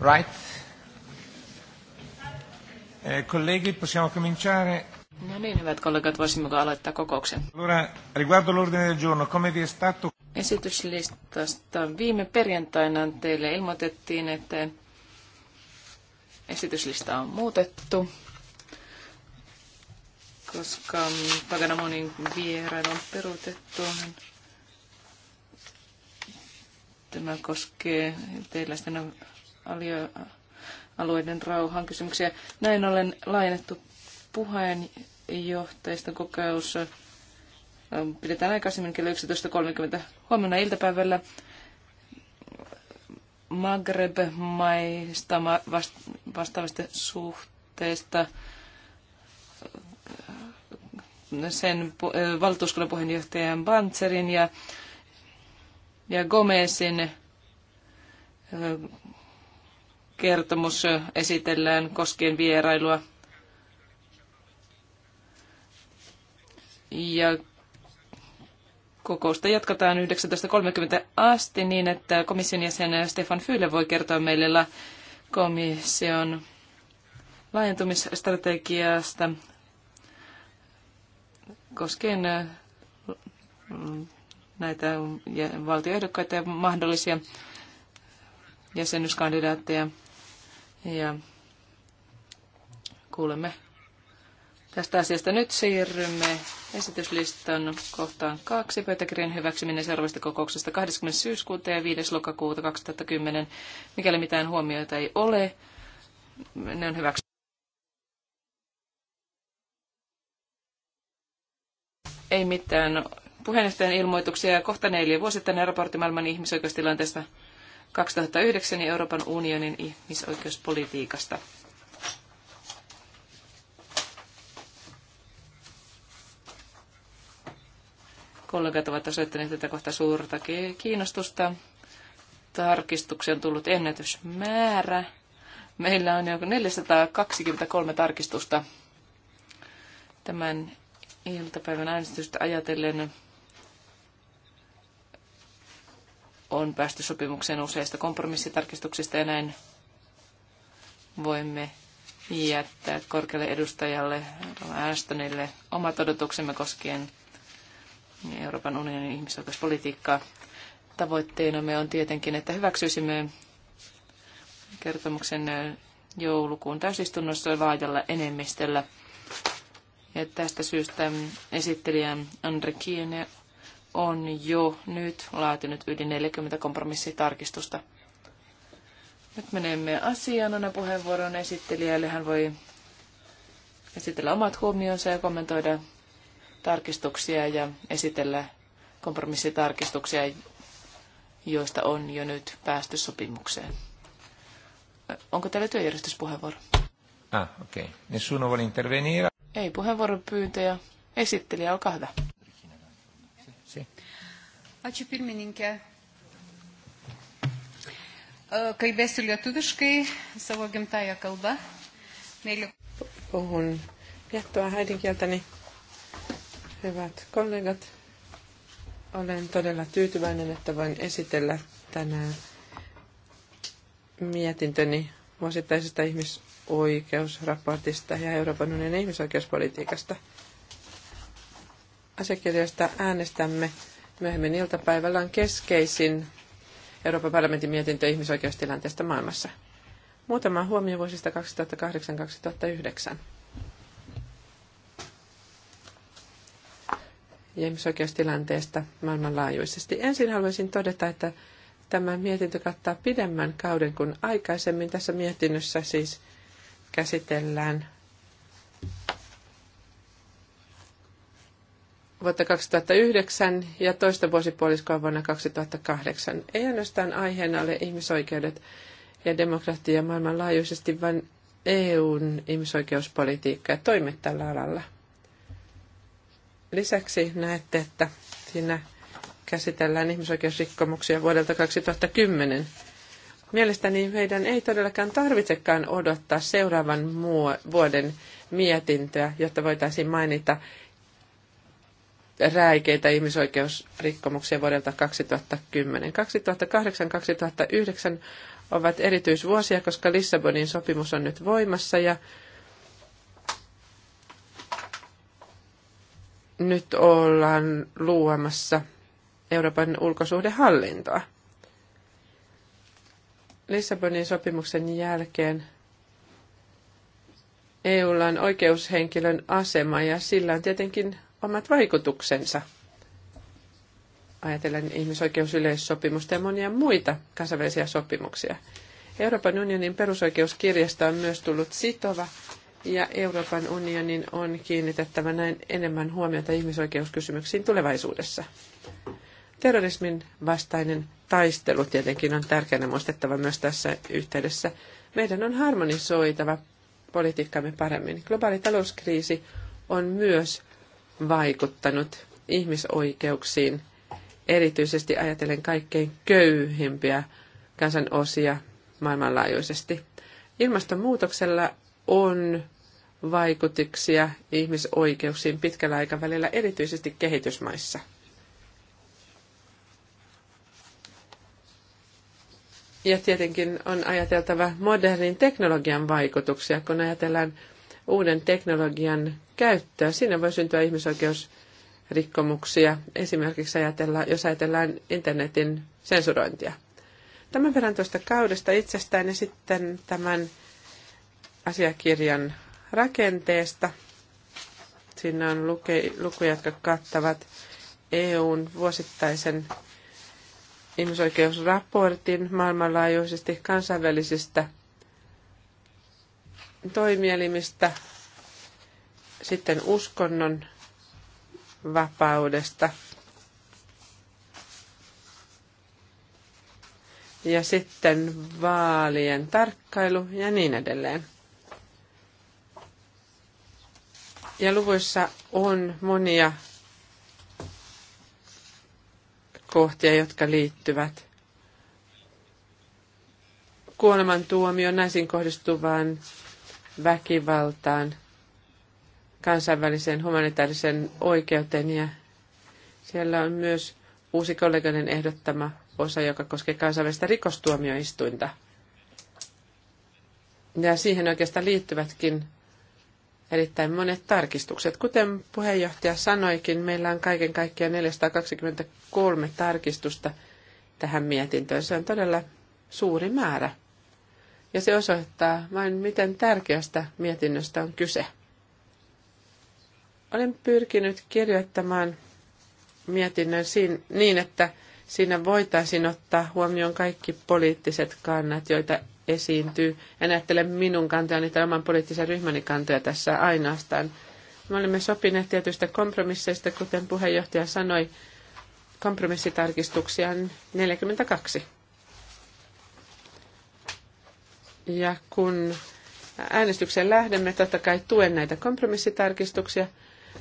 Right. Eh, colleghi, possiamo cominciare. No niin, hyvät kollegat, voisimmeko aloittaa kokouksen? Allora, riguardo l'ordine del giorno, come vi è stato... Esityslistasta viime perjantaina teille ilmoitettiin, että esityslista on muutettu, koska Paganamonin vierailu on peruutettu. Tämä koskee teillä sitten alueiden rauhan kysymyksiä. Näin ollen laajennettu puheenjohtajista kokous pidetään aikaisemmin kello 11.30 huomenna iltapäivällä. Maghreb-maista vastaavista suhteista sen valtuuskunnan puheenjohtajan Bantserin ja, ja Gomezin kertomus esitellään koskien vierailua. Ja kokousta jatketaan 19.30 asti niin, että komission jäsen Stefan Fyle voi kertoa meille komission laajentumisstrategiasta koskien äh, näitä valtioehdokkaita ja mahdollisia jäsenyyskandidaatteja. Ja kuulemme tästä asiasta. Nyt siirrymme esityslistan kohtaan kaksi pöytäkirjan hyväksyminen seuraavasta kokouksesta 20. syyskuuta ja 5. lokakuuta 2010. Mikäli mitään huomioita ei ole, ne on hyväksy. Ei mitään puheenjohtajan ilmoituksia. Kohta neljä vuosittainen raportti maailman ihmisoikeustilanteesta 2009 Euroopan unionin ihmisoikeuspolitiikasta. Kollegat ovat osoittaneet tätä kohtaa suurta kiinnostusta. Tarkistuksia on tullut ennätysmäärä. Meillä on jo 423 tarkistusta tämän iltapäivän äänestystä ajatellen on päästy sopimukseen useista kompromissitarkistuksista ja näin voimme jättää korkealle edustajalle Ashtonille omat odotuksemme koskien Euroopan unionin ihmisoikeuspolitiikkaa. Tavoitteenamme on tietenkin, että hyväksyisimme kertomuksen joulukuun täysistunnossa laajalla enemmistöllä. Ja tästä syystä esittelijä Andre Kiene on jo nyt laatinut yli 40 kompromissitarkistusta. Nyt menemme asiaan. Anna puheenvuoron esittelijälle. Hän voi esitellä omat huomionsa ja kommentoida tarkistuksia ja esitellä kompromissitarkistuksia, joista on jo nyt päästy sopimukseen. Onko teillä työjärjestyspuheenvuoro? Ah, okei. Okay. Nessuno vuole intervenire. Ei puheenvuoropyyntöjä. Esittelijä, olkaa hyvä. Ačiū pirmininkė. E, kalbėsiu lietuviškai savo gimtają kalbą. Mėly. Puhun jättöä äidinkieltäni. Hyvät kollegat, olen todella tyytyväinen, että voin esitellä tänään mietintöni vuosittaisesta ihmisoikeusraportista ja Euroopan unionin ihmisoikeuspolitiikasta. Asiakirjoista äänestämme myöhemmin iltapäivällä on keskeisin Euroopan parlamentin mietintö ihmisoikeustilanteesta maailmassa. Muutama huomio vuosista 2008-2009. ja ihmisoikeustilanteesta maailmanlaajuisesti. Ensin haluaisin todeta, että tämä mietintö kattaa pidemmän kauden kuin aikaisemmin. Tässä mietinnössä siis käsitellään vuotta 2009 ja toista vuosipuoliskoa vuonna 2008. Ei ainoastaan aiheena ole ihmisoikeudet ja demokratia maailmanlaajuisesti, vaan EUn ihmisoikeuspolitiikka ja toimet tällä alalla. Lisäksi näette, että siinä käsitellään ihmisoikeusrikkomuksia vuodelta 2010. Mielestäni meidän ei todellakaan tarvitsekaan odottaa seuraavan vuoden mietintöä, jotta voitaisiin mainita räikeitä ihmisoikeusrikkomuksia vuodelta 2010. 2008-2009 ovat erityisvuosia, koska Lissabonin sopimus on nyt voimassa ja nyt ollaan luomassa Euroopan ulkosuhdehallintoa. Lissabonin sopimuksen jälkeen EUlla on oikeushenkilön asema ja sillä on tietenkin omat vaikutuksensa. Ajatellen ihmisoikeusyleissopimusta ja monia muita kansainvälisiä sopimuksia. Euroopan unionin perusoikeuskirjasta on myös tullut sitova ja Euroopan unionin on kiinnitettävä näin enemmän huomiota ihmisoikeuskysymyksiin tulevaisuudessa. Terrorismin vastainen taistelu tietenkin on tärkeänä muistettava myös tässä yhteydessä. Meidän on harmonisoitava politiikkamme paremmin. Globaali talouskriisi on myös vaikuttanut ihmisoikeuksiin, erityisesti ajatellen kaikkein köyhimpiä kansanosia maailmanlaajuisesti. Ilmastonmuutoksella on vaikutuksia ihmisoikeuksiin pitkällä aikavälillä, erityisesti kehitysmaissa. Ja tietenkin on ajateltava modernin teknologian vaikutuksia, kun ajatellaan uuden teknologian käyttöä. Siinä voi syntyä ihmisoikeusrikkomuksia, esimerkiksi ajatella, jos ajatellaan internetin sensurointia. Tämän verran tuosta kaudesta itsestään ja sitten tämän asiakirjan rakenteesta. Siinä on luke, lukuja, jotka kattavat EUn vuosittaisen ihmisoikeusraportin maailmanlaajuisesti kansainvälisistä – toimielimistä, sitten uskonnon vapaudesta ja sitten vaalien tarkkailu ja niin edelleen. Ja luvuissa on monia kohtia, jotka liittyvät kuolemantuomioon, naisiin kohdistuvaan väkivaltaan, kansainväliseen humanitaarisen oikeuteen ja siellä on myös uusi kollegoiden ehdottama osa, joka koskee kansainvälistä rikostuomioistuinta. Ja siihen oikeastaan liittyvätkin erittäin monet tarkistukset. Kuten puheenjohtaja sanoikin, meillä on kaiken kaikkiaan 423 tarkistusta tähän mietintöön. Se on todella suuri määrä. Ja se osoittaa vain, miten tärkeästä mietinnöstä on kyse. Olen pyrkinyt kirjoittamaan mietinnön niin, että siinä voitaisiin ottaa huomioon kaikki poliittiset kannat, joita esiintyy. En ajattele minun kantojani tai oman poliittisen ryhmäni kantoja tässä ainoastaan. Me olemme sopineet tietyistä kompromisseista, kuten puheenjohtaja sanoi, kompromissitarkistuksia on 42. Ja kun äänestykseen lähdemme, totta kai tuen näitä kompromissitarkistuksia.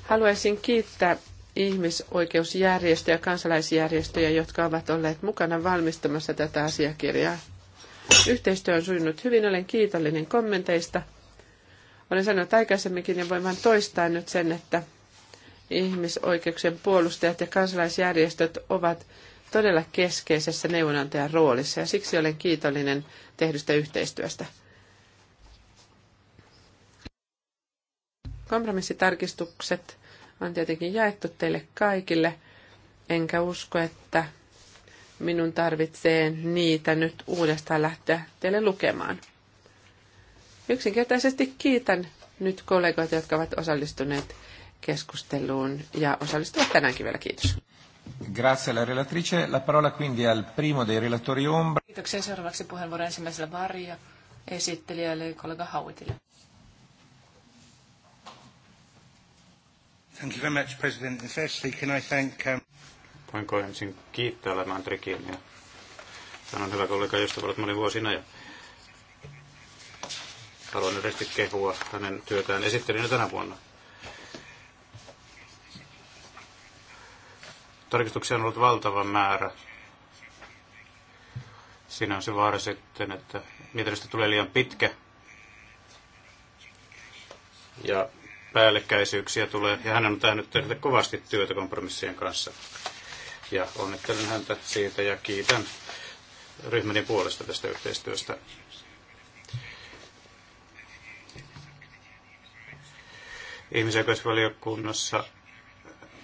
Haluaisin kiittää ihmisoikeusjärjestöjä ja kansalaisjärjestöjä, jotka ovat olleet mukana valmistamassa tätä asiakirjaa. Yhteistyö on sujunut hyvin, olen kiitollinen kommenteista. Olen sanonut aikaisemminkin ja voin vain toistaa nyt sen, että ihmisoikeuksien puolustajat ja kansalaisjärjestöt ovat todella keskeisessä neuvonantajan roolissa ja siksi olen kiitollinen tehdystä yhteistyöstä. Kompromissitarkistukset on tietenkin jaettu teille kaikille, enkä usko, että minun tarvitsee niitä nyt uudestaan lähteä teille lukemaan. Yksinkertaisesti kiitän nyt kollegoita, jotka ovat osallistuneet keskusteluun ja osallistuvat tänäänkin vielä. Kiitos. Grazie alla relatrice. La parola quindi al primo dei relatori ombra. Kiitoksia seuraavaksi puheenvuoro ensimmäisellä varja esittelijälle kollega Hauitille. Thank you very much, President. And firstly, can I thank... Um... Voinko ensin kiittää Lämään Trikin ja hän on hyvä kollega, josta olet monen vuosina ja haluan yleisesti kehua hänen työtään esittelijänä tänä vuonna. tarkistuksia on ollut valtava määrä. Siinä on se vaara sitten, että mietinnöstä tulee liian pitkä ja päällekkäisyyksiä tulee. Ja hän on tehnyt tehdä kovasti työtä kompromissien kanssa. Ja onnittelen häntä siitä ja kiitän ryhmäni puolesta tästä yhteistyöstä. Ihmisoikeusvaliokunnassa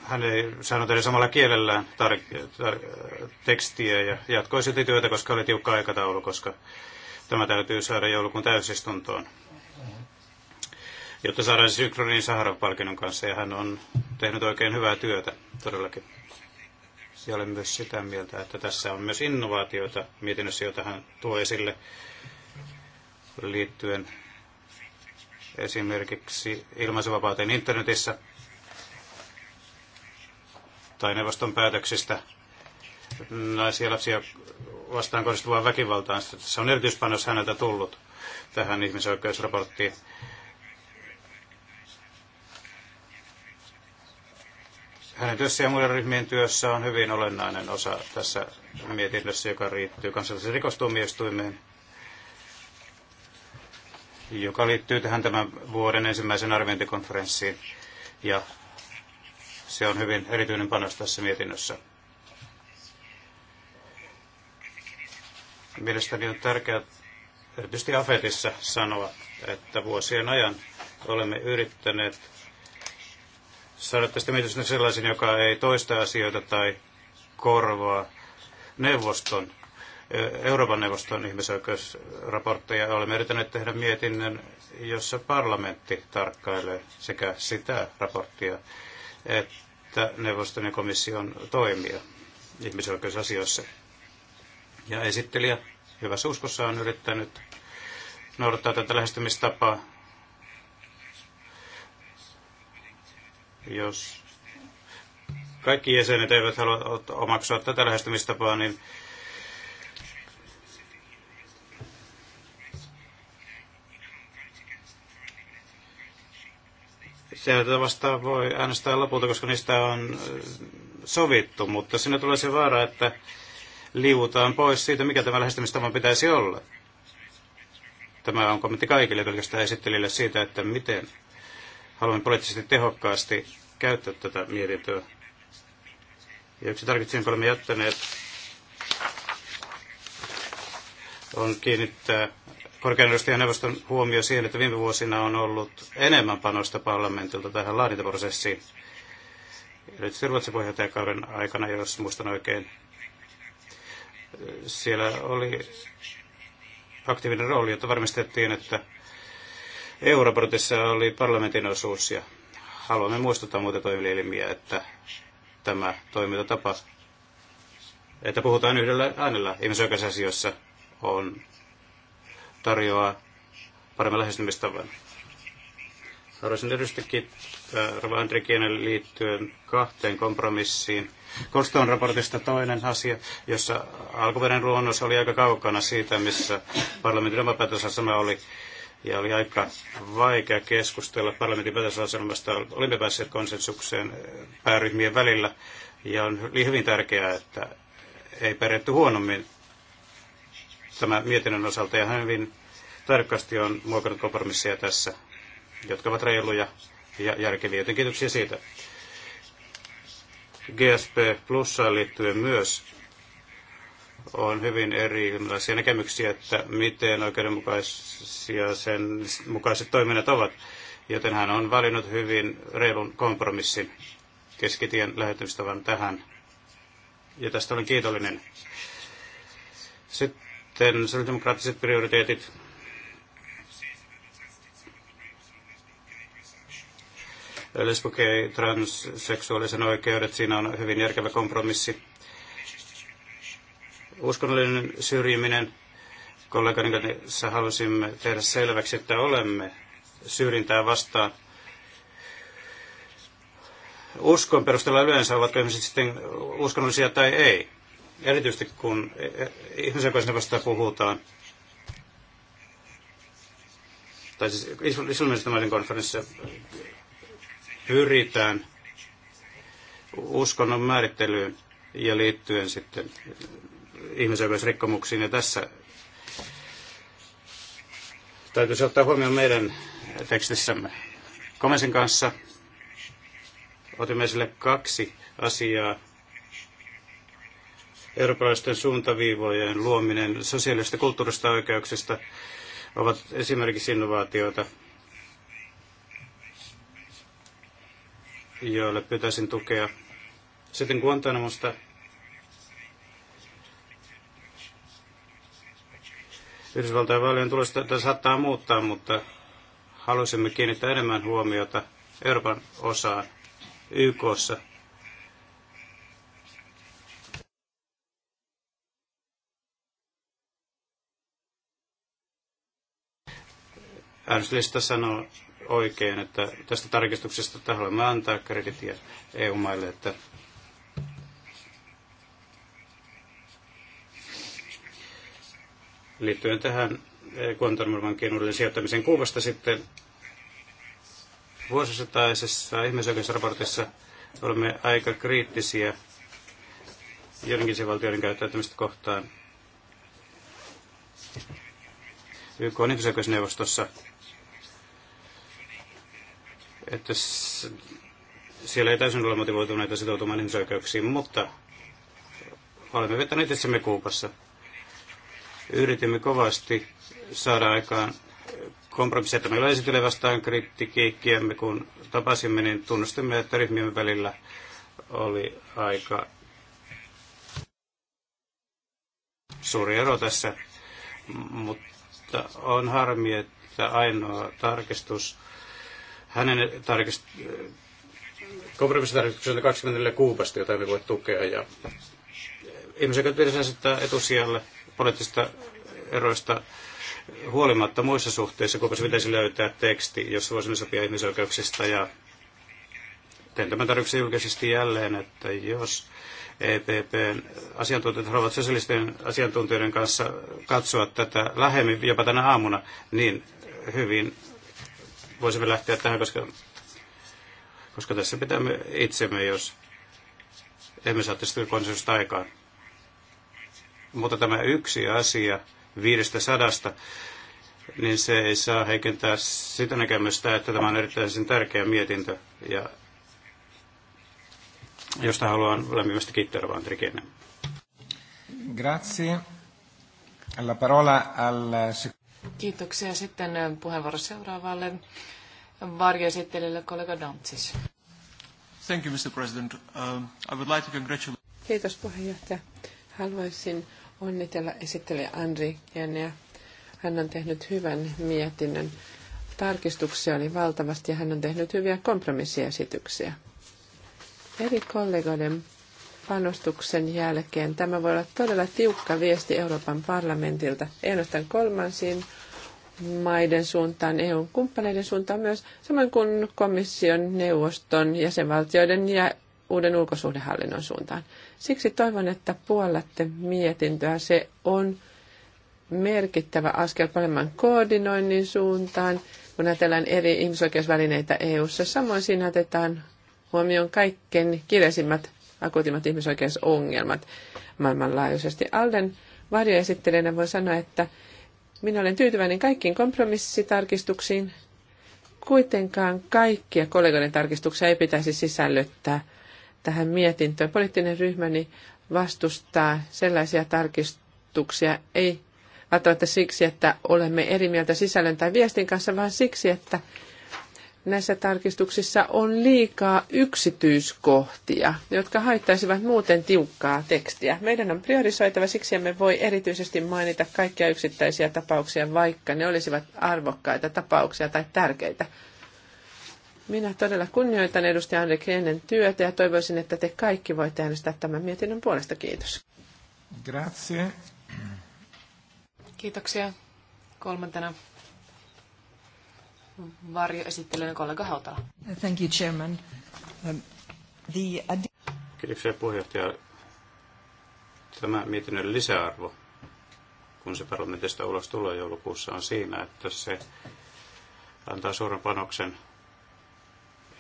hän ei saanut edes samalla kielellään tar- tar- tekstiä ja jatkoi silti työtä, koska oli tiukka aikataulu, koska tämä täytyy saada joulukuun täysistuntoon, jotta saadaan synkronin siis Saharov-palkinnon kanssa. Ja hän on tehnyt oikein hyvää työtä todellakin. Ja olen myös sitä mieltä, että tässä on myös innovaatioita mietinnössä, joita hän tuo esille liittyen esimerkiksi ilmaisuvapauteen internetissä – tai neuvoston päätöksistä naisia lapsia vastaan kohdistuvaan väkivaltaan. Se on erityispanos häneltä tullut tähän ihmisoikeusraporttiin. Hänen työssä ja muiden ryhmien työssä on hyvin olennainen osa tässä mietinnössä, joka riittyy kansallisen rikostuomioistuimeen, joka liittyy tähän tämän vuoden ensimmäisen arviointikonferenssiin ja se on hyvin erityinen panos tässä mietinnössä. Mielestäni on tärkeää erityisesti Afetissa sanoa, että vuosien ajan olemme yrittäneet saada tästä mietinnöstä sellaisen, joka ei toista asioita tai korvaa neuvoston, Euroopan neuvoston ihmisoikeusraportteja. Olemme yrittäneet tehdä mietinnön, jossa parlamentti tarkkailee sekä sitä raporttia, että neuvoston ja komission toimia ihmisoikeusasioissa. Ja esittelijä hyvässä uskossa on yrittänyt noudattaa tätä lähestymistapaa. Jos kaikki jäsenet eivät halua omaksua tätä lähestymistapaa, niin Sieltä vastaan voi äänestää lopulta, koska niistä on äh, sovittu, mutta sinne tulee se vaara, että liuutaan pois siitä, mikä tämä lähestymistavan pitäisi olla. Tämä on kommentti kaikille pelkästään esittelijille siitä, että miten haluamme poliittisesti tehokkaasti käyttää tätä mietintöä. Ja yksi tarkoitus, jonka olemme jättäneet, on kiinnittää korkean edustajan neuvoston huomio siihen, että viime vuosina on ollut enemmän panosta parlamentilta tähän laadintaprosessiin. Erityisesti Ruotsin puheenjohtajakauden aikana, jos muistan oikein, siellä oli aktiivinen rooli, jotta varmistettiin, että EU-raportissa oli parlamentin osuus ja haluamme muistuttaa muita toimielimiä, että tämä toimintatapa, että puhutaan yhdellä äänellä ihmisoikeusasioissa, on tarjoaa paremmin lähestymistavan. Haluaisin erityisesti kiittää äh, Rava Andrikienen liittyen kahteen kompromissiin. Koston raportista toinen asia, jossa alkuperäinen luonnos oli aika kaukana siitä, missä parlamentin oma päätösasema oli. Ja oli aika vaikea keskustella parlamentin päätösasemasta. Olimme päässeet konsensukseen äh, pääryhmien välillä. Ja on hyvin tärkeää, että ei pärjätty huonommin tämä mietinnön osalta ja hän hyvin tarkasti on muokannut kompromisseja tässä, jotka ovat reiluja ja järkeviä. Joten kiitoksia siitä. GSP Plussaan liittyen myös on hyvin erilaisia näkemyksiä, että miten oikeudenmukaisia sen mukaiset toiminnat ovat. Joten hän on valinnut hyvin reilun kompromissin keskitien lähetystavan tähän. Ja tästä olen kiitollinen. Sitten sitten sosiaalidemokraattiset prioriteetit. Lesbokei, transseksuaalisen oikeudet, siinä on hyvin järkevä kompromissi. Uskonnollinen syrjiminen, kollegani kanssa halusimme tehdä selväksi, että olemme syrjintää vastaan. Uskon perusteella yleensä, ovatko ihmiset sitten uskonnollisia tai ei. Erityisesti kun e- e- ihmisen vastaan puhutaan, tai siis islamilaisen konferenssissa pyritään uskonnon määrittelyyn ja liittyen sitten ihmisoikeusrikkomuksiin. Ja tässä täytyisi ottaa huomioon meidän tekstissämme. Komensin kanssa otimme esille kaksi asiaa, eurooppalaisten suuntaviivojen luominen sosiaalista kulttuurista oikeuksista ovat esimerkiksi innovaatioita, joille pyytäisin tukea. Sitten Guantanamosta Yhdysvaltain vaalien tulosta saattaa muuttaa, mutta haluaisimme kiinnittää enemmän huomiota Euroopan osaan YKssa äänestyslista sanoo oikein, että tästä tarkistuksesta että haluamme antaa kreditiä EU-maille, että liittyen tähän eh, Guantanamo-vankien uudelleen sijoittamiseen Kuubasta sitten vuosisataisessa ihmisoikeusraportissa olemme aika kriittisiä jonkin sen valtioiden käyttäytymistä kohtaan. YK on ihmisoikeusneuvostossa että siellä ei täysin ole motivoituneita sitoutumaan ihmisoikeuksiin, mutta olemme vetäneet itsemme kuupassa. Yritimme kovasti saada aikaan kompromissia, että meillä esittelee vastaan kritiikkiämme, kun tapasimme, niin tunnustimme, että ryhmien välillä oli aika suuri ero tässä, mutta on harmi, että ainoa tarkistus hänen tarkist- kompromissitarkistuksen 24 kuupasta, jota emme voi tukea. Ja eh, ihmisiä pitäisi asettaa etusijalle poliittisista eroista huolimatta muissa suhteissa, kun pitäisi löytää teksti, jossa voisimme sopia ihmisoikeuksista ja teen tämän tarjouksen julkisesti jälleen, että jos EPPn asiantuntijat haluavat sosialistien asiantuntijoiden kanssa katsoa tätä lähemmin jopa tänä aamuna, niin hyvin voisimme lähteä tähän, koska, koska tässä pitämme itsemme, jos emme saa tästä konsensusta aikaan. Mutta tämä yksi asia viidestä sadasta, niin se ei saa heikentää sitä näkemystä, että tämä on erittäin tärkeä mietintö, ja josta haluan lämpimästi kiittää Rovan Grazie. La parola al... Kiitoksia. Sitten puheenvuoro seuraavalle varjoesittelijälle kollega Dantsis. Thank you, Mr. President. Uh, I would like to congratulate... Kiitos puheenjohtaja. Haluaisin onnitella esittelijä Andri ja Hän on tehnyt hyvän mietinnön. Tarkistuksia oli valtavasti ja hän on tehnyt hyviä kompromissiesityksiä. Eri kollegoiden panostuksen jälkeen tämä voi olla todella tiukka viesti Euroopan parlamentilta, ei ainoastaan kolmansiin maiden suuntaan, EUn kumppaneiden suuntaan myös, samoin kuin komission, neuvoston, jäsenvaltioiden ja uuden ulkosuhdehallinnon suuntaan. Siksi toivon, että puolatte mietintöä. Se on merkittävä askel paremman koordinoinnin suuntaan, kun ajatellaan eri ihmisoikeusvälineitä EU:ssa. Samoin siinä otetaan huomioon kaikkein kiireisimmät akuutimmat ihmisoikeusongelmat maailmanlaajuisesti. Alden varjoesittelijänä voi sanoa, että minä olen tyytyväinen kaikkiin kompromissitarkistuksiin. Kuitenkaan kaikkia kollegoiden tarkistuksia ei pitäisi sisällyttää tähän mietintöön. Poliittinen ryhmäni vastustaa sellaisia tarkistuksia, ei välttämättä siksi, että olemme eri mieltä sisällön tai viestin kanssa, vaan siksi, että näissä tarkistuksissa on liikaa yksityiskohtia, jotka haittaisivat muuten tiukkaa tekstiä. Meidän on priorisoitava, siksi emme voi erityisesti mainita kaikkia yksittäisiä tapauksia, vaikka ne olisivat arvokkaita tapauksia tai tärkeitä. Minä todella kunnioitan edustaja Andrik Krenen työtä ja toivoisin, että te kaikki voitte äänestää tämän mietinnön puolesta. Kiitos. Grazie. Kiitoksia. Kolmantena varjoesittelijä kollega Hautala. Thank you, Chairman. Um, the... Kiitoksia puheenjohtaja. Tämä mietinnön lisäarvo, kun se parlamentista ulos tulee joulukuussa, on siinä, että se antaa suuren panoksen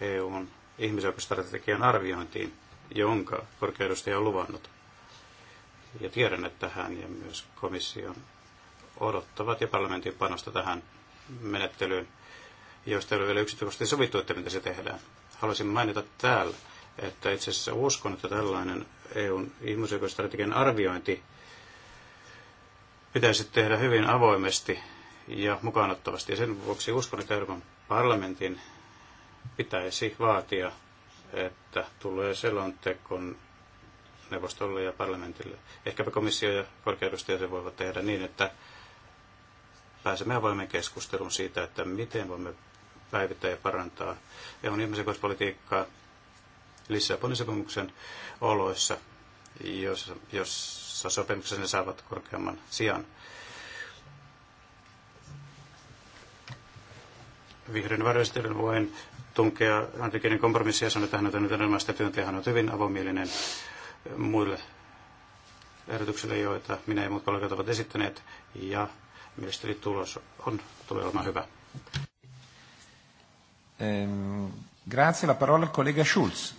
EUn ihmisoikeusstrategian arviointiin, jonka korkeudustaja on luvannut. Ja tiedän, että hän ja myös komission odottavat ja parlamentin panosta tähän menettelyyn joista ei ole vielä yksityiskohtaisesti sovittu, että mitä se tehdään. Haluaisin mainita täällä, että itse asiassa uskon, että tällainen EUn ihmisoikeusstrategian arviointi pitäisi tehdä hyvin avoimesti ja mukaanottavasti. Ja sen vuoksi uskon, että Euroopan parlamentin pitäisi vaatia, että tulee selontekon neuvostolle ja parlamentille. Ehkäpä komissio ja korkeudustaja se voivat tehdä niin, että pääsemme avoimen keskustelun siitä, että miten voimme päivittää ja parantaa EUn ihmisoikeuspolitiikkaa Lissabonin sopimuksen oloissa, jossa, jossa sopimuksessa ne saavat korkeamman sijan. Vihreän varjoistelun voin tunkea antikeinen kompromissia ja sanoa, että hän on tehnyt enemmän työntä hän on hyvin avomielinen muille ehdotuksille, joita minä ja muut kollegat ovat esittäneet, ja mielestäni tulos on, tulee olemaan hyvä. Ehm, grazie, la parola collega Schulz.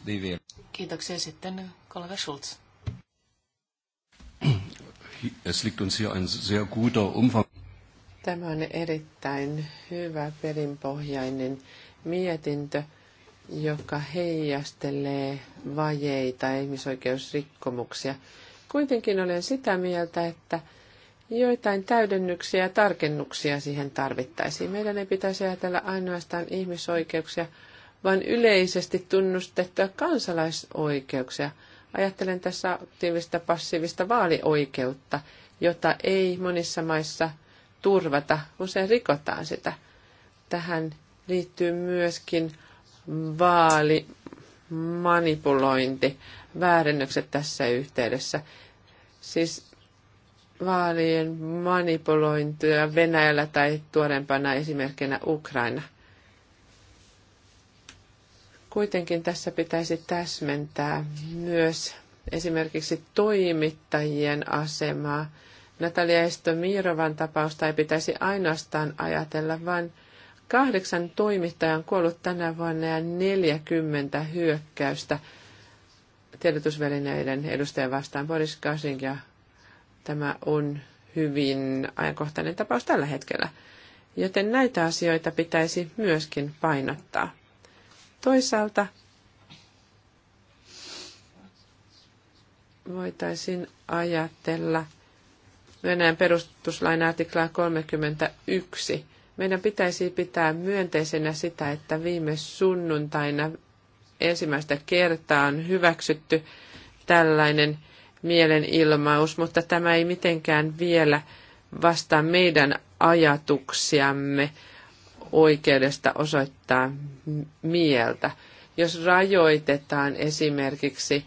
Kiitoksia sitten kollega Schulz. Es liegt uns hier ein sehr guter Umfang. Tämä on erittäin hyvä perinpohjainen mietintö, joka heijastelee vajeita ja ihmisoikeusrikkomuksia. Kuitenkin olen sitä mieltä, että joitain täydennyksiä ja tarkennuksia siihen tarvittaisiin. Meidän ei pitäisi ajatella ainoastaan ihmisoikeuksia, vaan yleisesti tunnustettuja kansalaisoikeuksia. Ajattelen tässä aktiivista passiivista vaalioikeutta, jota ei monissa maissa turvata, usein rikotaan sitä. Tähän liittyy myöskin vaalimanipulointi, väärennökset tässä yhteydessä. Siis vaalien manipulointia Venäjällä tai tuorempana esimerkkinä Ukraina. Kuitenkin tässä pitäisi täsmentää myös esimerkiksi toimittajien asemaa. Natalia Estomirovan tapausta ei pitäisi ainoastaan ajatella, vaan kahdeksan toimittajan kuollut tänä vuonna ja 40 hyökkäystä tiedotusvälineiden edustajan vastaan. Boris Kasing ja Tämä on hyvin ajankohtainen tapaus tällä hetkellä. Joten näitä asioita pitäisi myöskin painottaa. Toisaalta voitaisiin ajatella Venäjän perustuslain artiklaa 31. Meidän pitäisi pitää myönteisenä sitä, että viime sunnuntaina ensimmäistä kertaa on hyväksytty tällainen mielenilmaus, mutta tämä ei mitenkään vielä vastaa meidän ajatuksiamme oikeudesta osoittaa mieltä. Jos rajoitetaan esimerkiksi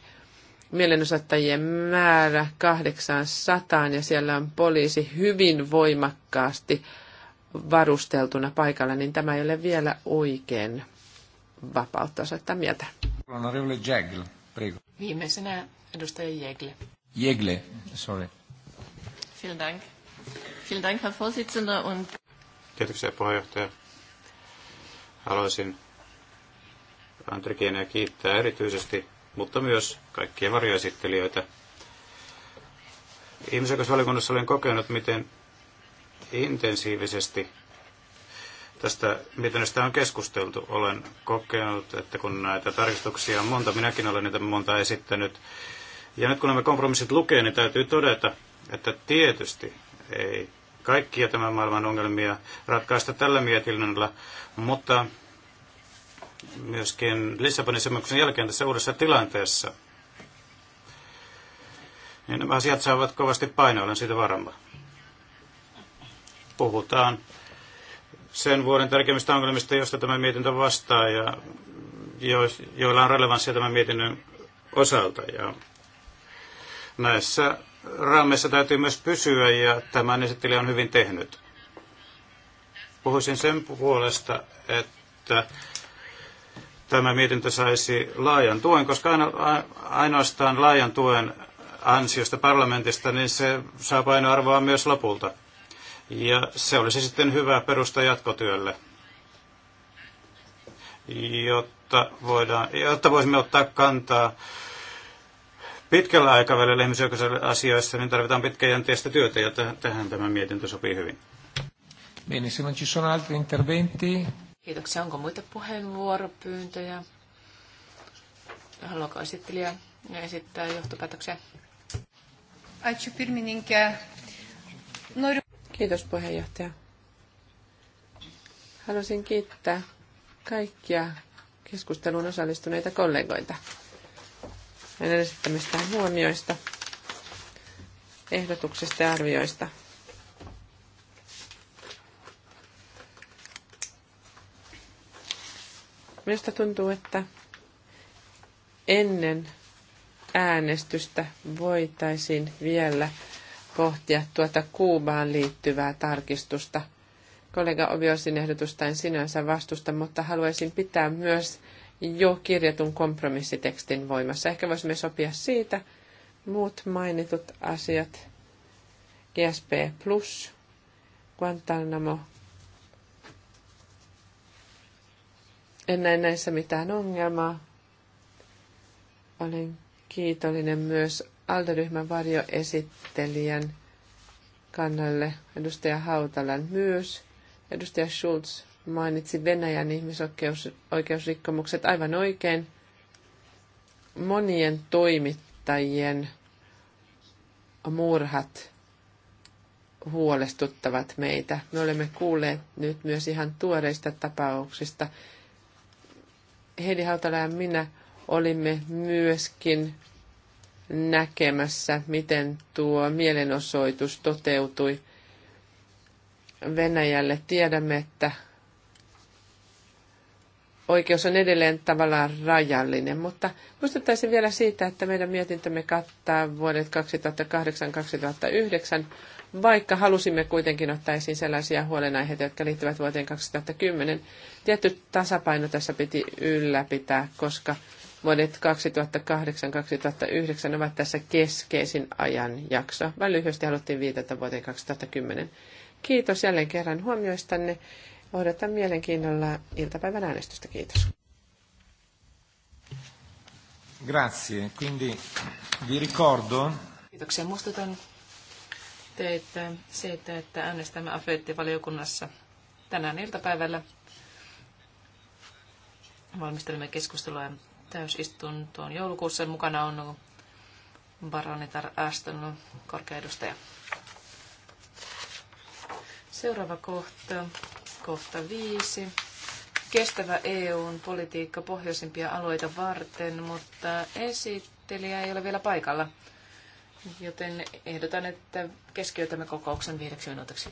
mielenosoittajien määrä 800 ja siellä on poliisi hyvin voimakkaasti varusteltuna paikalla, niin tämä ei ole vielä oikein vapautta osoittaa mieltä. Viimeisenä Edustaja Jegle. sorry. Vielen Dank. Vielen Dank, Herr Vorsitzender. Und Kiitoksia puheenjohtaja. Haluaisin Antrikeenia kiittää erityisesti, mutta myös kaikkia varjoesittelijöitä. Ihmisoikeusvaliokunnassa olen kokenut, miten intensiivisesti tästä mietinnöstä on keskusteltu. Olen kokenut, että kun näitä tarkistuksia on monta, minäkin olen niitä monta esittänyt, ja nyt kun nämä kompromissit lukee, niin täytyy todeta, että tietysti ei kaikkia tämän maailman ongelmia ratkaista tällä mietinnöllä, mutta myöskin Lissabonin sopimuksen jälkeen tässä uudessa tilanteessa, niin nämä asiat saavat kovasti painoa, olen siitä varma. Puhutaan sen vuoden tärkeimmistä ongelmista, joista tämä mietintö vastaa ja joilla on relevanssia tämän mietinnön osalta. Ja Näissä raameissa täytyy myös pysyä ja tämän esittelijä on hyvin tehnyt. Puhuisin sen puolesta, että tämä mietintö saisi laajan tuen, koska ainoastaan laajan tuen ansiosta parlamentista, niin se saa painoarvoa myös lopulta. Ja se olisi sitten hyvä perusta jatkotyölle, jotta, voidaan, jotta voisimme ottaa kantaa pitkällä aikavälillä ihmisoikeusasioissa, niin tarvitaan pitkäjänteistä työtä ja tähän tämä mietintö sopii hyvin. Bene, se non ci sono altri interventi. Kiitoksia. Onko muita puheenvuoropyyntöjä? Haluaako esittelijä esittää johtopäätöksiä? Ačiū pirmininkė. Kiitos puheenjohtaja. Haluaisin kiittää kaikkia keskusteluun osallistuneita kollegoita hänen esittämistään huomioista, ehdotuksista ja arvioista. Minusta tuntuu, että ennen äänestystä voitaisiin vielä pohtia tuota Kuubaan liittyvää tarkistusta. Kollega Oviosin ehdotusta en sinänsä vastusta, mutta haluaisin pitää myös jo kirjatun kompromissitekstin voimassa. Ehkä voisimme sopia siitä. Muut mainitut asiat, GSP Plus, Guantanamo. En näe näissä mitään ongelmaa. Olen kiitollinen myös Alderyhmän varjoesittelijän kannalle, edustaja Hautalan myös, edustaja Schulz mainitsi Venäjän ihmisoikeusrikkomukset aivan oikein. Monien toimittajien murhat huolestuttavat meitä. Me olemme kuulleet nyt myös ihan tuoreista tapauksista. Heidi Hautala ja minä olimme myöskin näkemässä, miten tuo mielenosoitus toteutui Venäjälle. Tiedämme, että oikeus on edelleen tavallaan rajallinen, mutta muistuttaisin vielä siitä, että meidän mietintömme kattaa vuodet 2008-2009, vaikka halusimme kuitenkin ottaa esiin sellaisia huolenaiheita, jotka liittyvät vuoteen 2010. Tietty tasapaino tässä piti ylläpitää, koska vuodet 2008-2009 ovat tässä keskeisin ajanjakso. Vain lyhyesti haluttiin viitata vuoteen 2010. Kiitos jälleen kerran huomioistanne Odotan mielenkiinnolla iltapäivän äänestystä. Kiitos. Grazie. Quindi vi ricordo... Kiitoksia. Muistutan teitä siitä, että äänestämme afeettivaliokunnassa tänään iltapäivällä. Valmistelemme keskustelua täysistuntoon joulukuussa. Mukana on baronitar Aston, korkea edustaja. Seuraava kohta. Kohta viisi. Kestävä EUn politiikka pohjoisimpia alueita varten, mutta esittelijä ei ole vielä paikalla. Joten ehdotan, että keskeytämme kokouksen viideksi minuutiksi.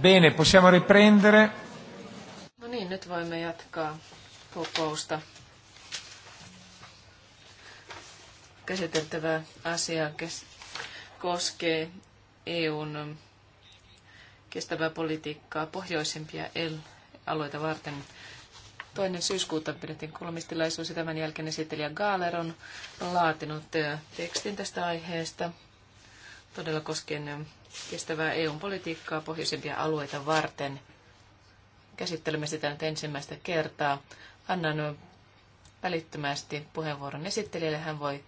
Bene, possiamo riprendere. No niin, nyt voimme jatkaa kokousta. Käsiteltävä asia koskee EUn kestävää politiikkaa pohjoisempia alueita varten. Toinen syyskuuta pidettiin kolmistilaisuus ja tämän jälkeen esittelijä Gaaler on laatinut tekstin tästä aiheesta todella koskien kestävää EU-politiikkaa pohjoisempia alueita varten. Käsittelemme sitä nyt ensimmäistä kertaa. Annan välittömästi puheenvuoron esittelijälle. Hän voi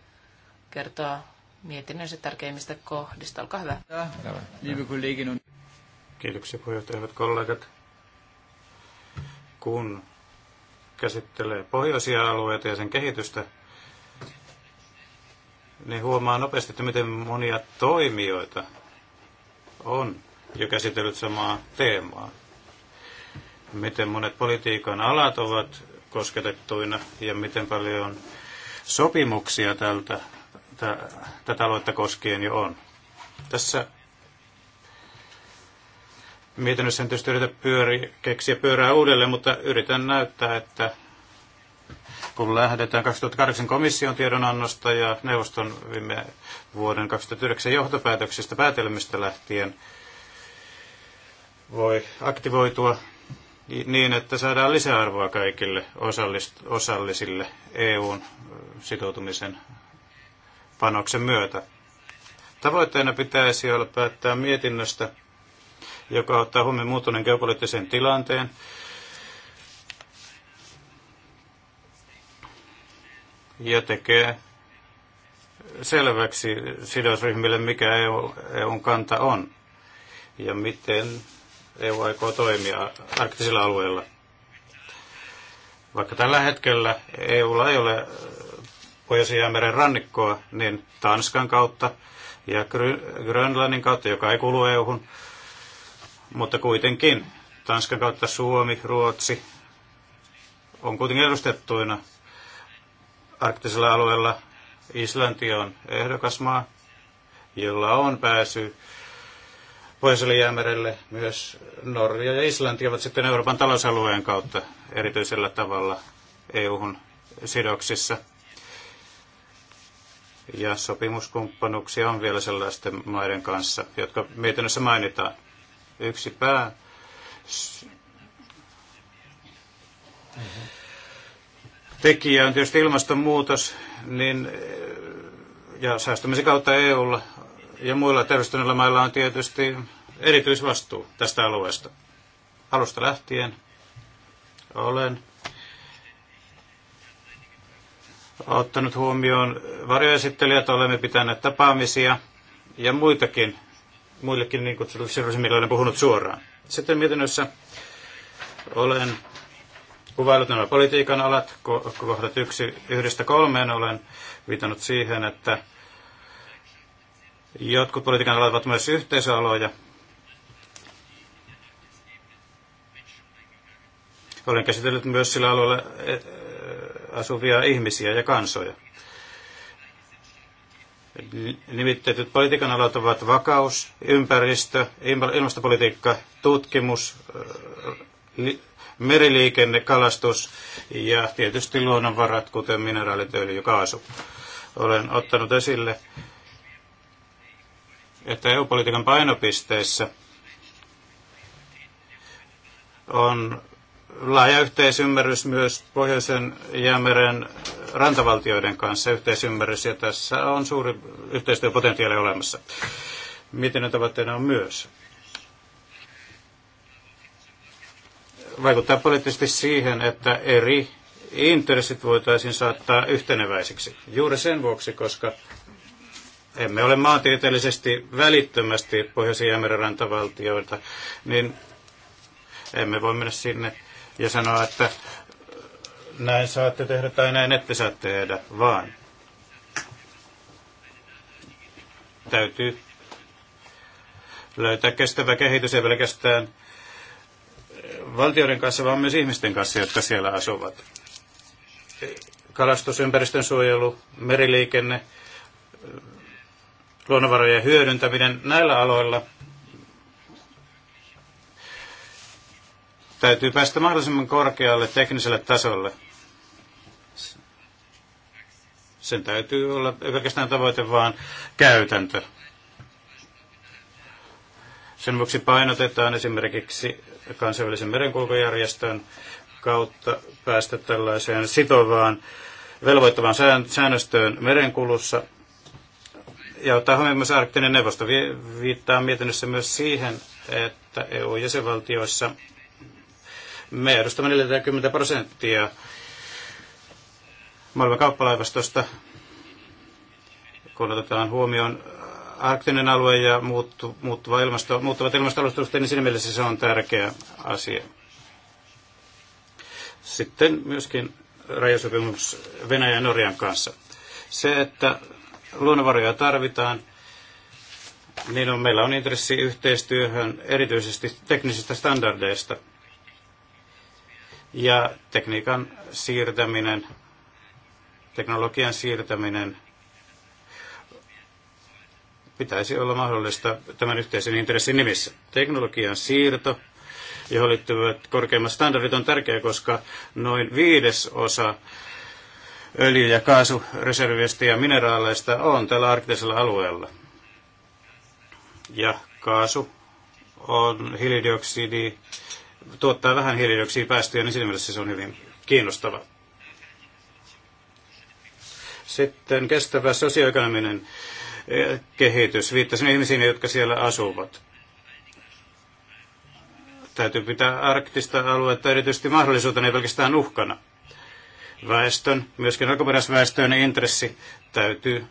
kertoa mietinnönsä tärkeimmistä kohdista. Olkaa hyvä. Kiitoksia puheenjohtaja, hyvät kollegat. Kun käsittelee pohjoisia alueita ja sen kehitystä, niin huomaa nopeasti, että miten monia toimijoita on jo käsitellyt samaa teemaa. Miten monet politiikan alat ovat kosketettuina ja miten paljon sopimuksia tältä, tätä aluetta koskien jo on. Tässä mietinnössä en tietysti yritä pyöri, keksiä pyörää uudelleen, mutta yritän näyttää, että kun lähdetään 2008 komission tiedonannosta ja neuvoston viime vuoden 2009 johtopäätöksistä päätelmistä lähtien, voi aktivoitua niin, että saadaan lisäarvoa kaikille osallist osallisille EUn sitoutumisen panoksen myötä. Tavoitteena pitäisi olla päättää mietinnöstä, joka ottaa huomioon muuttuneen geopoliittisen tilanteen, ja tekee selväksi sidosryhmille, mikä EU, EUn kanta on ja miten EU aikoo toimia arktisilla alueilla. Vaikka tällä hetkellä EUlla ei ole Pohjois-Jäämeren rannikkoa, niin Tanskan kautta ja Grönlannin kautta, joka ei kuulu EUhun, mutta kuitenkin Tanskan kautta Suomi, Ruotsi on kuitenkin edustettuina arktisella alueella. Islanti on ehdokasmaa, jolla on pääsy Pohjoiselle jäämerelle. Myös Norja ja Islanti ovat sitten Euroopan talousalueen kautta erityisellä tavalla EU-hun sidoksissa. Ja sopimuskumppanuuksia on vielä sellaisten maiden kanssa, jotka mietinnössä mainitaan. Yksi pää Mm-hmm tekijä on tietysti ilmastonmuutos, niin, ja säästämisen kautta EUlla ja muilla terveystyneillä mailla on tietysti erityisvastuu tästä alueesta. Alusta lähtien olen ottanut huomioon varjoesittelijät, olemme pitäneet tapaamisia ja muitakin, muillekin niin kutsutuille sirvismille olen puhunut suoraan. Sitten mietinnössä olen kuvailut nämä politiikan alat, kohdat yksi, yhdestä kolmeen olen viitannut siihen, että jotkut politiikan alat ovat myös yhteisöaloja. Olen käsitellyt myös sillä alueella e, e, asuvia ihmisiä ja kansoja. Nimittäytyt politiikan alat ovat vakaus, ympäristö, ilmastopolitiikka, tutkimus, meriliikenne, kalastus ja tietysti luonnonvarat, kuten mineraalit, öljy ja kaasu. Olen ottanut esille, että EU-politiikan painopisteissä on laaja yhteisymmärrys myös Pohjoisen jäämeren rantavaltioiden kanssa yhteisymmärrys, ja tässä on suuri yhteistyöpotentiaali olemassa. Miten ne tavoitteena on myös vaikuttaa poliittisesti siihen, että eri intressit voitaisiin saattaa yhteneväisiksi. Juuri sen vuoksi, koska emme ole maantieteellisesti välittömästi pohjoisen jäämeren rantavaltioita, niin emme voi mennä sinne ja sanoa, että näin saatte tehdä tai näin ette saa tehdä, vaan täytyy löytää kestävä kehitys ja pelkästään valtioiden kanssa, vaan myös ihmisten kanssa, jotka siellä asuvat. Kalastus, ympäristön suojelu, meriliikenne, luonnonvarojen hyödyntäminen näillä aloilla täytyy päästä mahdollisimman korkealle tekniselle tasolle. Sen täytyy olla ei pelkästään tavoite, vaan käytäntö. Sen vuoksi painotetaan esimerkiksi kansainvälisen merenkulkujärjestön kautta päästä tällaiseen sitovaan velvoittavaan säännöstöön merenkulussa. Ja ottaa huomioon myös arktinen neuvosto. Viittaa mietinnössä myös siihen, että EU-jäsenvaltioissa me edustamme 40 prosenttia maailman kauppalaivastosta, kun otetaan huomioon arktinen alue ja muuttu, muuttuva ilmasto, muuttuvat ilmastoalustukset, niin siinä mielessä se on tärkeä asia. Sitten myöskin rajasopimus Venäjän ja Norjan kanssa. Se, että luonnonvaroja tarvitaan, niin on, meillä on intressi yhteistyöhön erityisesti teknisistä standardeista ja tekniikan siirtäminen, teknologian siirtäminen pitäisi olla mahdollista tämän yhteisen intressin nimissä. Teknologian siirto, johon liittyvät korkeimmat standardit, on tärkeä, koska noin osa öljy- ja kaasureservistä ja mineraaleista on tällä arktisella alueella. Ja kaasu on hiilidioksidi, tuottaa vähän hiilidioksidipäästöjä, niin siinä mielessä se on hyvin kiinnostava. Sitten kestävä sosioekonominen kehitys. Viittasin ihmisiin, jotka siellä asuvat. Täytyy pitää arktista aluetta erityisesti mahdollisuutena, ei pelkästään uhkana. Väestön, myöskin alkuperäisväestön intressi täytyy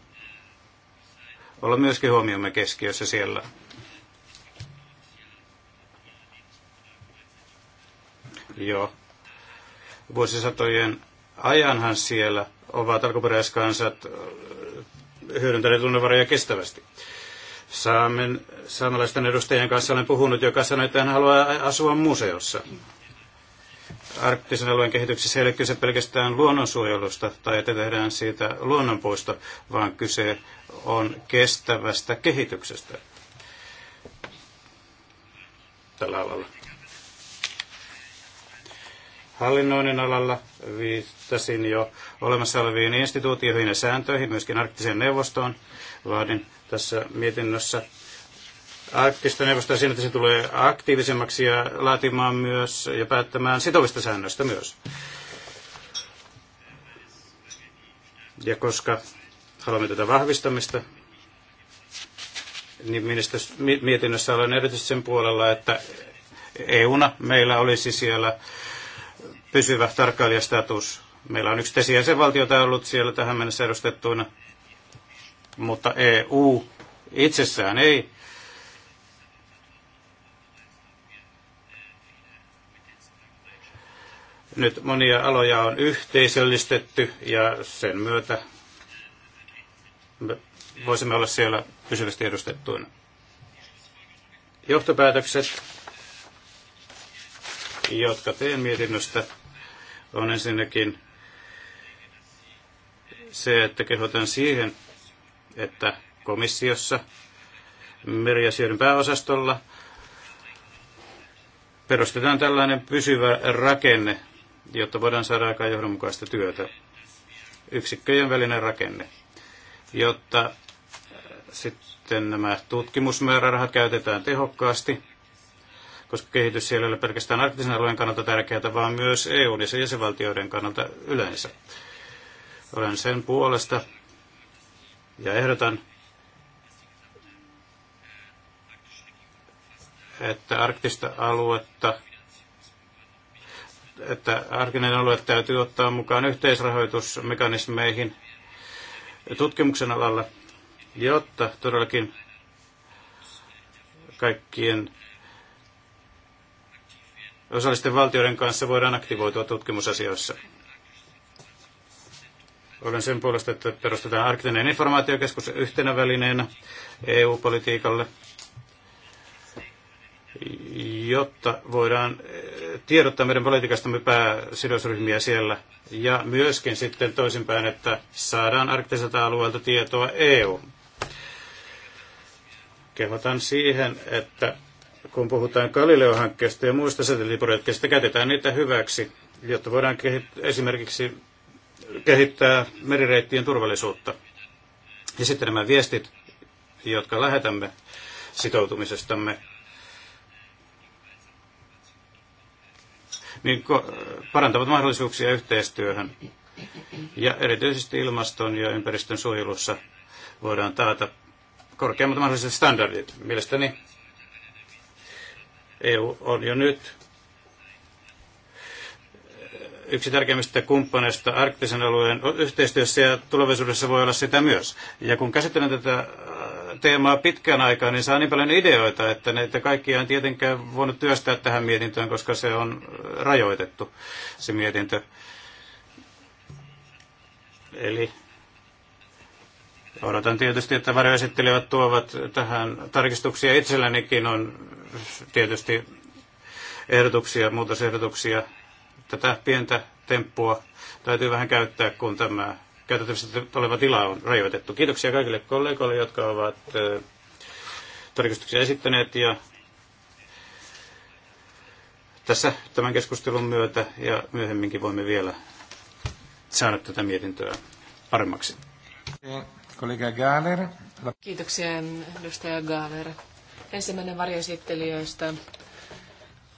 olla myöskin huomiomme keskiössä siellä. Joo. Vuosisatojen ajanhan siellä ovat alkuperäiskansat hyödyntäneet luonnonvaroja kestävästi. Saamen, saamelaisten edustajien kanssa olen puhunut, joka sanoi, että hän haluaa asua museossa. Arktisen alueen kehityksessä ei ole kyse pelkästään luonnonsuojelusta tai että tehdään siitä luonnonpuisto, vaan kyse on kestävästä kehityksestä tällä alalla hallinnoinnin alalla. Viittasin jo olemassa oleviin instituutioihin ja sääntöihin, myöskin arktiseen neuvostoon. Vaadin tässä mietinnössä arktista neuvostoa siinä, että se tulee aktiivisemmaksi ja laatimaan myös ja päättämään sitovista säännöistä myös. Ja koska haluamme tätä vahvistamista, niin mietinnössä olen erityisesti sen puolella, että EUna meillä olisi siellä pysyvä tarkkailijastatus. Meillä on yksi tesi jäsenvaltiota ollut siellä tähän mennessä edustettuina, mutta EU itsessään ei. Nyt monia aloja on yhteisöllistetty ja sen myötä voisimme olla siellä pysyvästi edustettuina. Johtopäätökset, jotka teen mietinnöstä on ensinnäkin se, että kehotan siihen, että komissiossa meriasioiden pääosastolla perustetaan tällainen pysyvä rakenne, jotta voidaan saada aikaan johdonmukaista työtä. Yksikköjen välinen rakenne, jotta sitten nämä tutkimusmäärärahat käytetään tehokkaasti koska kehitys siellä ei ole pelkästään arktisen alueen kannalta tärkeää, vaan myös EU ja sen jäsenvaltioiden kannalta yleensä. Olen sen puolesta ja ehdotan, että arktista aluetta että arkinen alue täytyy ottaa mukaan yhteisrahoitusmekanismeihin tutkimuksen alalla, jotta todellakin kaikkien osallisten valtioiden kanssa voidaan aktivoitua tutkimusasioissa. Olen sen puolesta, että perustetaan arktinen informaatiokeskus yhtenä välineenä EU-politiikalle, jotta voidaan eh, tiedottaa meidän politiikastamme pääsidosryhmiä siellä ja myöskin sitten toisinpäin, että saadaan arktiselta alueelta tietoa EU. Kehotan siihen, että kun puhutaan Galileo-hankkeesta ja muista satelliittiprojekteista, käytetään niitä hyväksi, jotta voidaan kehittää, esimerkiksi kehittää merireittien turvallisuutta. Ja sitten nämä viestit, jotka lähetämme sitoutumisestamme, niin parantavat mahdollisuuksia yhteistyöhön. Ja erityisesti ilmaston ja ympäristön suojelussa voidaan taata korkeammat mahdolliset standardit. Mielestäni EU on jo nyt yksi tärkeimmistä kumppaneista arktisen alueen yhteistyössä ja tulevaisuudessa voi olla sitä myös. Ja kun käsittelen tätä äh, teemaa pitkän aikaa, niin saa niin paljon ideoita, että näitä kaikkia en tietenkään voinut työstää tähän mietintöön, koska se on rajoitettu, se mietintö. Eli Odotan tietysti, että varjoesittelijät tuovat tähän tarkistuksia. Itsellänikin on tietysti ehdotuksia, muutosehdotuksia. Tätä pientä temppua täytyy vähän käyttää, kun tämä käytettävissä oleva tila on rajoitettu. Kiitoksia kaikille kollegoille, jotka ovat tarkistuksia esittäneet ja tässä tämän keskustelun myötä ja myöhemminkin voimme vielä saada tätä mietintöä paremmaksi kollega Gaaler. Kiitoksia, edustaja Gaaler. Ensimmäinen varjoesittelijöistä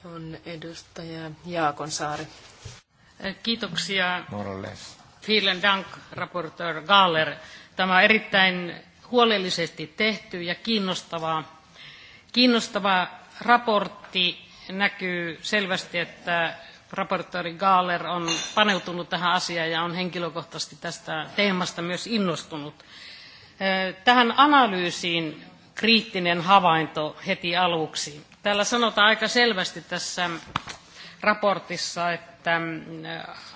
on edustaja Jaakonsaari. Kiitoksia. Morales. Vielen dank, raportör Gahler. Tämä on erittäin huolellisesti tehty ja kiinnostava, kiinnostava raportti. Näkyy selvästi, että raportööri Gaaler on paneutunut tähän asiaan ja on henkilökohtaisesti tästä teemasta myös innostunut. Tähän analyysiin kriittinen havainto heti aluksi. Täällä sanotaan aika selvästi tässä raportissa, että mm,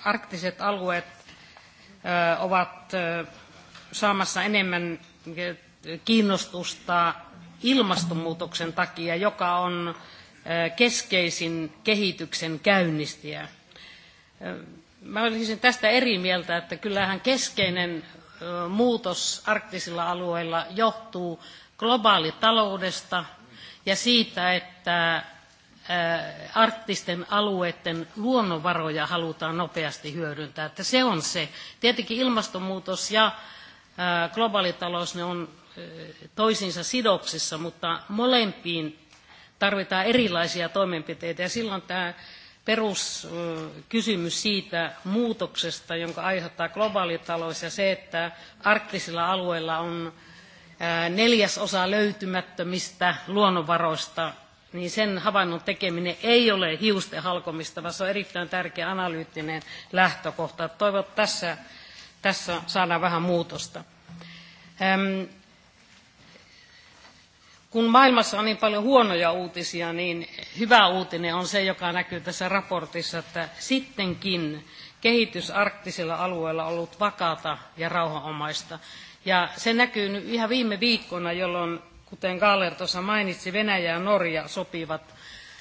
arktiset alueet ovat saamassa enemmän kiinnostusta ilmastonmuutoksen takia, joka on keskeisin kehityksen käynnistäjä. Mä olisin tästä eri mieltä, että kyllähän keskeinen muutos arktisilla alueilla johtuu globaalitaloudesta ja siitä, että arktisten alueiden luonnonvaroja halutaan nopeasti hyödyntää. Että se on se. Tietenkin ilmastonmuutos ja globaalitalous ne on toisiinsa sidoksissa, mutta molempiin tarvitaan erilaisia toimenpiteitä ja silloin tämä peruskysymys siitä muutoksesta, jonka aiheuttaa globaali talous ja se, että arktisilla alueilla on neljäsosa löytymättömistä luonnonvaroista, niin sen havainnon tekeminen ei ole hiusten halkomista, vaan se on erittäin tärkeä analyyttinen lähtökohta. Toivon, että tässä, tässä saadaan vähän muutosta kun maailmassa on niin paljon huonoja uutisia, niin hyvä uutinen on se, joka näkyy tässä raportissa, että sittenkin kehitys arktisilla alueilla on ollut vakaata ja rauhanomaista. Ja se näkyy nyt ihan viime viikkoina, jolloin, kuten Kaaler tuossa mainitsi, Venäjä ja Norja sopivat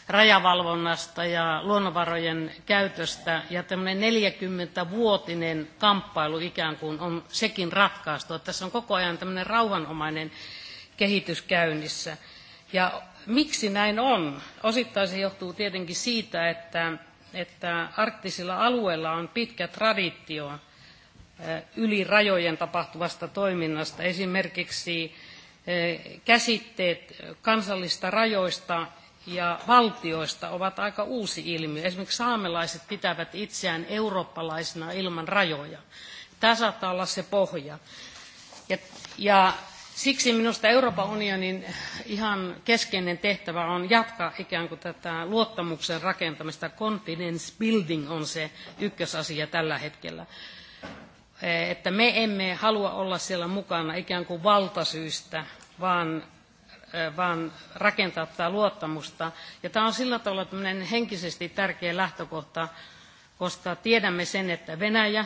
rajavalvonnasta ja luonnonvarojen käytöstä. Ja tämmöinen 40-vuotinen kamppailu ikään kuin on sekin ratkaistu. Tässä on koko ajan tämmöinen rauhanomainen kehitys käynnissä. Ja miksi näin on? Osittain se johtuu tietenkin siitä, että, että arktisilla alueilla on pitkä traditio yli rajojen tapahtuvasta toiminnasta. Esimerkiksi käsitteet kansallista rajoista ja valtioista ovat aika uusi ilmiö. Esimerkiksi saamelaiset pitävät itseään eurooppalaisina ilman rajoja. Tämä saattaa olla se pohja. Ja, ja Siksi minusta Euroopan unionin ihan keskeinen tehtävä on jatkaa ikään kuin tätä luottamuksen rakentamista. Confidence building on se ykkösasia tällä hetkellä. E, että me emme halua olla siellä mukana ikään kuin valtasyistä, vaan e, vaan rakentaa tätä luottamusta. Ja tämä on sillä tavalla henkisesti tärkeä lähtökohta, koska tiedämme sen, että Venäjä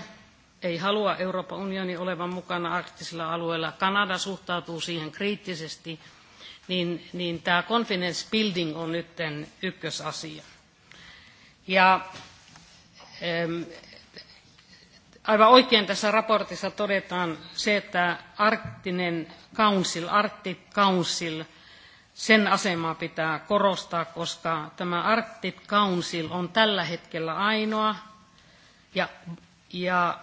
ei halua Euroopan unionin olevan mukana arktisilla alueilla, Kanada suhtautuu siihen kriittisesti, niin, niin tämä confidence building on nyt ykkösasia. Ja ähm, aivan oikein tässä raportissa todetaan se, että arktinen council, Arctic Council, sen asemaa pitää korostaa, koska tämä Arctic Council on tällä hetkellä ainoa ja, ja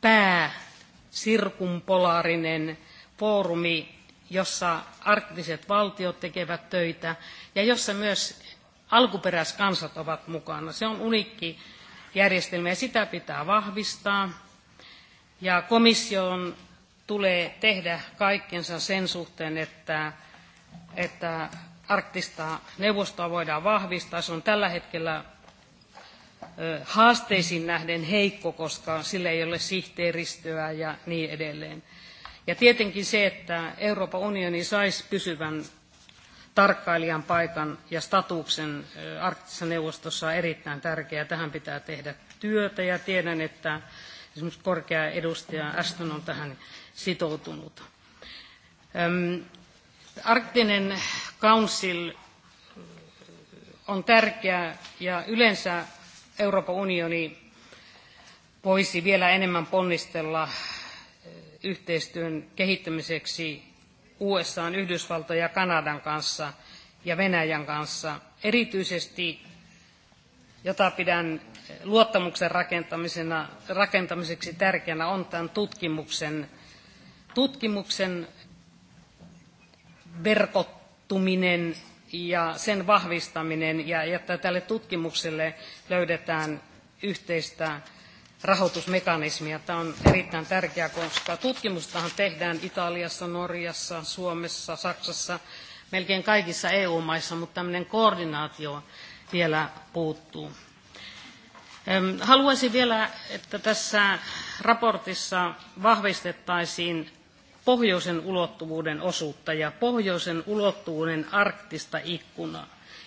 pääsirkumpolaarinen foorumi, jossa arktiset valtiot tekevät töitä ja jossa myös alkuperäiskansat ovat mukana. Se on uniikki järjestelmä ja sitä pitää vahvistaa. Ja komission tulee tehdä kaikkensa sen suhteen, että, että arktista neuvostoa voidaan vahvistaa. Se on tällä hetkellä haasteisiin nähden heikko, koska sillä ei ole sihteeristöä ja niin edelleen. Ja tietenkin se, että Euroopan unioni saisi pysyvän tarkkailijan paikan ja statuksen arktisessa neuvostossa on erittäin tärkeää. Tähän pitää tehdä työtä ja tiedän, että esimerkiksi korkea edustaja Ashton on tähän sitoutunut. Arktinen Council on tärkeä ja yleensä Euroopan unioni voisi vielä enemmän ponnistella eh, yhteistyön kehittämiseksi USA, Yhdysvaltojen ja Kanadan kanssa ja Venäjän kanssa, erityisesti jota pidän luottamuksen rakentamisena, rakentamiseksi tärkeänä on tämän tutkimuksen, tutkimuksen verkottuminen ja sen vahvistaminen ja että tälle tutkimukselle löydetään yhteistä rahoitusmekanismia. Tämä on erittäin tärkeää, koska tutkimustahan tehdään Italiassa, Norjassa, Suomessa, Saksassa, melkein kaikissa EU-maissa, mutta tämmöinen koordinaatio vielä puuttuu. Haluaisin vielä, että tässä raportissa vahvistettaisiin pohjoisen ulottuvuuden osuutta ja pohjoisen ulottuvuuden arktista ikkunaa.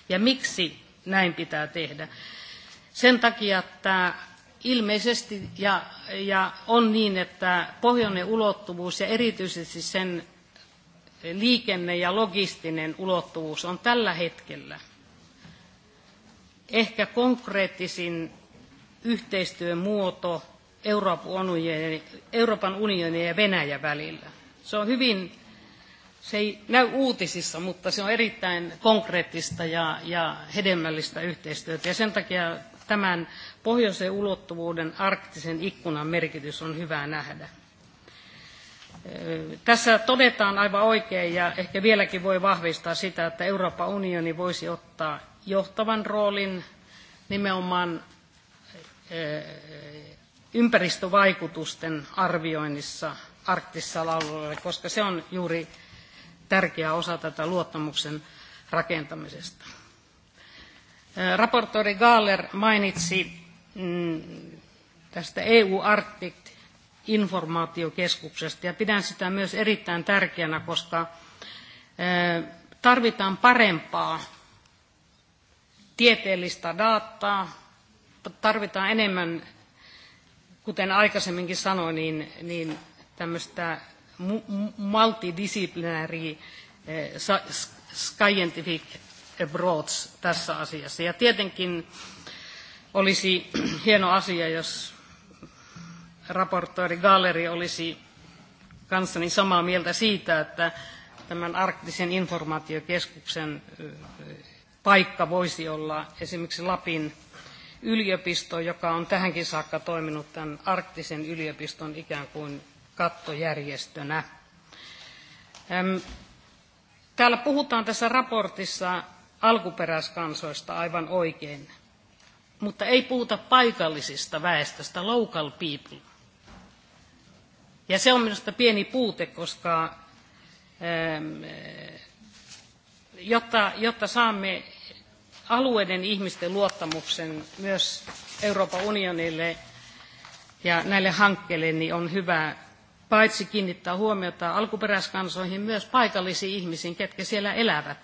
Ja miksi näin pitää tehdä? Sen takia, että ilmeisesti ja, ja on niin, että pohjoinen ulottuvuus ja erityisesti sen liikenne- ja logistinen ulottuvuus on tällä hetkellä ehkä konkreettisin yhteistyön muoto Euroopan unionin ja Venäjän välillä. Se on hyvin, se ei näy uutisissa, mutta se on erittäin konkreettista ja, ja hedelmällistä yhteistyötä. Ja sen takia tämän pohjoisen ulottuvuuden arktisen ikkunan merkitys on hyvä nähdä. Tässä todetaan aivan oikein ja ehkä vieläkin voi vahvistaa sitä, että Euroopan unioni voisi ottaa johtavan roolin nimenomaan ympäristövaikutusten arvioinnissa arktisessa alueella, koska se on juuri tärkeä osa tätä luottamuksen rakentamisesta. Raportori Gaaler mainitsi mm, tästä EU-Arctic informaatiokeskuksesta ja pidän sitä myös erittäin tärkeänä, koska tarvitaan parempaa tieteellistä dataa, tarvitaan enemmän, kuten aikaisemminkin sanoin, niin, niin tämmöistä multidisciplinary eh, scientific approach tässä asiassa. Ja tietenkin olisi hieno asia, jos raportoiri Galleri olisi kanssani samaa mieltä siitä, että tämän arktisen informaatiokeskuksen paikka voisi olla esimerkiksi Lapin yliopisto, joka on tähänkin saakka toiminut tämän arktisen yliopiston ikään kuin kattojärjestönä. Täällä puhutaan tässä raportissa alkuperäiskansoista aivan oikein, mutta ei puhuta paikallisista väestöstä, local people. Ja se on minusta pieni puute, koska jotta, jotta saamme alueiden ihmisten luottamuksen myös Euroopan unionille ja näille hankkeille, niin on hyvä paitsi kiinnittää huomiota alkuperäiskansoihin, myös paikallisiin ihmisiin, ketkä siellä elävät.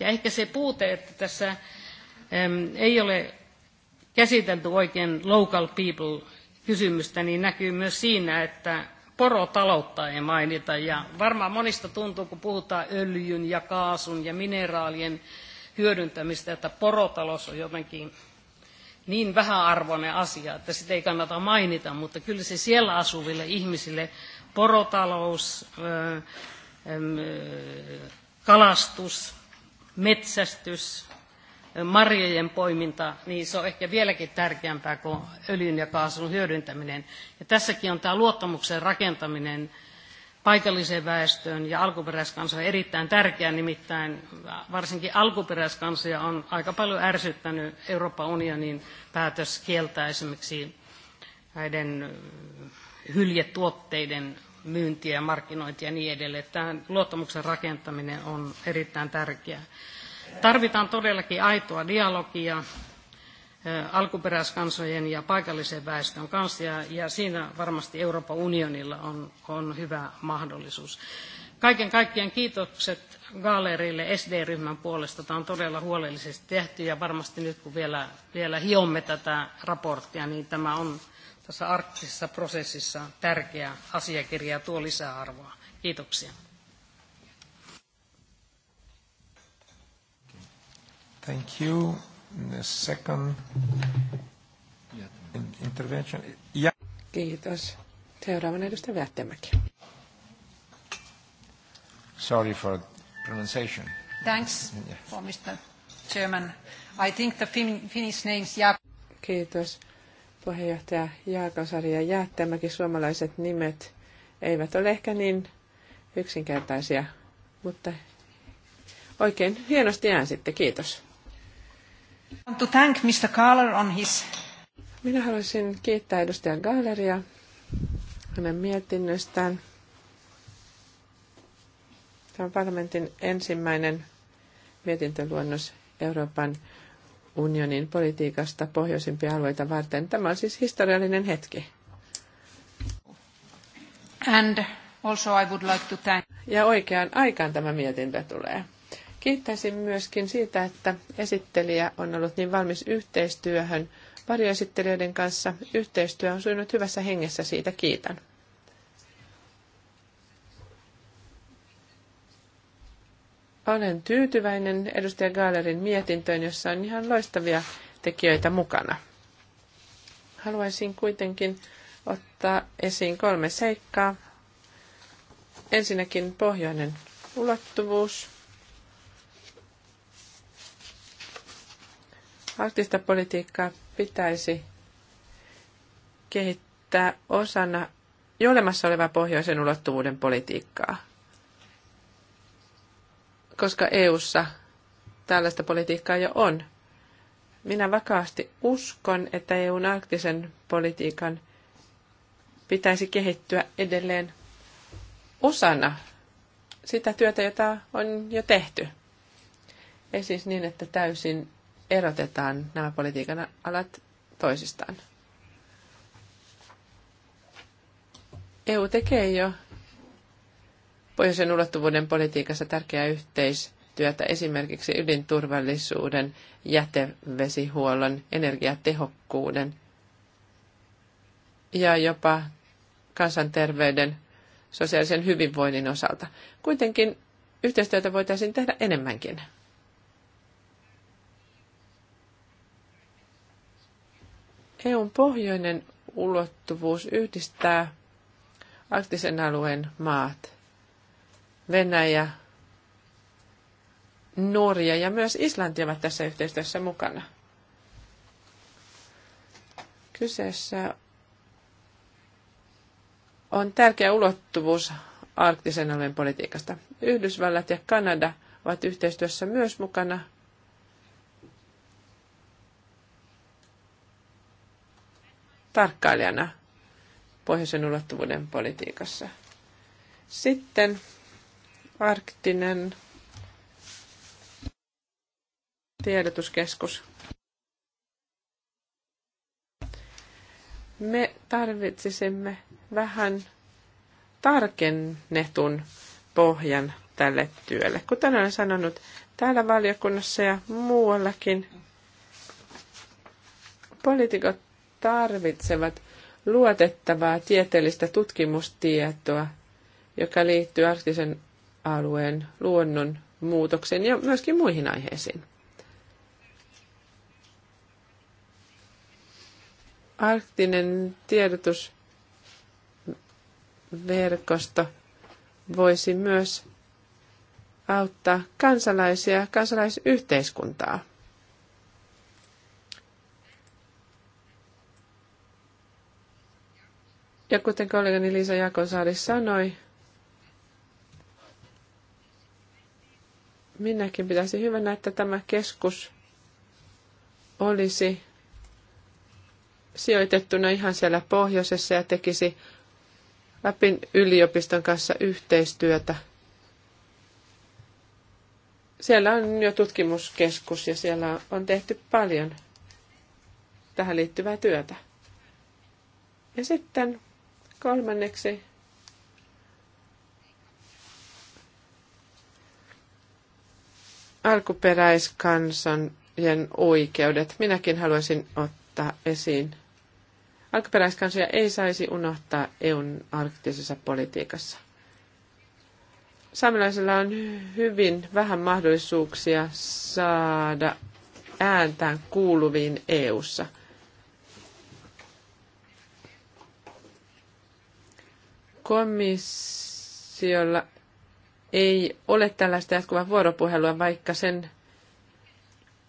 Ja ehkä se puute, että tässä ei ole käsitelty oikein local people kysymystä, niin näkyy myös siinä, että porotaloutta ei mainita. Ja varmaan monista tuntuu, kun puhutaan öljyn ja kaasun ja mineraalien hyödyntämistä, että porotalous on jotenkin niin vähäarvoinen asia, että sitä ei kannata mainita, mutta kyllä se siellä asuville ihmisille porotalous, kalastus, metsästys, marjojen poiminta, niin se on ehkä vieläkin tärkeämpää kuin öljyn ja kaasun hyödyntäminen. Ja tässäkin on tämä luottamuksen rakentaminen paikalliseen väestöön ja alkuperäiskansoja erittäin tärkeää, nimittäin varsinkin alkuperäiskansoja on aika paljon ärsyttänyt Euroopan unionin päätös kieltää esimerkiksi näiden hyljetuotteiden myyntiä, markkinointia ja niin edelleen. Tämä luottamuksen rakentaminen on erittäin tärkeää. Tarvitaan todellakin aitoa dialogia alkuperäiskansojen ja paikallisen väestön kanssa, ja, ja siinä varmasti Euroopan unionilla on, on hyvä mahdollisuus. Kaiken kaikkiaan kiitokset Gaalerille SD-ryhmän puolesta. Tämä on todella huolellisesti tehty, ja varmasti nyt kun vielä, vielä hiomme tätä raporttia, niin tämä on tässä arktisessa prosessissa tärkeä asiakirja ja tuo lisäarvoa. Kiitoksia. Thank you. The second intervention. Ja. Kiitos. Seuraavana edustaja Vähtämäki. Sorry for pronunciation. Thanks for Mr. Chairman. I think the Finnish names... Yeah. Kiitos puheenjohtaja Jaakosari ja Jäättämäki suomalaiset nimet eivät ole ehkä niin yksinkertaisia, mutta oikein hienosti sitten Kiitos. To thank Mr. Kahler on his... Minä haluaisin kiittää edustajan Galleria hänen mietinnöstään. Tämä on parlamentin ensimmäinen mietintöluonnos Euroopan unionin politiikasta pohjoisimpia alueita varten. Tämä on siis historiallinen hetki. And also I would like to thank... Ja oikeaan aikaan tämä mietintö tulee. Kiittäisin myöskin siitä, että esittelijä on ollut niin valmis yhteistyöhön varjoesittelijöiden kanssa. Yhteistyö on sujunut hyvässä hengessä, siitä kiitän. Olen tyytyväinen edustaja Gaalerin mietintöön, jossa on ihan loistavia tekijöitä mukana. Haluaisin kuitenkin ottaa esiin kolme seikkaa. Ensinnäkin pohjoinen ulottuvuus. Arktista politiikkaa pitäisi kehittää osana jo olemassa olevaa pohjoisen ulottuvuuden politiikkaa koska EU:ssa tällaista politiikkaa jo on. Minä vakaasti uskon, että EUn arktisen politiikan pitäisi kehittyä edelleen osana sitä työtä, jota on jo tehty. Ei siis niin, että täysin erotetaan nämä politiikan alat toisistaan. EU tekee jo pohjoisen ulottuvuuden politiikassa tärkeää yhteistyötä esimerkiksi ydinturvallisuuden, jätevesihuollon, energiatehokkuuden ja jopa kansanterveyden, sosiaalisen hyvinvoinnin osalta. Kuitenkin yhteistyötä voitaisiin tehdä enemmänkin. EUn pohjoinen ulottuvuus yhdistää arktisen alueen maat Venäjä, Norja ja myös Islanti ovat tässä yhteistyössä mukana. Kyseessä on tärkeä ulottuvuus arktisen alueen politiikasta. Yhdysvallat ja Kanada ovat yhteistyössä myös mukana. tarkkailijana pohjoisen ulottuvuuden politiikassa. Sitten Arktinen tiedotuskeskus. Me tarvitsisimme vähän tarkennetun pohjan tälle työlle. Kuten olen sanonut, täällä valiokunnassa ja muuallakin poliitikot tarvitsevat luotettavaa tieteellistä tutkimustietoa, joka liittyy arktisen alueen luonnon muutokseen ja myöskin muihin aiheisiin. Arktinen tiedotusverkosto voisi myös auttaa kansalaisia ja kansalaisyhteiskuntaa. Ja kuten kollegani Liisa Jakosaari sanoi, minäkin pitäisin hyvänä, että tämä keskus olisi sijoitettuna ihan siellä pohjoisessa ja tekisi Lapin yliopiston kanssa yhteistyötä. Siellä on jo tutkimuskeskus ja siellä on tehty paljon tähän liittyvää työtä. Ja sitten kolmanneksi alkuperäiskansojen oikeudet. Minäkin haluaisin ottaa esiin. Alkuperäiskansoja ei saisi unohtaa EUn arktisessa politiikassa. Saamelaisilla on hyvin vähän mahdollisuuksia saada ääntään kuuluviin EU:ssa. Komissiolla ei ole tällaista jatkuvaa vuoropuhelua, vaikka sen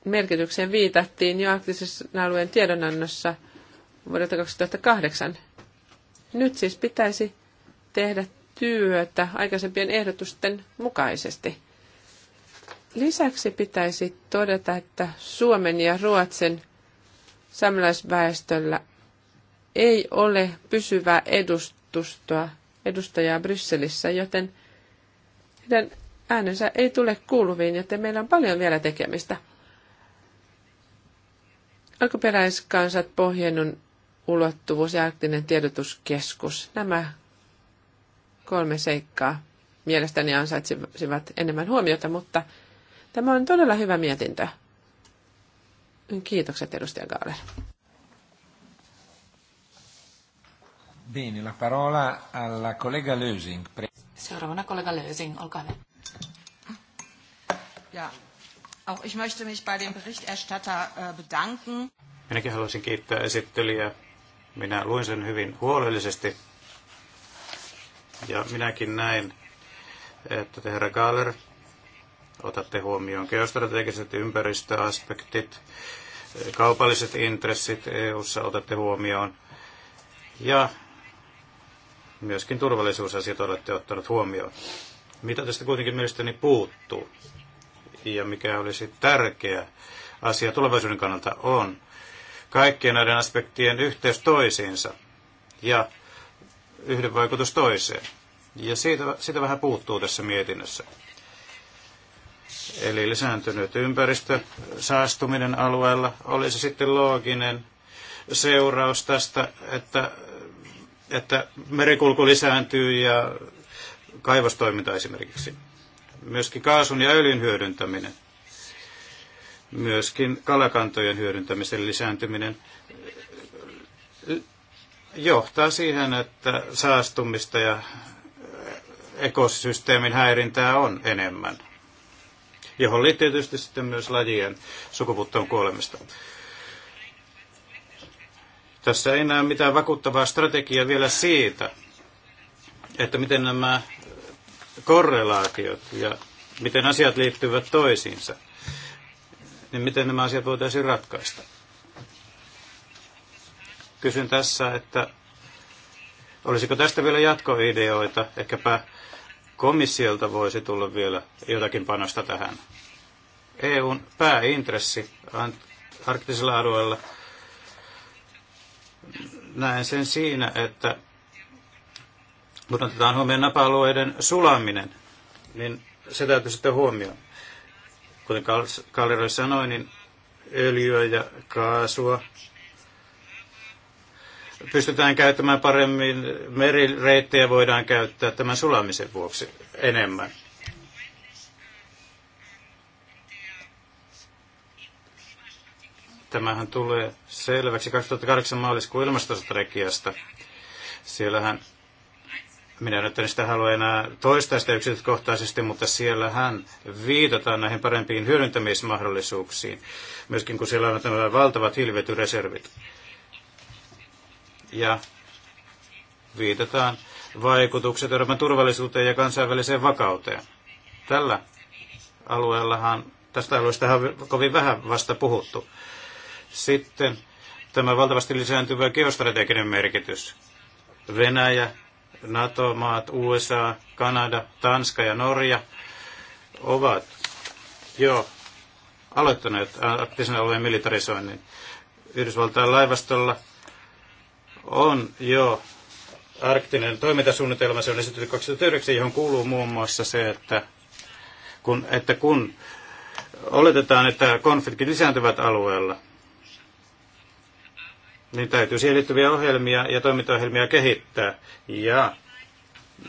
merkitykseen viitattiin jo arktisen alueen tiedonannossa vuodelta 2008. Nyt siis pitäisi tehdä työtä aikaisempien ehdotusten mukaisesti. Lisäksi pitäisi todeta, että Suomen ja Ruotsin saamelaisväestöllä ei ole pysyvää edustustoa edustajaa Brysselissä, joten – heidän äänensä ei tule kuuluviin, joten meillä on paljon vielä tekemistä. Alkuperäiskansat, Pohjennun ulottuvuus ja arktinen tiedotuskeskus. Nämä kolme seikkaa mielestäni ansaitsivat enemmän huomiota, mutta tämä on todella hyvä mietintö. Kiitokset edustaja Gaaler. Bene, la parola alla collega Lösing. Seuraavana kollega Lösing, olkaa hyvä. Ja, auch ich möchte mich bei dem Berichterstatter äh, bedanken. Minäkin haluaisin kiittää esittelijää. Minä luin sen hyvin huolellisesti. Ja minäkin näin, että te herra Galler, otatte huomioon geostrategiset ympäristöaspektit, kaupalliset intressit EU-ssa otatte huomioon ja Myöskin turvallisuusasiat olette ottanut huomioon. Mitä tästä kuitenkin mielestäni puuttuu ja mikä olisi tärkeä asia tulevaisuuden kannalta on kaikkien näiden aspektien yhteys toisiinsa ja yhden vaikutus toiseen. Ja siitä, sitä vähän puuttuu tässä mietinnössä. Eli lisääntynyt ympäristö, saastuminen alueella, olisi sitten looginen seuraus tästä, että että merikulku lisääntyy ja kaivostoiminta esimerkiksi. Myöskin kaasun ja öljyn hyödyntäminen. Myöskin kalakantojen hyödyntämisen lisääntyminen johtaa siihen, että saastumista ja ekosysteemin häirintää on enemmän, johon liittyy tietysti sitten myös lajien sukupuuttoon kuolemista. Tässä ei näe mitään vakuuttavaa strategiaa vielä siitä, että miten nämä korrelaatiot ja miten asiat liittyvät toisiinsa, niin miten nämä asiat voitaisiin ratkaista. Kysyn tässä, että olisiko tästä vielä jatkoideoita, ehkäpä komissiolta voisi tulla vielä jotakin panosta tähän. EUn pääintressi arktisella alueella – näen sen siinä, että kun otetaan huomioon napa-alueiden sulaminen, niin se täytyy sitten huomioon. Kuten Kalleroi sanoi, niin öljyä ja kaasua pystytään käyttämään paremmin, merireittejä voidaan käyttää tämän sulamisen vuoksi enemmän. Tämähän tulee selväksi 2008 maaliskuun ilmastostrategiasta. Siellähän, minä nyt en sitä halua enää toistaa sitä yksityiskohtaisesti, mutta siellähän viitataan näihin parempiin hyödyntämismahdollisuuksiin, myöskin kun siellä on nämä valtavat hilvetyreservit. Ja viitataan vaikutukset Euroopan turvallisuuteen ja kansainväliseen vakauteen. Tällä alueellahan, tästä alueesta on kovin vähän vasta puhuttu. Sitten tämä valtavasti lisääntyvä geostrateginen merkitys. Venäjä, NATO-maat, USA, Kanada, Tanska ja Norja ovat jo aloittaneet arktisen alueen militarisoinnin. Yhdysvaltain laivastolla on jo arktinen toimintasuunnitelma, se on esitetty 2009, johon kuuluu muun muassa se, että kun, että kun oletetaan, että konfliktit lisääntyvät alueella, niin täytyy siihen liittyviä ohjelmia ja toimintaohjelmia kehittää ja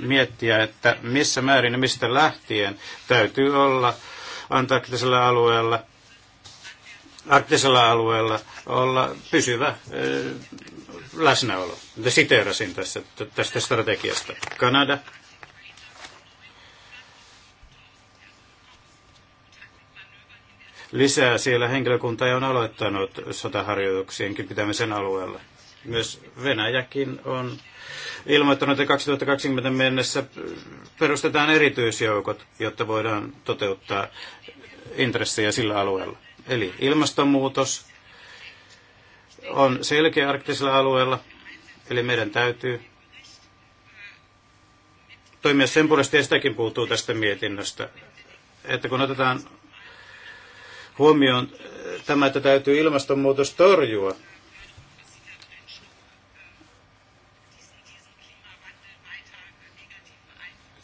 miettiä, että missä määrin ja mistä lähtien täytyy olla antarktisella alueella, arktisella alueella olla pysyvä eh, läsnäolo. Siteerasin tässä, tästä strategiasta. Kanada, lisää siellä henkilökunta ja on aloittanut sotaharjoituksienkin pitämisen alueella. Myös Venäjäkin on ilmoittanut, että 2020 mennessä perustetaan erityisjoukot, jotta voidaan toteuttaa intressejä sillä alueella. Eli ilmastonmuutos on selkeä arktisella alueella, eli meidän täytyy toimia sen puolesta, ja sitäkin puuttuu tästä mietinnöstä, että kun otetaan huomioon äh, tämä, että täytyy ilmastonmuutos torjua.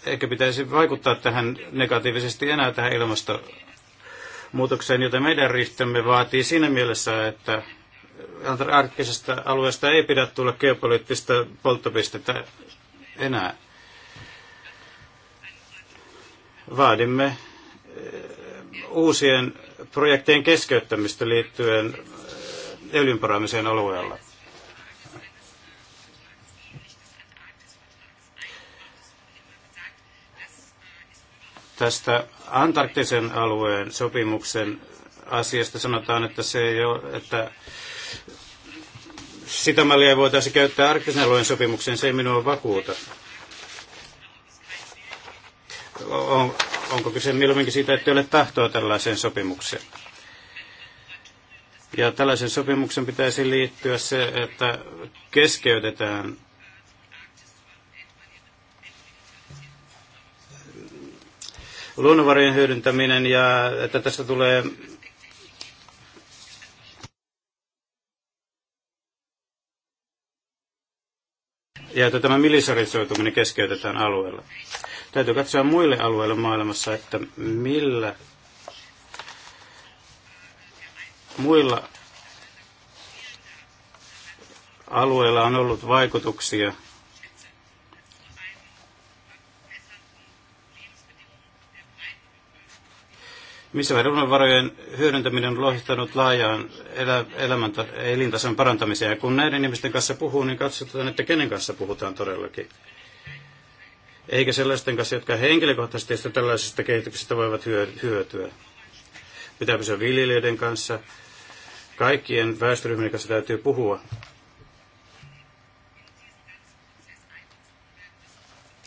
Eikä pitäisi vaikuttaa tähän negatiivisesti enää tähän ilmastonmuutokseen, jota meidän riittämme vaatii siinä mielessä, että arkkisesta alueesta ei pidä tulla geopoliittista polttopistettä enää. Vaadimme äh, uusien projektien keskeyttämistä liittyen öljynporaamiseen alueella. Tästä Antarktisen alueen sopimuksen asiasta sanotaan, että, se ei ole, että sitä mallia ei voitaisi käyttää arktisen alueen sopimukseen, se ei minua vakuuta. Onko kyse milloinkin siitä, että ei ole tahtoa tällaiseen sopimukseen? Ja tällaisen sopimuksen pitäisi liittyä se, että keskeytetään luonnonvarojen hyödyntäminen ja että tästä tulee ja että tämä militarisoituminen keskeytetään alueella. Täytyy katsoa muille alueille maailmassa, että millä muilla alueilla on ollut vaikutuksia missä runonvarojen hyödyntäminen on lohjittanut laajaan elä, elämänta, elintason parantamiseen. Ja kun näiden ihmisten kanssa puhuu, niin katsotaan, että kenen kanssa puhutaan todellakin eikä sellaisten kanssa, jotka henkilökohtaisesti tällaisesta kehityksestä voivat hyötyä. Pitää pysyä viljelijöiden kanssa. Kaikkien väestöryhmien kanssa täytyy puhua.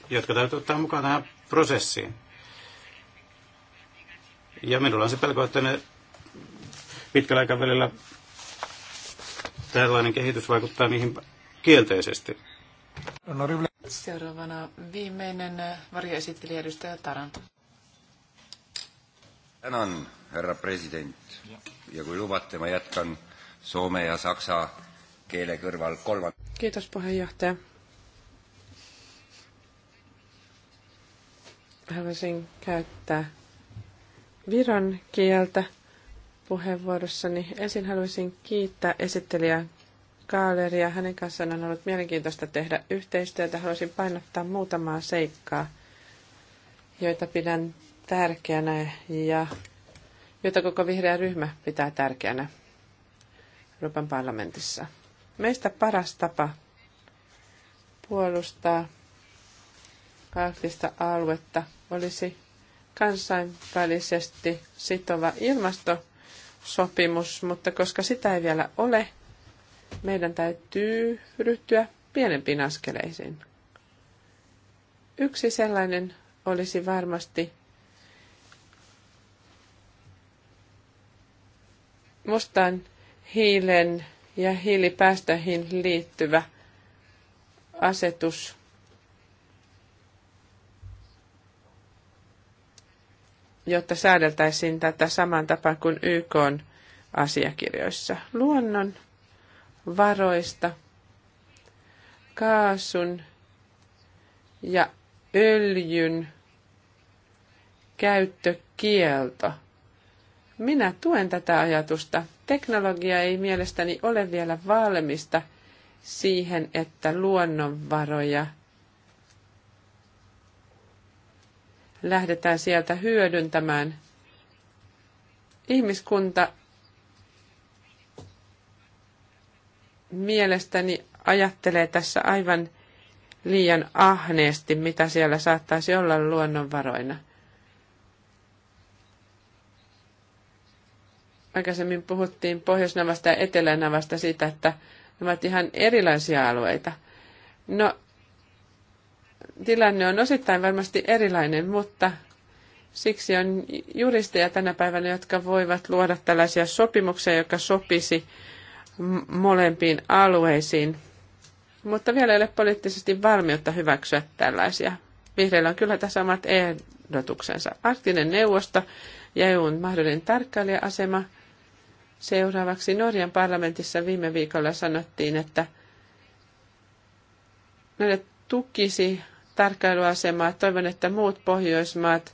jotka täytyy ottaa mukaan tähän prosessiin. Ja minulla on se pelko, että ne pitkällä aikavälillä tällainen kehitys vaikuttaa niihin kielteisesti. Seuraavana viimeinen varjoesittelijä edustaja Taranto. Tänan, herra president. Ja kui lubatte, mä jatkan Suome ja Saksa kielen kõrval kolman... Kiitos puheenjohtaja. Haluaisin käyttää viron kieltä puheenvuorossani. Ensin haluaisin kiittää esittelijää Kaaleri ja hänen kanssaan on ollut mielenkiintoista tehdä yhteistyötä. Haluaisin painottaa muutamaa seikkaa, joita pidän tärkeänä ja joita koko vihreä ryhmä pitää tärkeänä Euroopan parlamentissa. Meistä paras tapa puolustaa arktista aluetta olisi kansainvälisesti sitova ilmastosopimus, mutta koska sitä ei vielä ole, meidän täytyy ryhtyä pienempiin askeleisiin. Yksi sellainen olisi varmasti mustan hiilen ja hiilipäästöihin liittyvä asetus. jotta säädeltäisiin tätä saman tapaan kuin YK asiakirjoissa. Luonnon varoista, kaasun ja öljyn käyttökielto. Minä tuen tätä ajatusta. Teknologia ei mielestäni ole vielä valmista siihen, että luonnonvaroja lähdetään sieltä hyödyntämään. Ihmiskunta mielestäni ajattelee tässä aivan liian ahneesti, mitä siellä saattaisi olla luonnonvaroina. Aikaisemmin puhuttiin Pohjoisnavasta ja Etelänavasta siitä, että ne ovat ihan erilaisia alueita. No, tilanne on osittain varmasti erilainen, mutta siksi on juristeja tänä päivänä, jotka voivat luoda tällaisia sopimuksia, joka sopisi molempiin alueisiin, mutta vielä ei ole poliittisesti valmiutta hyväksyä tällaisia. Vihreillä on kyllä tässä samat ehdotuksensa. Arktinen neuvosto ja EUn mahdollinen tarkkailija-asema. Seuraavaksi Norjan parlamentissa viime viikolla sanottiin, että ne tukisi tarkkailuasemaa. Toivon, että muut pohjoismaat,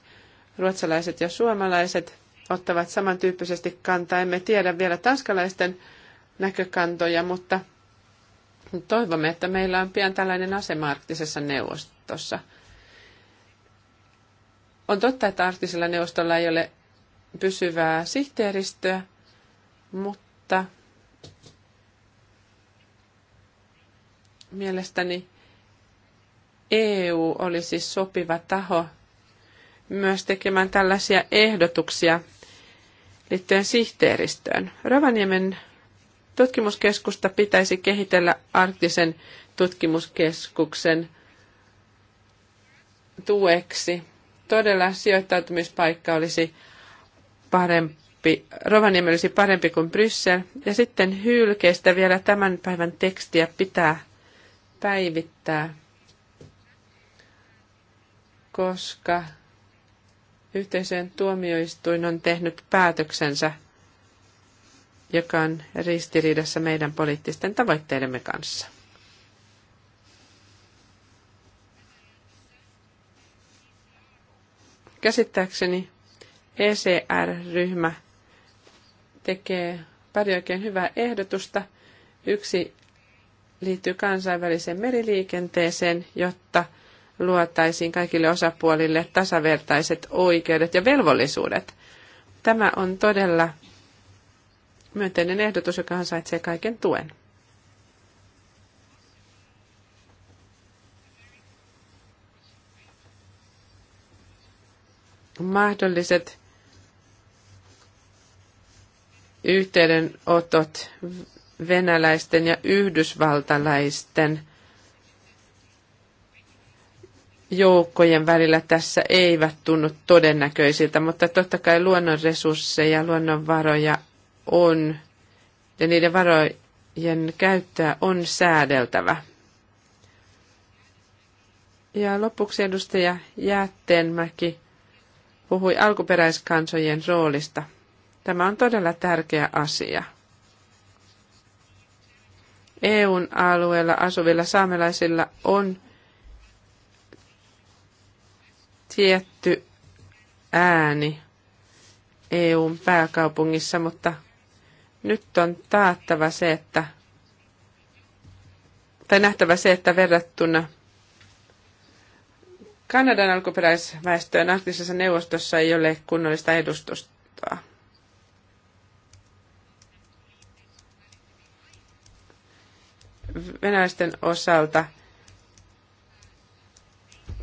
ruotsalaiset ja suomalaiset ottavat samantyyppisesti kantaa. Emme tiedä vielä tanskalaisten näkökantoja, mutta toivomme, että meillä on pian tällainen asema arktisessa neuvostossa. On totta, että arktisella neuvostolla ei ole pysyvää sihteeristöä, mutta mielestäni EU olisi sopiva taho myös tekemään tällaisia ehdotuksia liittyen sihteeristöön. Rovaniemen Tutkimuskeskusta pitäisi kehitellä arktisen tutkimuskeskuksen tueksi. Todella sijoittautumispaikka olisi parempi, Rovaniemi olisi parempi kuin Bryssel. Ja sitten hylkeistä vielä tämän päivän tekstiä pitää päivittää, koska yhteisöjen tuomioistuin on tehnyt päätöksensä joka on ristiriidassa meidän poliittisten tavoitteidemme kanssa. Käsittääkseni ECR-ryhmä tekee pari oikein hyvää ehdotusta. Yksi liittyy kansainväliseen meriliikenteeseen, jotta luotaisiin kaikille osapuolille tasavertaiset oikeudet ja velvollisuudet. Tämä on todella myönteinen ehdotus, joka ansaitsee kaiken tuen. Mahdolliset yhteydenotot venäläisten ja yhdysvaltalaisten joukkojen välillä tässä eivät tunnu todennäköisiltä, mutta totta kai luonnonresursseja, luonnonvaroja on ja niiden varojen käyttöä on säädeltävä. Ja lopuksi edustaja Jäätteenmäki puhui alkuperäiskansojen roolista. Tämä on todella tärkeä asia. EUn alueella asuvilla saamelaisilla on tietty ääni EUn pääkaupungissa, mutta nyt on taattava se, että, tai nähtävä se, että verrattuna Kanadan alkuperäisväestöön arktisessa neuvostossa ei ole kunnollista edustusta. Venäläisten osalta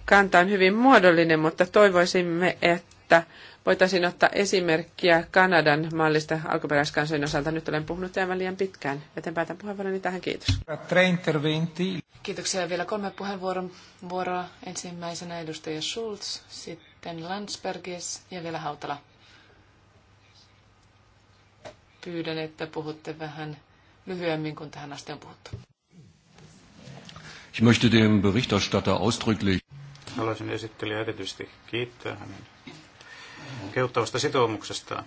kanta on hyvin muodollinen, mutta toivoisimme, että voitaisiin ottaa esimerkkiä Kanadan mallista alkuperäiskansojen osalta. Nyt olen puhunut aivan liian pitkään, joten päätän puheenvuoroni tähän. Kiitos. Kiitoksia. Vielä kolme puheenvuoron vuoroa. Ensimmäisenä edustaja Schulz, sitten Landsbergis ja vielä Hautala. Pyydän, että puhutte vähän lyhyemmin kuin tähän asti on puhuttu. Ich möchte dem Berichterstatter ausdrücklich Haluaisin esittelijä erityisesti kiittää hänen kehuttavasta sitoumuksestaan.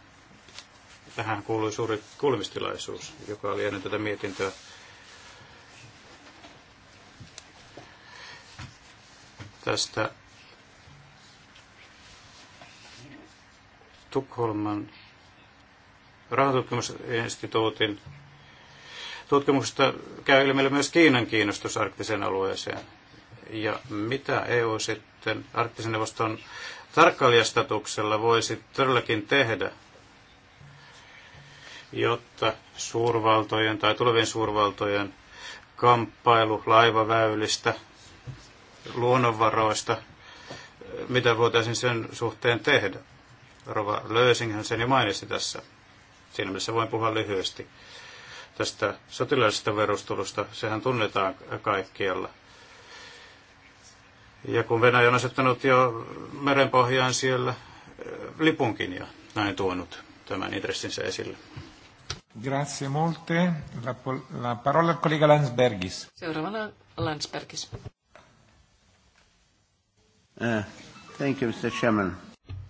Tähän kuului suuri kuulemistilaisuus, joka oli ennen tätä mietintöä. Tästä Tukholman rahatutkimusinstituutin tutkimuksesta käy ilmi myös Kiinan kiinnostus arktiseen alueeseen. Ja mitä EU sitten arktisen neuvoston tarkkailijastatuksella voisi todellakin tehdä, jotta suurvaltojen tai tulevien suurvaltojen kamppailu laivaväylistä, luonnonvaroista, mitä voitaisiin sen suhteen tehdä. Rova Löysinghän sen jo mainitsi tässä. Siinä missä voin puhua lyhyesti tästä sotilaallisesta verustulusta. Sehän tunnetaan kaikkialla. Ja kun Venäjä on asettanut jo merenpohjaan siellä eh, lipunkin ja näin tuonut tämän intressinsä esille. Grazie molte. La, la parola al collega Landsbergis. Seuraavana Landsbergis. Uh, thank you, Mr. Chairman.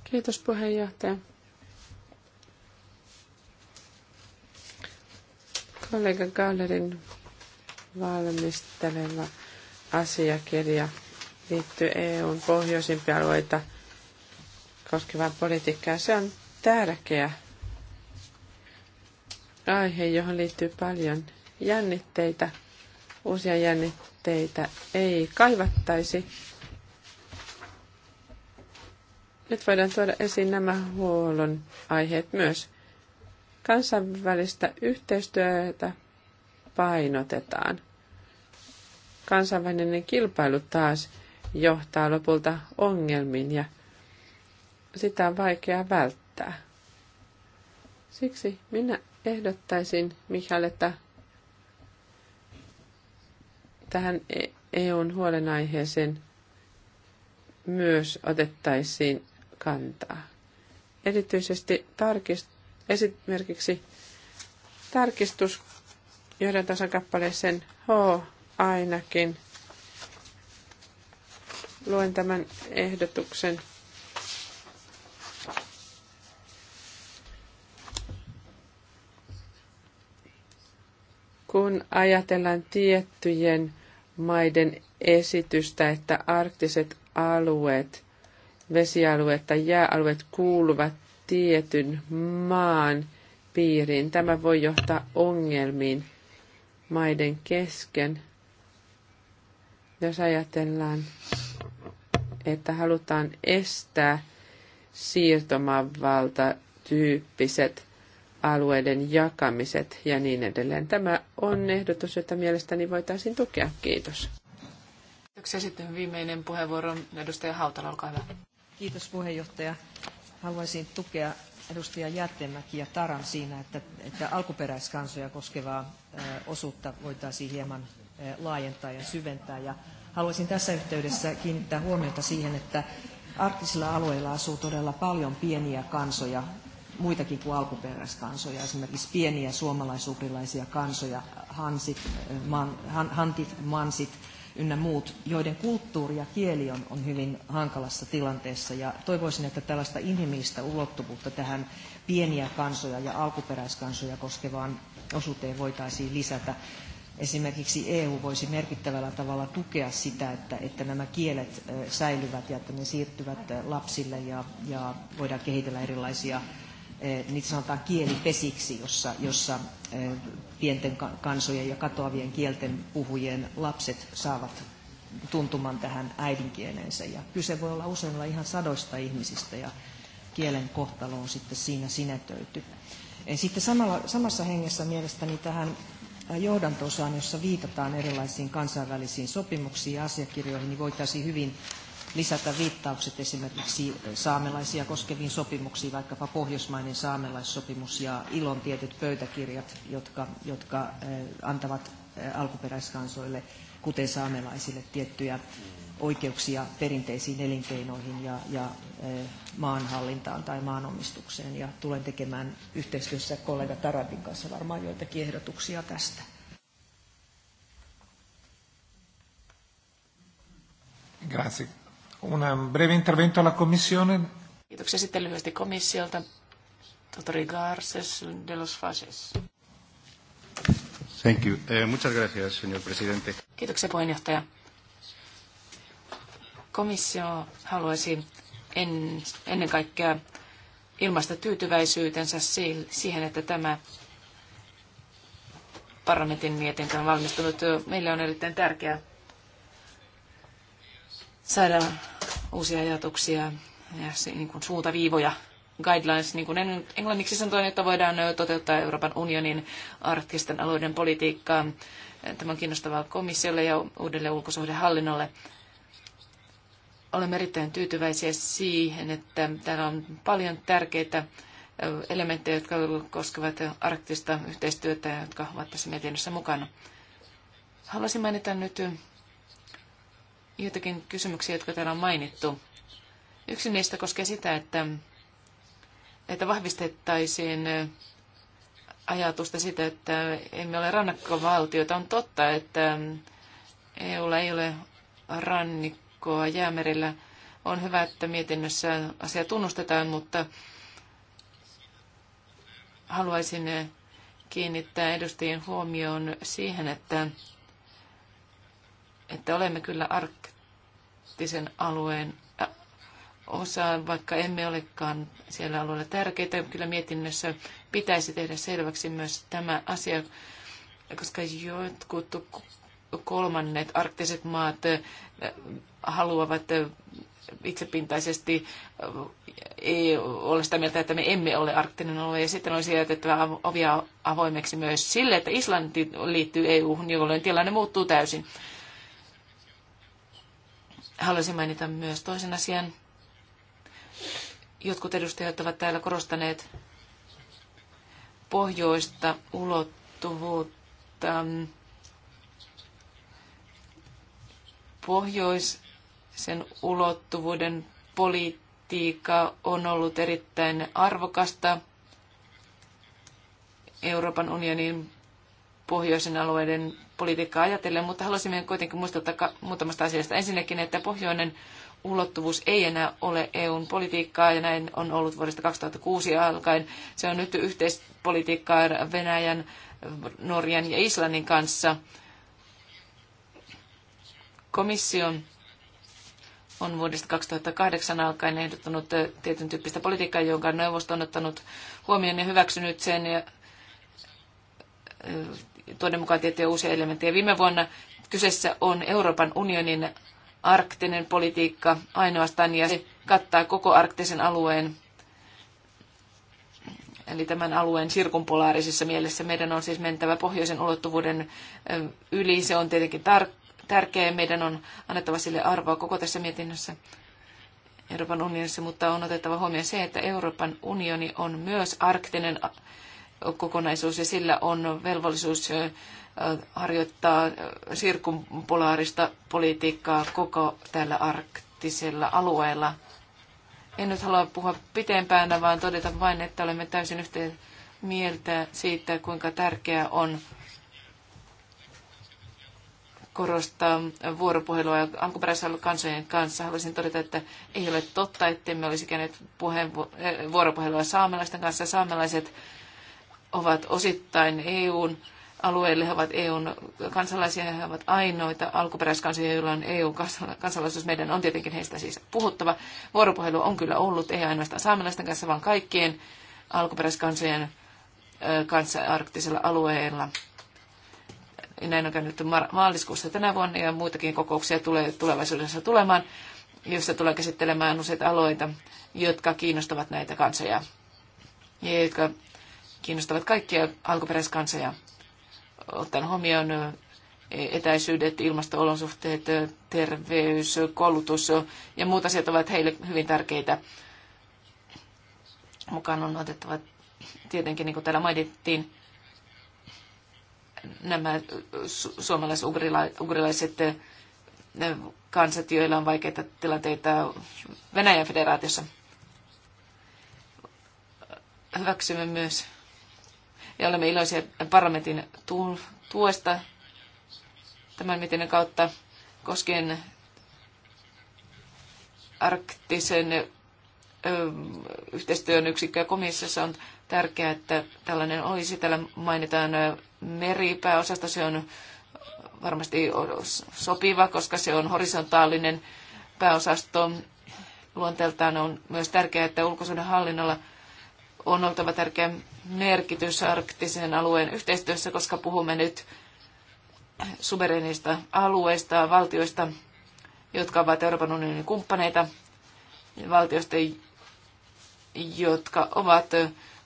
Kiitos puheenjohtaja. Kollega Gallerin valmistelema asiakirja liittyy EUn pohjoisimpia alueita koskevaan politiikkaan. Se on tärkeä aihe, johon liittyy paljon jännitteitä. Uusia jännitteitä ei kaivattaisi. Nyt voidaan tuoda esiin nämä huollon aiheet myös. Kansainvälistä yhteistyötä painotetaan. Kansainvälinen kilpailu taas – johtaa lopulta ongelmiin ja sitä on vaikea välttää. Siksi minä ehdottaisin Mikael, että tähän e- EUn huolenaiheeseen myös otettaisiin kantaa. Erityisesti tarkist, esimerkiksi tarkistus johdantason kappaleeseen H ainakin – Luen tämän ehdotuksen. Kun ajatellaan tiettyjen maiden esitystä, että arktiset alueet, vesialueet tai jääalueet kuuluvat tietyn maan piiriin. Tämä voi johtaa ongelmiin maiden kesken. Jos ajatellaan että halutaan estää siirtomaavalta tyyppiset alueiden jakamiset ja niin edelleen. Tämä on ehdotus, jota mielestäni voitaisiin tukea. Kiitos. Kiitoksia. Sitten viimeinen puheenvuoro. Edustaja Hautala, olkaa hyvä. Kiitos puheenjohtaja. Haluaisin tukea edustaja Jättemäki ja Taran siinä, että, että alkuperäiskansoja koskevaa osuutta voitaisiin hieman laajentaa ja syventää. Ja haluaisin tässä yhteydessä kiinnittää huomiota siihen, että arktisilla alueilla asuu todella paljon pieniä kansoja, muitakin kuin alkuperäiskansoja, esimerkiksi pieniä suomalaisukrilaisia kansoja, hansit, man, han, hantit, mansit ynnä muut, joiden kulttuuri ja kieli on, on hyvin hankalassa tilanteessa. Ja toivoisin, että tällaista inhimillistä ulottuvuutta tähän pieniä kansoja ja alkuperäiskansoja koskevaan osuuteen voitaisiin lisätä esimerkiksi EU voisi merkittävällä tavalla tukea sitä, että, että nämä kielet säilyvät ja että ne siirtyvät lapsille ja, ja voidaan kehitellä erilaisia niitä sanotaan kielipesiksi, jossa, jossa pienten kansojen ja katoavien kielten puhujien lapset saavat tuntuman tähän äidinkieleensä. Ja kyse voi olla olla ihan sadoista ihmisistä ja kielen kohtalo on sitten siinä sinetöity. Sitten samalla, samassa hengessä mielestäni tähän johdantoosaan, jossa viitataan erilaisiin kansainvälisiin sopimuksiin ja asiakirjoihin, niin voitaisiin hyvin lisätä viittaukset esimerkiksi saamelaisia koskeviin sopimuksiin, vaikkapa pohjoismainen saamelaissopimus ja ilon tietyt pöytäkirjat, jotka, jotka eh, antavat eh, alkuperäiskansoille, kuten saamelaisille, tiettyjä oikeuksia perinteisiin elinkeinoihin ja, ja maanhallintaan tai maanomistukseen. Ja tulen tekemään yhteistyössä kollega Tarabin kanssa varmaan joitakin ehdotuksia tästä. Grazie. Una breve intervento alla Commissione. Kiitoksia sitten lyhyesti komissiolta. Tohtori Garces de los Fases. Thank you. Eh, muchas gracias, señor presidente. Kiitoksia puheenjohtaja. Komissio haluaisi en, ennen kaikkea ilmaista tyytyväisyytensä siihen, että tämä parlamentin mietintö on valmistunut. Meille on erittäin tärkeää saada uusia ajatuksia ja niin kuin suuntaviivoja, guidelines, niin kuin englanniksi sanotaan, että voidaan toteuttaa Euroopan unionin arktisten alueiden politiikkaa. Tämä on kiinnostavaa komissiolle ja uudelle ulkosuhdehallinnolle. Olemme erittäin tyytyväisiä siihen, että täällä on paljon tärkeitä elementtejä, jotka koskevat arktista yhteistyötä ja jotka ovat tässä mietinnössä mukana. Haluaisin mainita nyt joitakin kysymyksiä, jotka täällä on mainittu. Yksi niistä koskee sitä, että, että vahvistettaisiin ajatusta sitä, että emme ole rannakkovaltioita. On totta, että EUlla ei ole rannik- verkkoa jäämerellä. On hyvä, että mietinnössä asia tunnustetaan, mutta haluaisin kiinnittää edustajien huomioon siihen, että, että olemme kyllä arktisen alueen äh, osa, vaikka emme olekaan siellä alueella tärkeitä. Kyllä mietinnössä pitäisi tehdä selväksi myös tämä asia, koska jotkut kolmannet arktiset maat äh, haluavat itsepintaisesti ei ole sitä mieltä, että me emme ole arktinen alue. Ja sitten olisi jätettävä ovia avoimeksi myös sille, että Islanti liittyy EU-hun, jolloin tilanne muuttuu täysin. Haluaisin mainita myös toisen asian. Jotkut edustajat ovat täällä korostaneet pohjoista ulottuvuutta. Pohjois- sen ulottuvuuden politiikka on ollut erittäin arvokasta Euroopan unionin pohjoisen alueiden politiikkaa ajatellen, mutta haluaisimme kuitenkin muistuttaa muutamasta asiasta. Ensinnäkin, että pohjoinen ulottuvuus ei enää ole EUn politiikkaa, ja näin on ollut vuodesta 2006 alkaen. Se on nyt yhteispolitiikkaa Venäjän, Norjan ja Islannin kanssa. Komission on vuodesta 2008 alkaen ehdottanut tietyn tyyppistä politiikkaa, jonka neuvosto on ottanut huomioon ja hyväksynyt sen ja tuoden mukaan tiettyjä uusia elementtejä. Viime vuonna kyseessä on Euroopan unionin arktinen politiikka ainoastaan ja se kattaa koko arktisen alueen eli tämän alueen sirkumpolaarisessa mielessä meidän on siis mentävä pohjoisen ulottuvuuden yli. Se on tietenkin tar- tärkeä ja meidän on annettava sille arvoa koko tässä mietinnössä Euroopan unionissa, mutta on otettava huomioon se, että Euroopan unioni on myös arktinen kokonaisuus ja sillä on velvollisuus harjoittaa sirkumpolaarista politiikkaa koko tällä arktisella alueella. En nyt halua puhua pitempään, vaan todeta vain, että olemme täysin yhteen mieltä siitä, kuinka tärkeää on korostaa vuoropuhelua alkuperäisellä kansojen kanssa. Haluaisin todeta, että ei ole totta, me olisi käyneet eh, vuoropuhelua saamelaisten kanssa. Saamelaiset ovat osittain EUn alueelle, he ovat EUn kansalaisia, he ovat ainoita alkuperäiskansoja, joilla on EU-kansalaisuus. Meidän on tietenkin heistä siis puhuttava. Vuoropuhelu on kyllä ollut, ei ainoastaan saamelaisten kanssa, vaan kaikkien alkuperäiskansojen eh, kanssa arktisella alueella. Näin on käynyt maaliskuussa tänä vuonna ja muitakin kokouksia tulee tulevaisuudessa tulemaan, jossa tulee käsittelemään useita aloita, jotka kiinnostavat näitä kansoja ja jotka kiinnostavat kaikkia alkuperäiskansoja. Ottaen huomioon etäisyydet, ilmasto-olosuhteet, terveys, koulutus ja muut asiat ovat heille hyvin tärkeitä. Mukaan on otettava tietenkin, niin kuin täällä mainittiin, nämä su- suomalais-ugrilaiset kansat, joilla on vaikeita tilanteita Venäjän federaatiossa. Hyväksymme myös ja olemme iloisia parlamentin tuesta tämän mietinnön kautta koskien arktisen yhteistyön yksikköä komissiossa on tärkeää, että tällainen olisi. Täällä mainitaan meripääosasta. Se on varmasti sopiva, koska se on horisontaalinen pääosasto. Luonteeltaan on myös tärkeää, että ulkosuuden hallinnolla on oltava tärkeä merkitys arktisen alueen yhteistyössä, koska puhumme nyt suvereenista alueista, valtioista, jotka ovat Euroopan unionin kumppaneita, valtioista, jotka ovat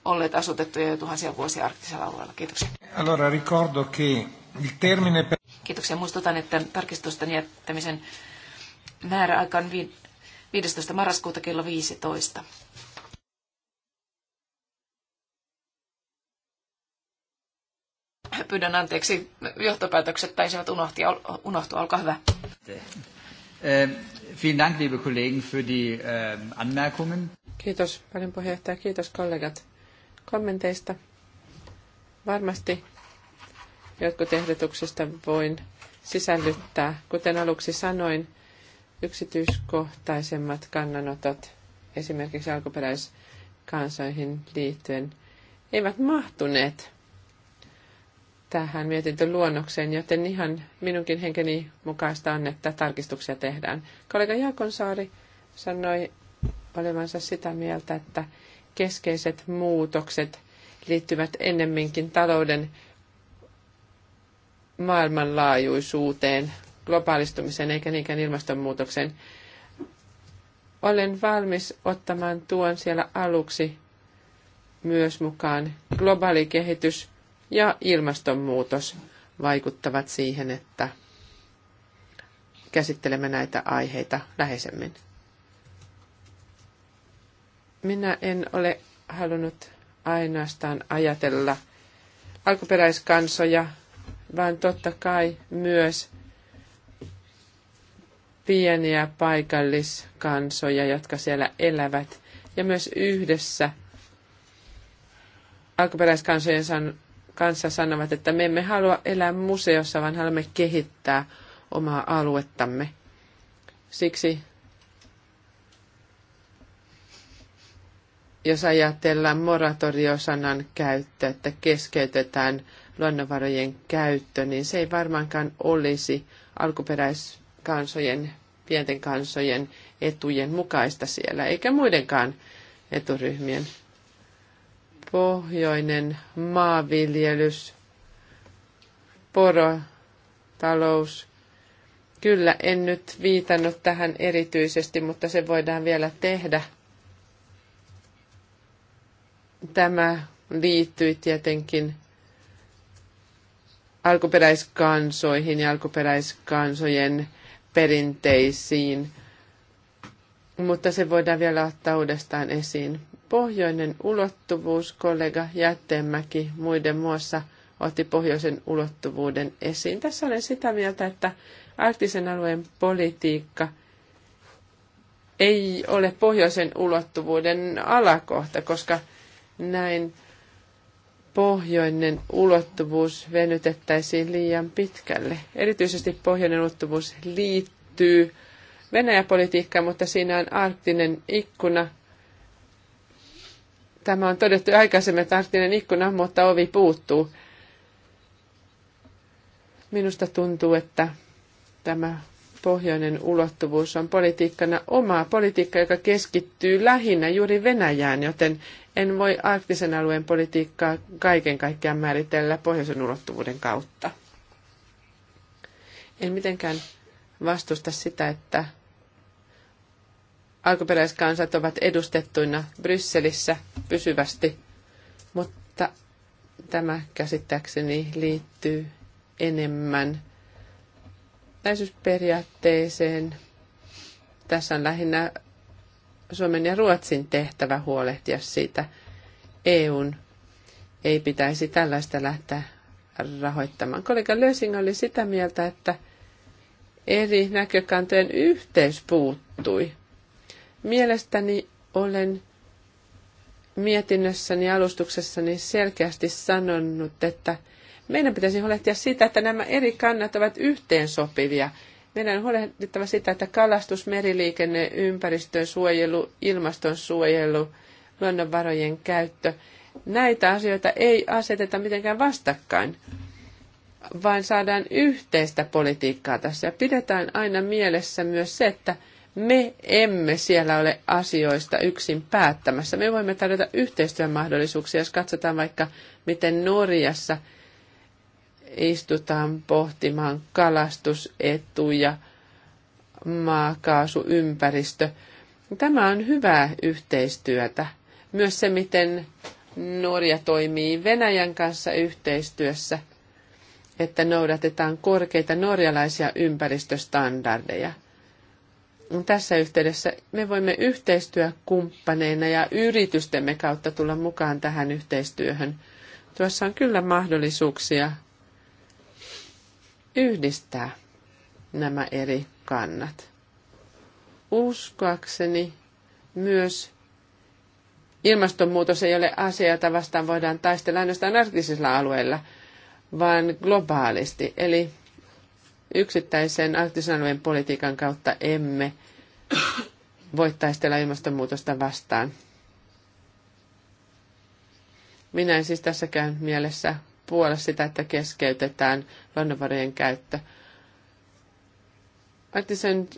olleet asutettuja jo tuhansia vuosia arktisella alueella. Kiitoksia. Allora, ricordo che il termine per... Kiitoksia. Muistutan, että tarkistusten jättämisen määräaika on 15. marraskuuta kello 15. Pyydän anteeksi, johtopäätökset taisivat unohtia, unohtua. Olkaa hyvä. Eh, vielen Dank, liebe Kollegen, für die eh, Anmerkungen. Kiitos paljon puheenjohtaja, kiitos kollegat kommenteista. Varmasti jotkut ehdotuksista voin sisällyttää. Kuten aluksi sanoin, yksityiskohtaisemmat kannanotot esimerkiksi alkuperäiskansoihin liittyen eivät mahtuneet tähän mietintöluonnokseen, joten ihan minunkin henkeni mukaista on, että tarkistuksia tehdään. Kollega Jaakonsaari sanoi olevansa sitä mieltä, että keskeiset muutokset liittyvät ennemminkin talouden maailmanlaajuisuuteen, globaalistumiseen eikä niinkään ilmastonmuutokseen. Olen valmis ottamaan tuon siellä aluksi myös mukaan. Globaali kehitys ja ilmastonmuutos vaikuttavat siihen, että käsittelemme näitä aiheita läheisemmin. Minä en ole halunnut ainoastaan ajatella alkuperäiskansoja, vaan totta kai myös pieniä paikalliskansoja, jotka siellä elävät. Ja myös yhdessä alkuperäiskansojen kanssa sanovat, että me emme halua elää museossa, vaan haluamme kehittää omaa aluettamme. Siksi jos ajatellaan moratoriosanan käyttöä, että keskeytetään luonnonvarojen käyttö, niin se ei varmaankaan olisi alkuperäiskansojen, pienten kansojen etujen mukaista siellä, eikä muidenkaan eturyhmien. Pohjoinen maanviljelys, porotalous. Kyllä, en nyt viitannut tähän erityisesti, mutta se voidaan vielä tehdä – Tämä liittyi tietenkin alkuperäiskansoihin ja alkuperäiskansojen perinteisiin, mutta se voidaan vielä ottaa uudestaan esiin. Pohjoinen ulottuvuus, kollega Jätteenmäki muiden muassa otti pohjoisen ulottuvuuden esiin. Tässä olen sitä mieltä, että arktisen alueen politiikka ei ole pohjoisen ulottuvuuden alakohta, koska – näin pohjoinen ulottuvuus venytettäisiin liian pitkälle. Erityisesti pohjoinen ulottuvuus liittyy Venäjäpolitiikkaan, mutta siinä on arktinen ikkuna. Tämä on todettu aikaisemmin, että arktinen ikkuna, mutta ovi puuttuu. Minusta tuntuu, että tämä pohjoinen ulottuvuus on politiikkana omaa politiikkaa, joka keskittyy lähinnä juuri Venäjään, joten en voi arktisen alueen politiikkaa kaiken kaikkiaan määritellä pohjoisen ulottuvuuden kautta. En mitenkään vastusta sitä, että alkuperäiskansat ovat edustettuina Brysselissä pysyvästi, mutta tämä käsittääkseni liittyy enemmän – Läheisyysperiaatteeseen tässä on lähinnä Suomen ja Ruotsin tehtävä huolehtia siitä. EUn ei pitäisi tällaista lähteä rahoittamaan. Kollega Lösing oli sitä mieltä, että eri näkökantojen yhteys puuttui. Mielestäni olen mietinnössäni alustuksessani selkeästi sanonut, että – meidän pitäisi huolehtia siitä, että nämä eri kannat ovat yhteensopivia. Meidän on huolehdittava sitä, että kalastus, meriliikenne, ympäristön suojelu, ilmaston suojelu, luonnonvarojen käyttö, näitä asioita ei aseteta mitenkään vastakkain, vaan saadaan yhteistä politiikkaa tässä. Ja pidetään aina mielessä myös se, että me emme siellä ole asioista yksin päättämässä. Me voimme tarjota yhteistyömahdollisuuksia, jos katsotaan vaikka, miten Norjassa – istutaan pohtimaan kalastusetuja, maakaasuympäristö. Tämä on hyvää yhteistyötä. Myös se, miten Norja toimii Venäjän kanssa yhteistyössä, että noudatetaan korkeita norjalaisia ympäristöstandardeja. Tässä yhteydessä me voimme yhteistyökumppaneina ja yritystemme kautta tulla mukaan tähän yhteistyöhön. Tuossa on kyllä mahdollisuuksia yhdistää nämä eri kannat. Uskoakseni myös ilmastonmuutos ei ole asia, jota vastaan voidaan taistella ainoastaan arktisilla alueilla, vaan globaalisti. Eli yksittäisen arktisen alueen politiikan kautta emme voi taistella ilmastonmuutosta vastaan. Minä en siis tässäkään mielessä puolla sitä, että keskeytetään luonnonvarojen käyttö. Artisen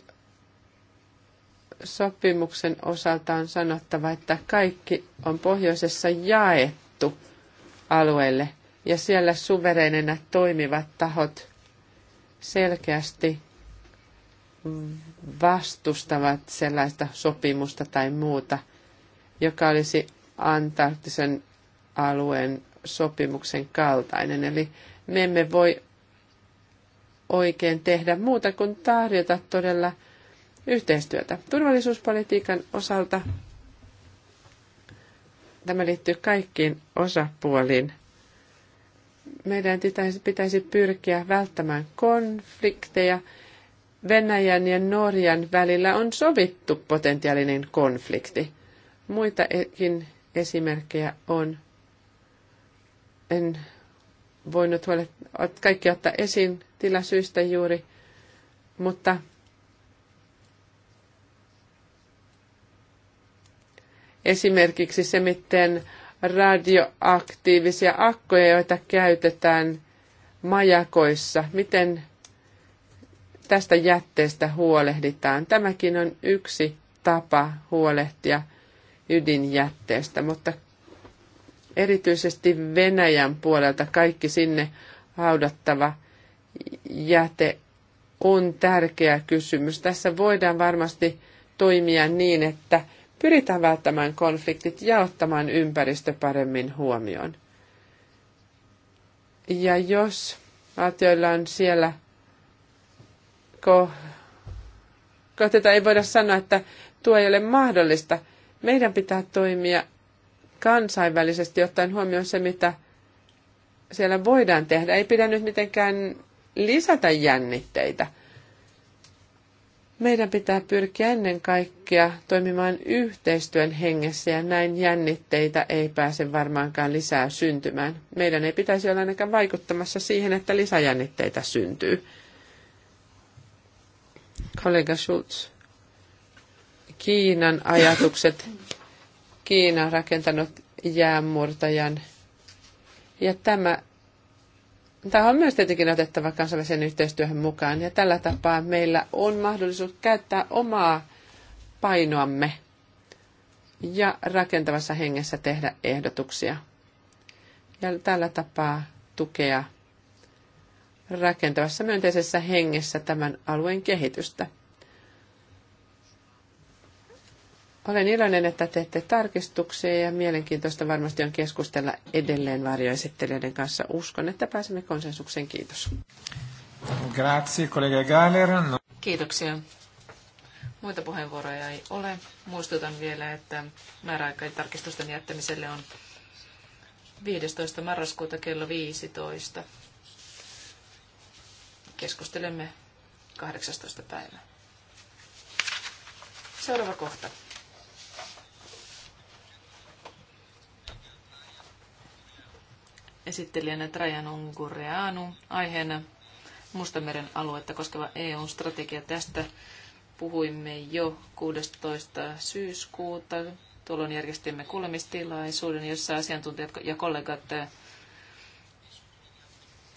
sopimuksen osalta on sanottava, että kaikki on pohjoisessa jaettu alueelle ja siellä suvereinenä toimivat tahot selkeästi vastustavat sellaista sopimusta tai muuta, joka olisi Antarktisen alueen sopimuksen kaltainen. Eli me emme voi oikein tehdä muuta kuin tarjota todella yhteistyötä. Turvallisuuspolitiikan osalta tämä liittyy kaikkiin osapuoliin. Meidän pitäisi pyrkiä välttämään konflikteja. Venäjän ja Norjan välillä on sovittu potentiaalinen konflikti. Muitakin esimerkkejä on en voinut huole, kaikki ottaa esiin tilasyistä juuri, mutta esimerkiksi se, miten radioaktiivisia akkoja, joita käytetään majakoissa, miten tästä jätteestä huolehditaan. Tämäkin on yksi tapa huolehtia ydinjätteestä, mutta erityisesti Venäjän puolelta kaikki sinne haudattava jäte on tärkeä kysymys. Tässä voidaan varmasti toimia niin, että pyritään välttämään konfliktit ja ottamaan ympäristö paremmin huomioon. Ja jos valtioilla on siellä, ko, ko tätä ei voida sanoa, että tuo ei ole mahdollista, meidän pitää toimia kansainvälisesti ottaen huomioon se, mitä siellä voidaan tehdä. Ei pidä nyt mitenkään lisätä jännitteitä. Meidän pitää pyrkiä ennen kaikkea toimimaan yhteistyön hengessä ja näin jännitteitä ei pääse varmaankaan lisää syntymään. Meidän ei pitäisi olla ainakaan vaikuttamassa siihen, että lisäjännitteitä syntyy. Kollega Schulz, Kiinan ajatukset Kiina rakentanut jäänmurtajan. Ja tämä, tämä on myös tietenkin otettava kansainväliseen yhteistyöhön mukaan. Ja tällä tapaa meillä on mahdollisuus käyttää omaa painoamme ja rakentavassa hengessä tehdä ehdotuksia. Ja tällä tapaa tukea rakentavassa myönteisessä hengessä tämän alueen kehitystä. Olen iloinen, että teette tarkistuksia ja mielenkiintoista varmasti on keskustella edelleen varjoesittelijöiden kanssa. Uskon, että pääsemme konsensukseen. Kiitos. Grazie, kollega Galler. No. Kiitoksia. Muita puheenvuoroja ei ole. Muistutan vielä, että määräaikainen tarkistusten jättämiselle on 15. marraskuuta kello 15. Keskustelemme 18. päivää. Seuraava kohta. esittelijänä Trajan Ungureanu aiheena Mustameren aluetta koskeva EU-strategia. Tästä puhuimme jo 16. syyskuuta. Tuolloin järjestimme kuulemistilaisuuden, jossa asiantuntijat ja kollegat eh,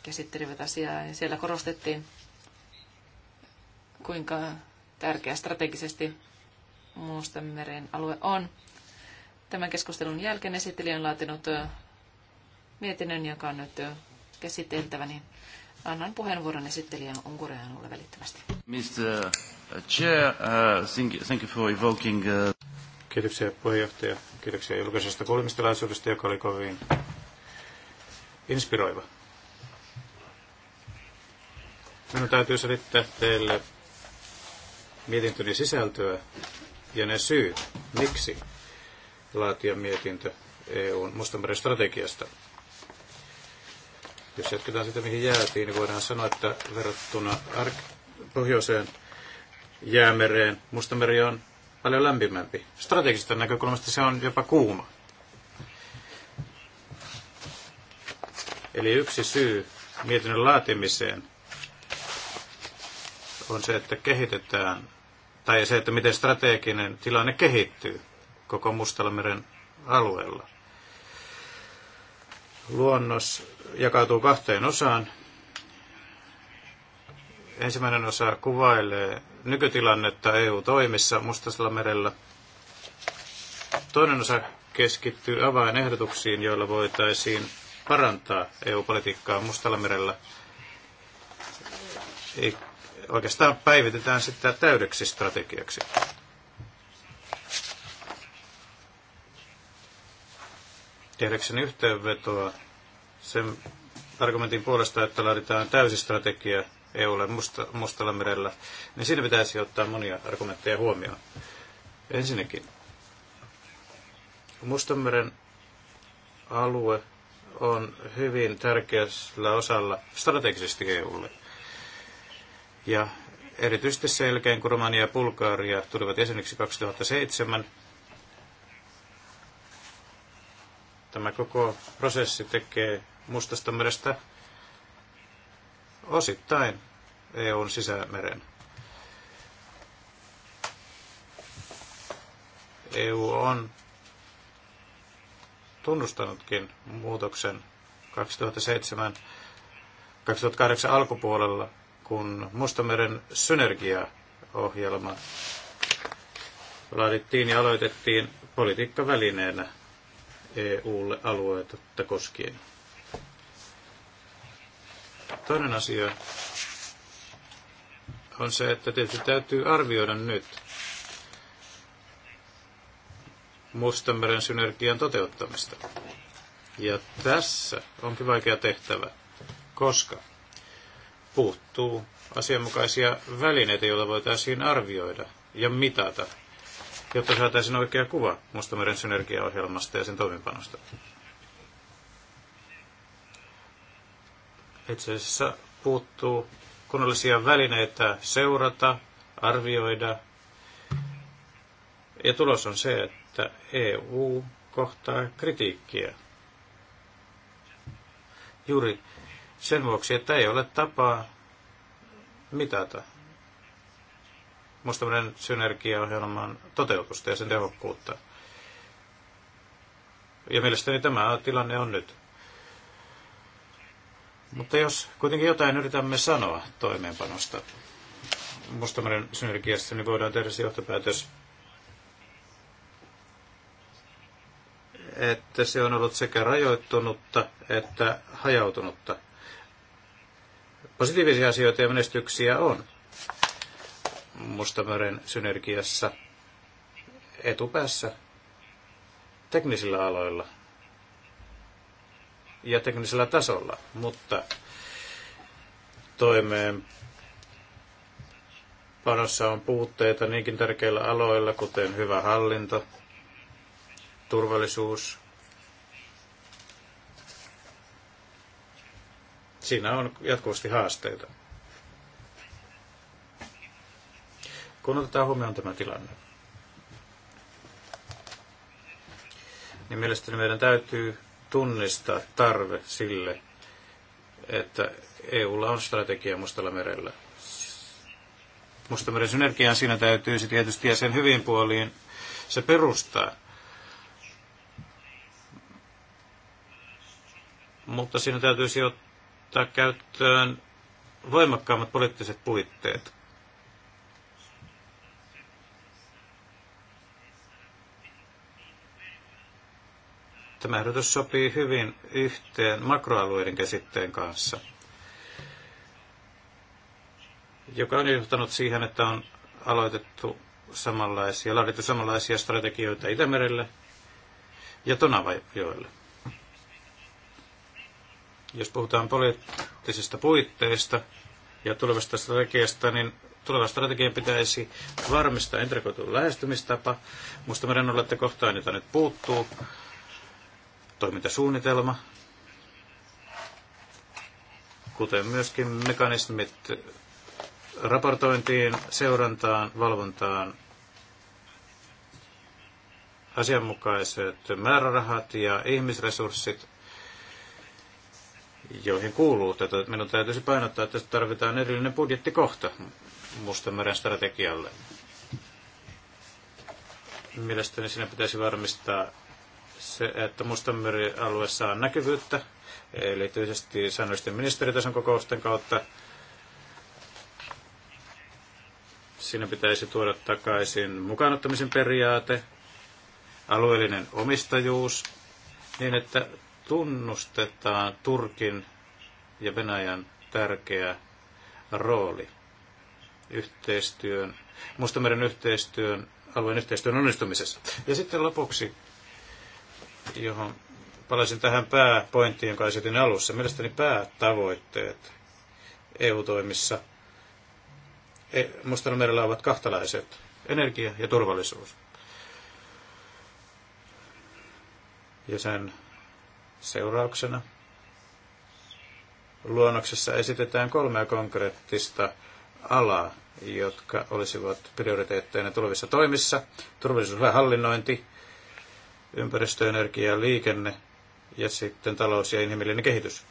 käsittelivät asiaa. Ja siellä korostettiin, kuinka tärkeä strategisesti Mustameren alue on. Tämän keskustelun jälkeen esittelijä on laatinut eh, mietinnön, joka on nyt käsiteltävä, niin annan puheenvuoron esittelijä Unkureanulle välittömästi. Mr. Uh, Chair, uh, thank, you for evoking... Uh, Kiitoksia puheenjohtaja. Kiitoksia julkisesta kuulemistilaisuudesta, joka oli kovin inspiroiva. Minun täytyy selittää teille mietintöni sisältöä ja ne syyt, miksi laatia mietintö EUn Mustanmeren strategiasta. Jos jatketaan sitä, mihin jäätiin, niin voidaan sanoa, että verrattuna pohjoiseen jäämereen Mustameri on paljon lämpimämpi. Strategisesta näkökulmasta se on jopa kuuma. Eli yksi syy mietinnön laatimiseen on se, että kehitetään, tai se, että miten strateginen tilanne kehittyy koko Mustalameren alueella luonnos jakautuu kahteen osaan. Ensimmäinen osa kuvailee nykytilannetta EU-toimissa Mustasella merellä. Toinen osa keskittyy avainehdotuksiin, joilla voitaisiin parantaa EU-politiikkaa Mustalla merellä. Oikeastaan päivitetään sitä täydeksi strategiaksi. tehdäkseni yhteenvetoa sen argumentin puolesta, että laaditaan täysi strategia EUlle musta, Mustalla merellä, niin siinä pitäisi ottaa monia argumentteja huomioon. Ensinnäkin, Mustanmeren alue on hyvin tärkeällä osalla strategisesti EUlle. Ja erityisesti sen jälkeen, kun Romania ja Bulgaria tulivat jäseniksi 2007, Tämä koko prosessi tekee Mustasta merestä osittain EUn sisämeren. EU on tunnustanutkin muutoksen 2007 2008 alkupuolella, kun Mustameren synergiaohjelma laadittiin ja aloitettiin politiikkavälineenä – EUlle alueita koskien. Toinen asia on se, että tietysti täytyy arvioida nyt Mustanmeren synergian toteuttamista. Ja tässä onkin vaikea tehtävä, koska puuttuu asianmukaisia välineitä, joilla voitaisiin arvioida ja mitata jotta saataisiin oikea kuva Mustameren synergiaohjelmasta ja sen toimenpanosta. Itse asiassa puuttuu kunnollisia välineitä seurata, arvioida. Ja tulos on se, että EU kohtaa kritiikkiä. Juuri sen vuoksi, että ei ole tapaa mitata tämmöinen synergiaohjelman toteutusta ja sen tehokkuutta. Ja mielestäni tämä tilanne on nyt. Mutta jos kuitenkin jotain yritämme sanoa toimeenpanosta Mustameren synergiassa, niin voidaan tehdä se johtopäätös, että se on ollut sekä rajoittunutta että hajautunutta. Positiivisia asioita ja menestyksiä on, mustamören synergiassa etupäässä teknisillä aloilla ja teknisellä tasolla, mutta toimeen panossa on puutteita niinkin tärkeillä aloilla, kuten hyvä hallinto, turvallisuus. Siinä on jatkuvasti haasteita. kun otetaan huomioon tämä tilanne. Niin mielestäni meidän täytyy tunnistaa tarve sille, että EUlla on strategia Mustalla merellä. Mustameren synergiaan siinä täytyy se tietysti ja sen hyvin puoliin se perustaa. Mutta siinä täytyisi ottaa käyttöön voimakkaammat poliittiset puitteet. Tämä ehdotus sopii hyvin yhteen makroalueiden käsitteen kanssa, joka on johtanut siihen, että on aloitettu samanlaisia, laadittu samanlaisia strategioita Itämerelle ja Tonavajoelle. Jos puhutaan poliittisista puitteista ja tulevasta strategiasta, niin tulevan strategian pitäisi varmistaa integroitu lähestymistapa. Musta meren olette kohtaan, jota nyt puuttuu, toimintasuunnitelma, kuten myöskin mekanismit raportointiin, seurantaan, valvontaan, asianmukaiset määrärahat ja ihmisresurssit, joihin kuuluu tätä. Minun täytyisi painottaa, että tarvitaan erillinen budjettikohta Mustanmeren strategialle. Mielestäni siinä pitäisi varmistaa se, että Mustanmeri alue saa näkyvyyttä, erityisesti säännöllisten ministeritason kokousten kautta. Siinä pitäisi tuoda takaisin mukaanottamisen periaate, alueellinen omistajuus, niin että tunnustetaan Turkin ja Venäjän tärkeä rooli yhteistyön, Mustameren yhteistyön, alueen yhteistyön onnistumisessa. Ja sitten lopuksi johon palasin tähän pääpointtiin, jonka esitin alussa. Mielestäni päätavoitteet EU-toimissa e, Mustalla merellä ovat kahtalaiset, energia ja turvallisuus. Ja sen seurauksena luonnoksessa esitetään kolmea konkreettista alaa, jotka olisivat prioriteetteina tulevissa toimissa. Turvallisuus ja hallinnointi, ympäristö, energia, liikenne ja sitten talous ja inhimillinen kehitys.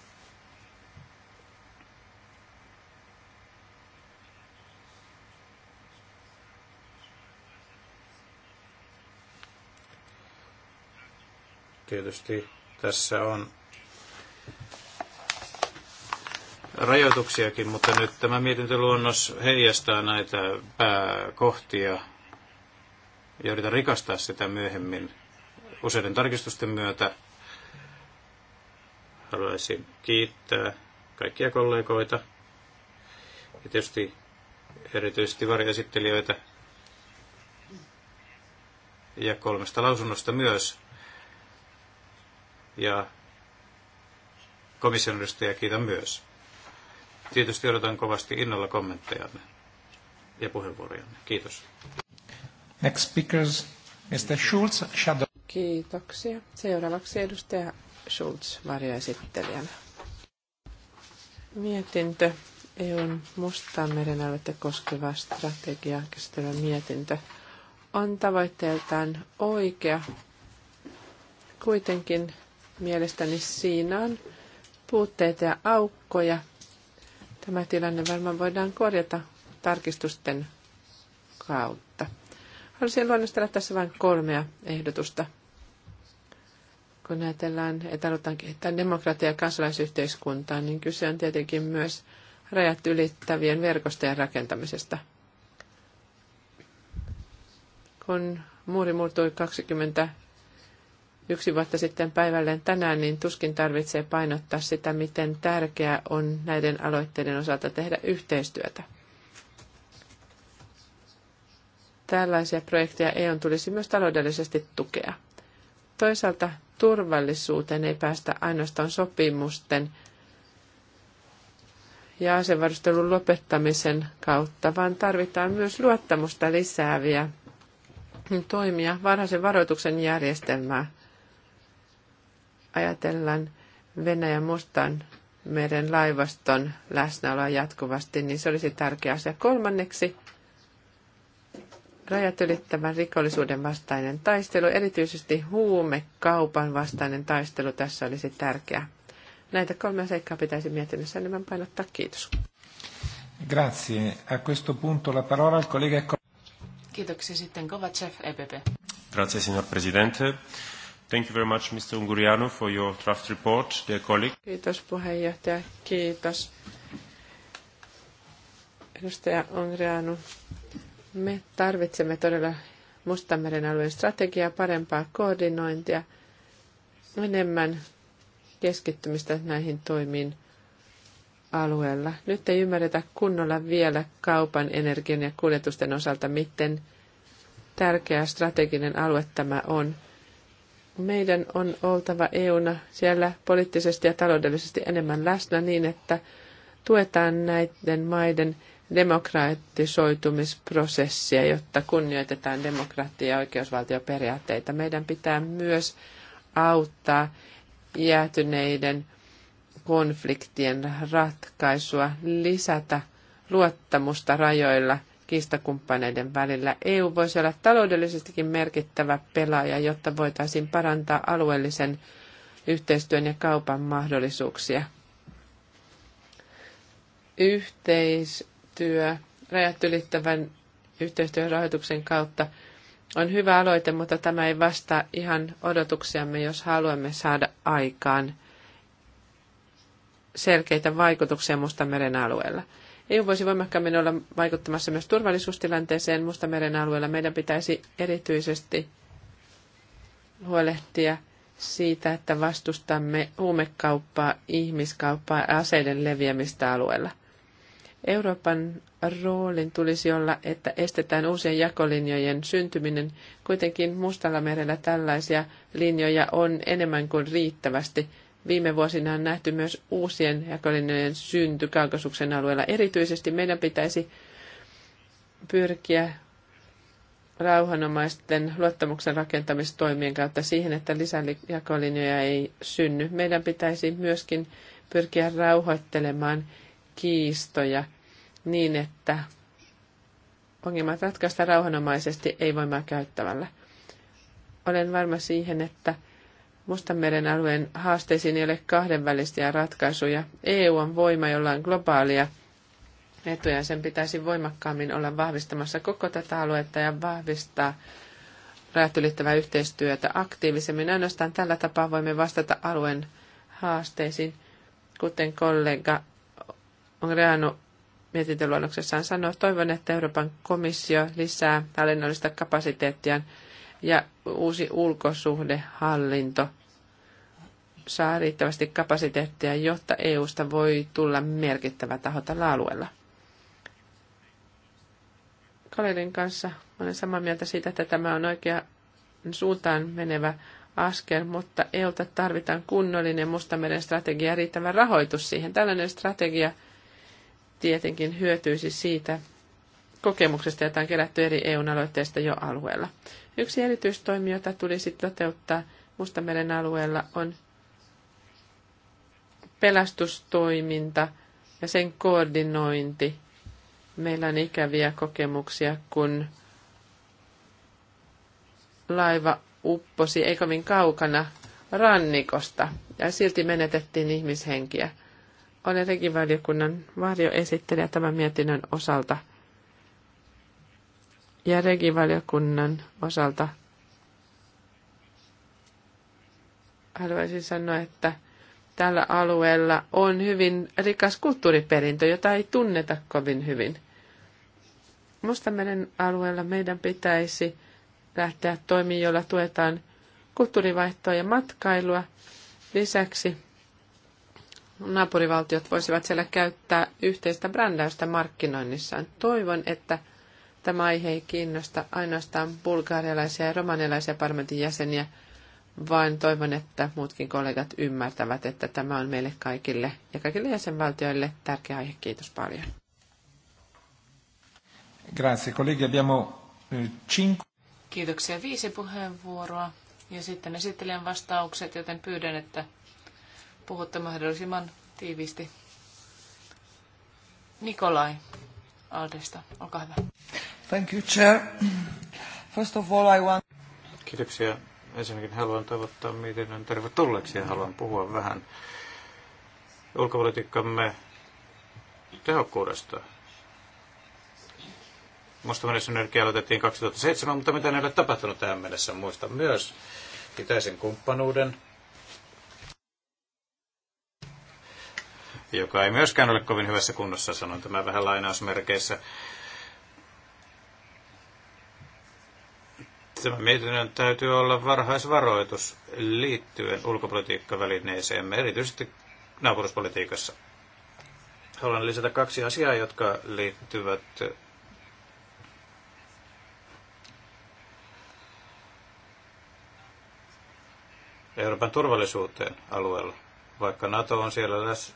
Tietysti tässä on rajoituksiakin, mutta nyt tämä mietintöluonnos heijastaa näitä pääkohtia ja yritän rikastaa sitä myöhemmin useiden tarkistusten myötä. Haluaisin kiittää kaikkia kollegoita ja tietysti erityisesti varjoesittelijöitä ja kolmesta lausunnosta myös. Ja komission edustajia kiitän myös. Tietysti odotan kovasti innolla kommenttejanne ja puheenvuorojanne. Kiitos. Next speakers, Mr. Schulz, Shadow. Kiitoksia. Seuraavaksi edustaja Schulz varjoesittelijänä. Mietintö EUn Mustanmeren aluetta koskeva strategiaa käsittelevä mietintö on tavoitteeltaan oikea. Kuitenkin mielestäni siinä on puutteita ja aukkoja. Tämä tilanne varmaan voidaan korjata tarkistusten kautta. Haluaisin luonnostella tässä vain kolmea ehdotusta kun ajatellaan, että halutaan kehittää demokratia- ja kansalaisyhteiskuntaa, niin kyse on tietenkin myös rajat ylittävien verkostojen rakentamisesta. Kun muuri murtui 21 vuotta sitten päivälleen tänään, niin tuskin tarvitsee painottaa sitä, miten tärkeää on näiden aloitteiden osalta tehdä yhteistyötä. Tällaisia projekteja EU tulisi myös taloudellisesti tukea. Toisaalta turvallisuuteen ei päästä ainoastaan sopimusten ja asevarustelun lopettamisen kautta, vaan tarvitaan myös luottamusta lisääviä toimia, varhaisen varoituksen järjestelmää. Ajatellaan Venäjän mustan meren laivaston läsnäoloa jatkuvasti, niin se olisi tärkeä asia. Kolmanneksi Rajat ylittävän rikollisuuden vastainen taistelu, erityisesti huumekaupan vastainen taistelu tässä olisi tärkeää. Näitä kolmea seikkaa pitäisi mietinnössä enemmän painottaa. Kiitos. Grazie. A questo punto la parola al collega... Kiitoksia sitten Kovacev, EPP. Grazie, signor Presidente. Thank you very much, Mr. Unguriano, for your draft report, dear colleague. Kiitos puheenjohtaja, kiitos. Edustaja Unguriano me tarvitsemme todella Mustanmeren alueen strategiaa, parempaa koordinointia, enemmän keskittymistä näihin toimiin alueella. Nyt ei ymmärretä kunnolla vielä kaupan, energian ja kuljetusten osalta, miten tärkeä strateginen alue tämä on. Meidän on oltava EUna siellä poliittisesti ja taloudellisesti enemmän läsnä niin, että tuetaan näiden maiden – demokratisoitumisprosessia, jotta kunnioitetaan demokratia- ja oikeusvaltioperiaatteita. Meidän pitää myös auttaa jäätyneiden konfliktien ratkaisua, lisätä luottamusta rajoilla kiistakumppaneiden välillä. EU voisi olla taloudellisestikin merkittävä pelaaja, jotta voitaisiin parantaa alueellisen yhteistyön ja kaupan mahdollisuuksia. Yhteis työ rajat ylittävän yhteistyön rahoituksen kautta on hyvä aloite, mutta tämä ei vastaa ihan odotuksiamme, jos haluamme saada aikaan selkeitä vaikutuksia Mustameren alueella. EU voisi voimakkaammin olla vaikuttamassa myös turvallisuustilanteeseen Mustameren alueella. Meidän pitäisi erityisesti huolehtia siitä, että vastustamme huumekauppaa, ihmiskauppaa ja aseiden leviämistä alueella. Euroopan roolin tulisi olla, että estetään uusien jakolinjojen syntyminen. Kuitenkin Mustalla merellä tällaisia linjoja on enemmän kuin riittävästi. Viime vuosina on nähty myös uusien jakolinjojen synty Kaukasuksen alueella. Erityisesti meidän pitäisi pyrkiä rauhanomaisten luottamuksen rakentamistoimien kautta siihen, että lisäjakolinjoja ei synny. Meidän pitäisi myöskin pyrkiä rauhoittelemaan kiistoja niin, että ongelmat ratkaista rauhanomaisesti ei voimaa käyttämällä. Olen varma siihen, että Mustanmeren alueen haasteisiin ei ole kahdenvälisiä ratkaisuja. EU on voima, jolla on globaalia etuja. Sen pitäisi voimakkaammin olla vahvistamassa koko tätä aluetta ja vahvistaa rajat ylittävää yhteistyötä aktiivisemmin. Ainoastaan tällä tapaa voimme vastata alueen haasteisiin, kuten kollega Reano mietintöluonnoksessaan sanoo, toivon, että Euroopan komissio lisää hallinnollista kapasiteettia ja uusi ulkosuhdehallinto saa riittävästi kapasiteettia, jotta EUsta voi tulla merkittävä taho tällä alueella. Kalerin kanssa olen samaa mieltä siitä, että tämä on oikea suuntaan menevä askel, mutta EUlta tarvitaan kunnollinen Mustameren strategia ja riittävä rahoitus siihen. Tällainen strategia – tietenkin hyötyisi siitä kokemuksesta, jota on kerätty eri EU-aloitteista jo alueella. Yksi erityistoimi, jota tulisi toteuttaa Mustameren alueella, on pelastustoiminta ja sen koordinointi. Meillä on ikäviä kokemuksia, kun laiva upposi ei kovin kaukana rannikosta ja silti menetettiin ihmishenkiä. Olen regivaliokunnan varjoesittelijä tämän mietinnön osalta. Ja regivaliokunnan osalta haluaisin sanoa, että tällä alueella on hyvin rikas kulttuuriperintö, jota ei tunneta kovin hyvin. Mustameren alueella meidän pitäisi lähteä toimiin, jolla tuetaan kulttuurivaihtoa ja matkailua. Lisäksi naapurivaltiot voisivat siellä käyttää yhteistä brändäystä markkinoinnissaan. Toivon, että tämä aihe ei kiinnosta ainoastaan bulgarialaisia ja romanialaisia parlamentin jäseniä, vaan toivon, että muutkin kollegat ymmärtävät, että tämä on meille kaikille ja kaikille jäsenvaltioille tärkeä aihe. Kiitos paljon. Grazie, colleghi. Abbiamo eh, cinque... Kiitoksia. Viisi puheenvuoroa ja sitten esittelijän vastaukset, joten pyydän, että puhutte mahdollisimman tiiviisti. Nikolai Aldesta, olkaa hyvä. Thank you, Chair. First of all, I want... Kiitoksia. Ensinnäkin haluan toivottaa mietinnön tervetulleeksi ja haluan puhua vähän ulkopolitiikkamme tehokkuudesta. mennessä energiaa aloitettiin 2007, mutta mitä ei ole tapahtunut tähän mennessä, muista myös itäisen kumppanuuden joka ei myöskään ole kovin hyvässä kunnossa, sanon tämä vähän lainausmerkeissä. Tämä mietinnön täytyy olla varhaisvaroitus liittyen ulkopolitiikkavälineeseen, erityisesti naapuruspolitiikassa. Haluan lisätä kaksi asiaa, jotka liittyvät Euroopan turvallisuuteen alueella vaikka NATO on siellä läs,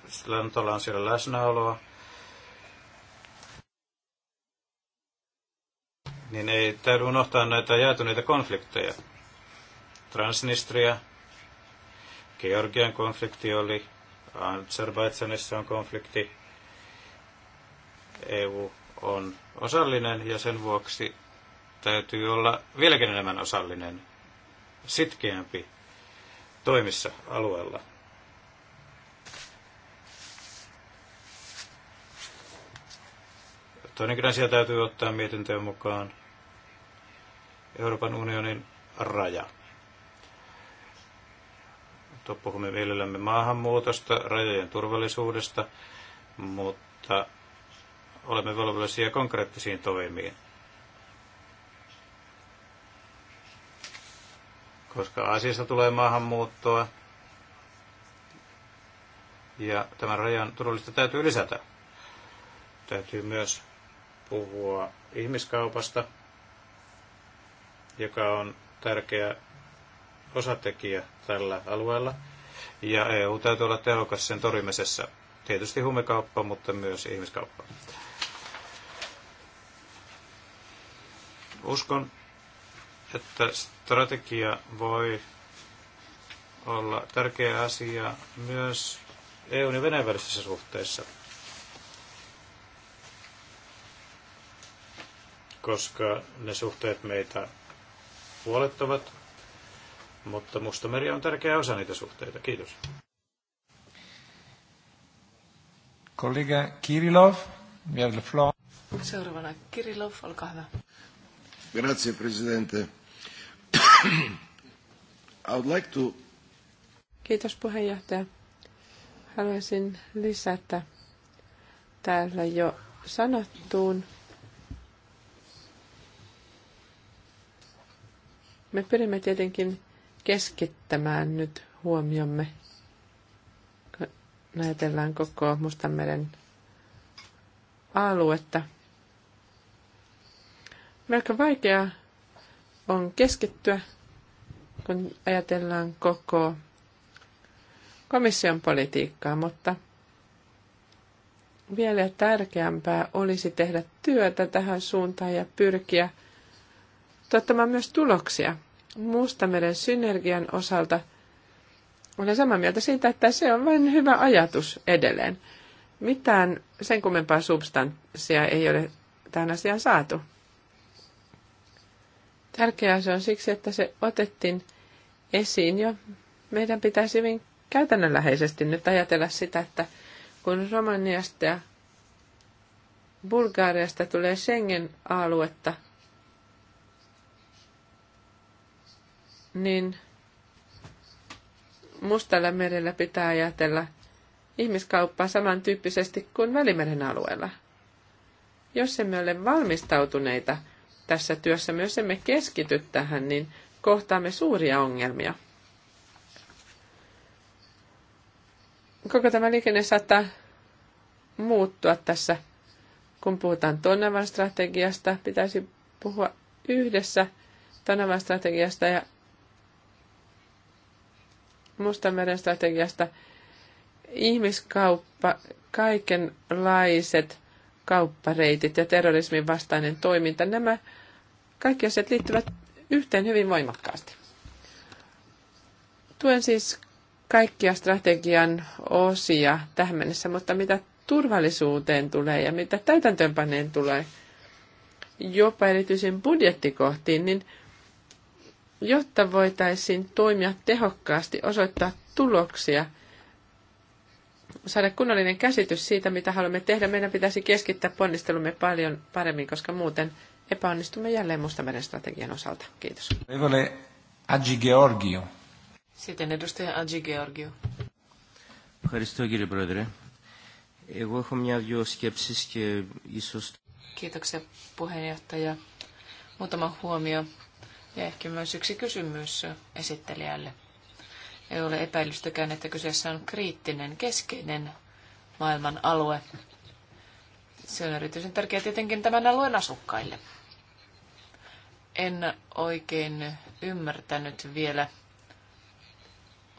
on siellä läsnäoloa, niin ei täydy unohtaa näitä jäätyneitä konflikteja. Transnistria, Georgian konflikti oli, Azerbaidsanissa on konflikti, EU on osallinen ja sen vuoksi täytyy olla vieläkin enemmän osallinen, sitkeämpi toimissa alueella. Toinenkin asia täytyy ottaa mietintöön mukaan. Euroopan unionin raja. Tuo puhumme mielellämme maahanmuutosta, rajojen turvallisuudesta, mutta olemme velvollisia konkreettisiin toimiin. Koska Aasiasta tulee maahanmuuttoa ja tämän rajan turvallisuutta täytyy lisätä. Täytyy myös puhua ihmiskaupasta, joka on tärkeä osatekijä tällä alueella. Ja EU täytyy olla tehokas sen torjumisessa. Tietysti huumekauppa, mutta myös ihmiskauppa. Uskon, että strategia voi olla tärkeä asia myös EUn ja Venäjän välisissä suhteissa. koska ne suhteet meitä huolettavat, mutta Mustameri on tärkeä osa niitä suhteita. Kiitos. Kollega Kirilov, you floor. Seuraavana Kirilov, olkaa hyvä. Grazie, Presidente. I would like to... Kiitos puheenjohtaja. Haluaisin lisätä täällä jo sanottuun Me pyrimme tietenkin keskittämään nyt huomiomme, kun ajatellaan koko Mustanmeren aluetta. Melko vaikea on keskittyä, kun ajatellaan koko komission politiikkaa, mutta vielä tärkeämpää olisi tehdä työtä tähän suuntaan ja pyrkiä tuottamaan myös tuloksia. Mustameren synergian osalta olen samaa mieltä siitä, että se on vain hyvä ajatus edelleen. Mitään sen kummempaa substanssia ei ole tähän asiaan saatu. Tärkeää se on siksi, että se otettiin esiin jo. Meidän pitäisi hyvin käytännönläheisesti nyt ajatella sitä, että kun Romaniasta ja Bulgaariasta tulee Schengen-aluetta – niin Mustalla merellä pitää ajatella ihmiskauppaa samantyyppisesti kuin Välimeren alueella. Jos emme ole valmistautuneita tässä työssä, myös emme keskity tähän, niin kohtaamme suuria ongelmia. Koko tämä liikenne saattaa muuttua tässä. Kun puhutaan Tonavan strategiasta, pitäisi puhua yhdessä Tonavan strategiasta ja Mustanmeren strategiasta. Ihmiskauppa, kaikenlaiset kauppareitit ja terrorismin vastainen toiminta, nämä kaikki asiat liittyvät yhteen hyvin voimakkaasti. Tuen siis kaikkia strategian osia tähän mennessä, mutta mitä turvallisuuteen tulee ja mitä täytäntöönpaneen tulee, jopa erityisen budjettikohtiin, niin – Jotta voitaisiin toimia tehokkaasti, osoittaa tuloksia, saada kunnollinen käsitys siitä, mitä haluamme tehdä, meidän pitäisi keskittää ponnistelumme paljon paremmin, koska muuten epäonnistumme jälleen Mustameren strategian osalta. Kiitos. Agi Georgio. Sitten edustaja Agi Georgio. Kiitoksia puheenjohtaja. Muutama huomio ja ehkä myös yksi kysymys esittelijälle. Ei ole epäilystäkään, että kyseessä on kriittinen, keskeinen maailman alue. Se on erityisen tärkeää tietenkin tämän alueen asukkaille. En oikein ymmärtänyt vielä,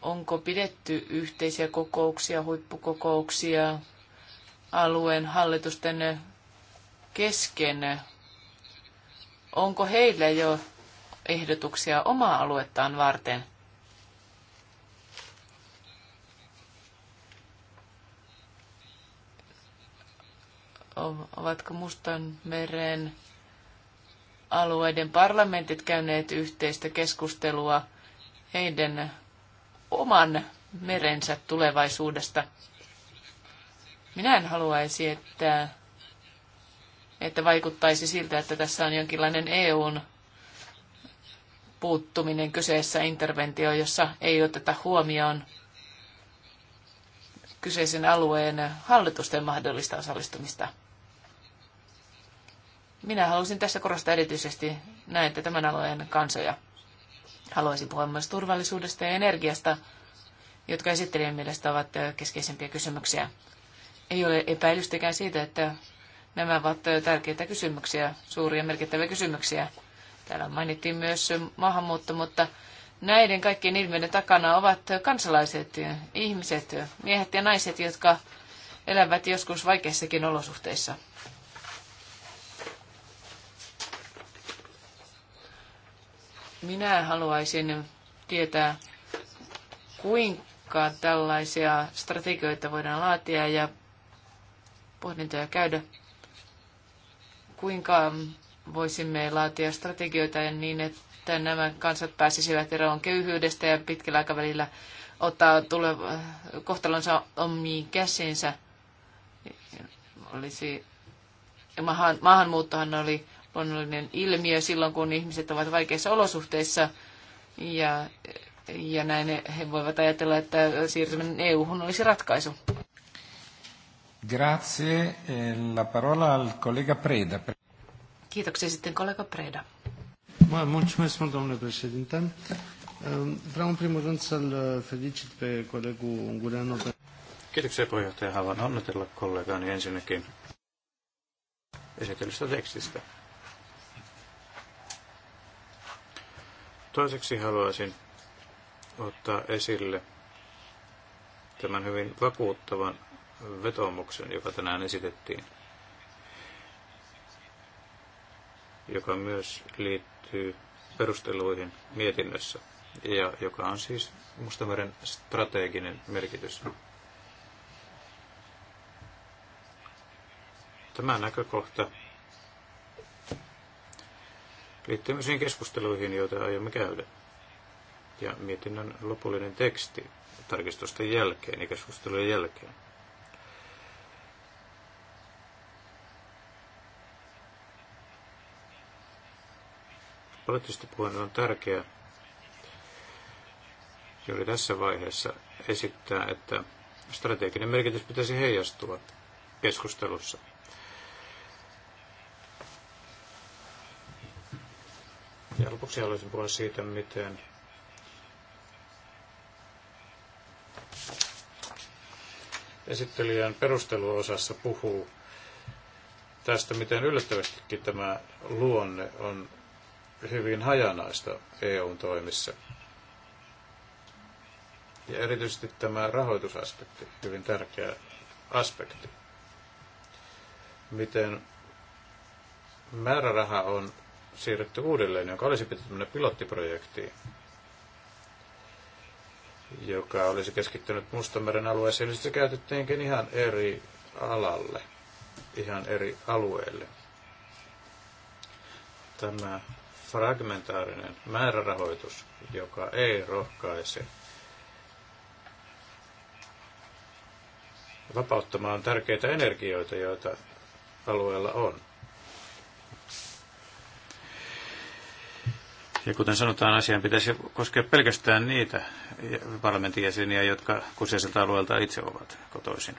onko pidetty yhteisiä kokouksia, huippukokouksia alueen hallitusten kesken. Onko heillä jo ehdotuksia omaa aluettaan varten. Ovatko mustan meren alueiden parlamentit käyneet yhteistä keskustelua heidän oman merensä tulevaisuudesta? Minä en haluaisi, että, että vaikuttaisi siltä, että tässä on jonkinlainen EUn puuttuminen kyseessä interventio, jossa ei oteta huomioon kyseisen alueen hallitusten mahdollista osallistumista. Minä halusin tässä korostaa erityisesti näitä tämän alueen kansoja. Haluaisin puhua myös turvallisuudesta ja energiasta, jotka esittelijän mielestä ovat keskeisempiä kysymyksiä. Ei ole epäilystäkään siitä, että nämä ovat tärkeitä kysymyksiä, suuria merkittäviä kysymyksiä Täällä mainittiin myös maahanmuutto, mutta näiden kaikkien ilmiöiden takana ovat kansalaiset, ihmiset, miehet ja naiset, jotka elävät joskus vaikeissakin olosuhteissa. Minä haluaisin tietää, kuinka tällaisia strategioita voidaan laatia ja pohdintoja käydä, kuinka voisimme laatia strategioita niin, että nämä kansat pääsisivät eroon köyhyydestä ja pitkällä aikavälillä ottaa tuleva kohtalonsa omiin käsinsä. Olisi, maahan, maahanmuuttohan oli luonnollinen ilmiö silloin, kun ihmiset ovat vaikeissa olosuhteissa ja, ja näin he voivat ajatella, että siirtyminen EU-hun olisi ratkaisu. Grazie. Eh, la parola al collega Preda. Kiitoksia sitten kollega Preda. Mulțumesc mult, domnule președinte. Ehm, vreau în primul rând să-l felicit pe colegul Ungureanu. Kiitoksia puheenjohtaja. Haluan onnitella kollegaani ensinnäkin esitellystä tekstistä. Toiseksi haluaisin ottaa esille tämän hyvin vakuuttavan vetomuksen, joka tänään esitettiin. joka myös liittyy perusteluihin mietinnössä ja joka on siis Mustameren strateginen merkitys. Tämä näkökohta liittyy myös niihin keskusteluihin, joita aiomme käydä. Ja mietinnön lopullinen teksti tarkistusten jälkeen ja keskustelujen jälkeen Poliittisesti puheen on tärkeää juuri tässä vaiheessa esittää, että strateginen merkitys pitäisi heijastua keskustelussa. Ja lopuksi haluaisin puhua siitä, miten esittelijän perusteluosassa puhuu tästä, miten yllättävästikin tämä luonne on hyvin hajanaista EUn toimissa. Ja erityisesti tämä rahoitusaspekti, hyvin tärkeä aspekti. Miten määräraha on siirretty uudelleen, joka olisi pitänyt mennä pilottiprojektiin, joka olisi keskittynyt Mustameren alueeseen, niin se käytettiinkin ihan eri alalle, ihan eri alueelle. Tämä fragmentaarinen määrärahoitus, joka ei rohkaise vapauttamaan tärkeitä energioita, joita alueella on. Ja kuten sanotaan, asian pitäisi koskea pelkästään niitä parlamentin jäseniä, jotka kuseiselta alueelta itse ovat kotoisin.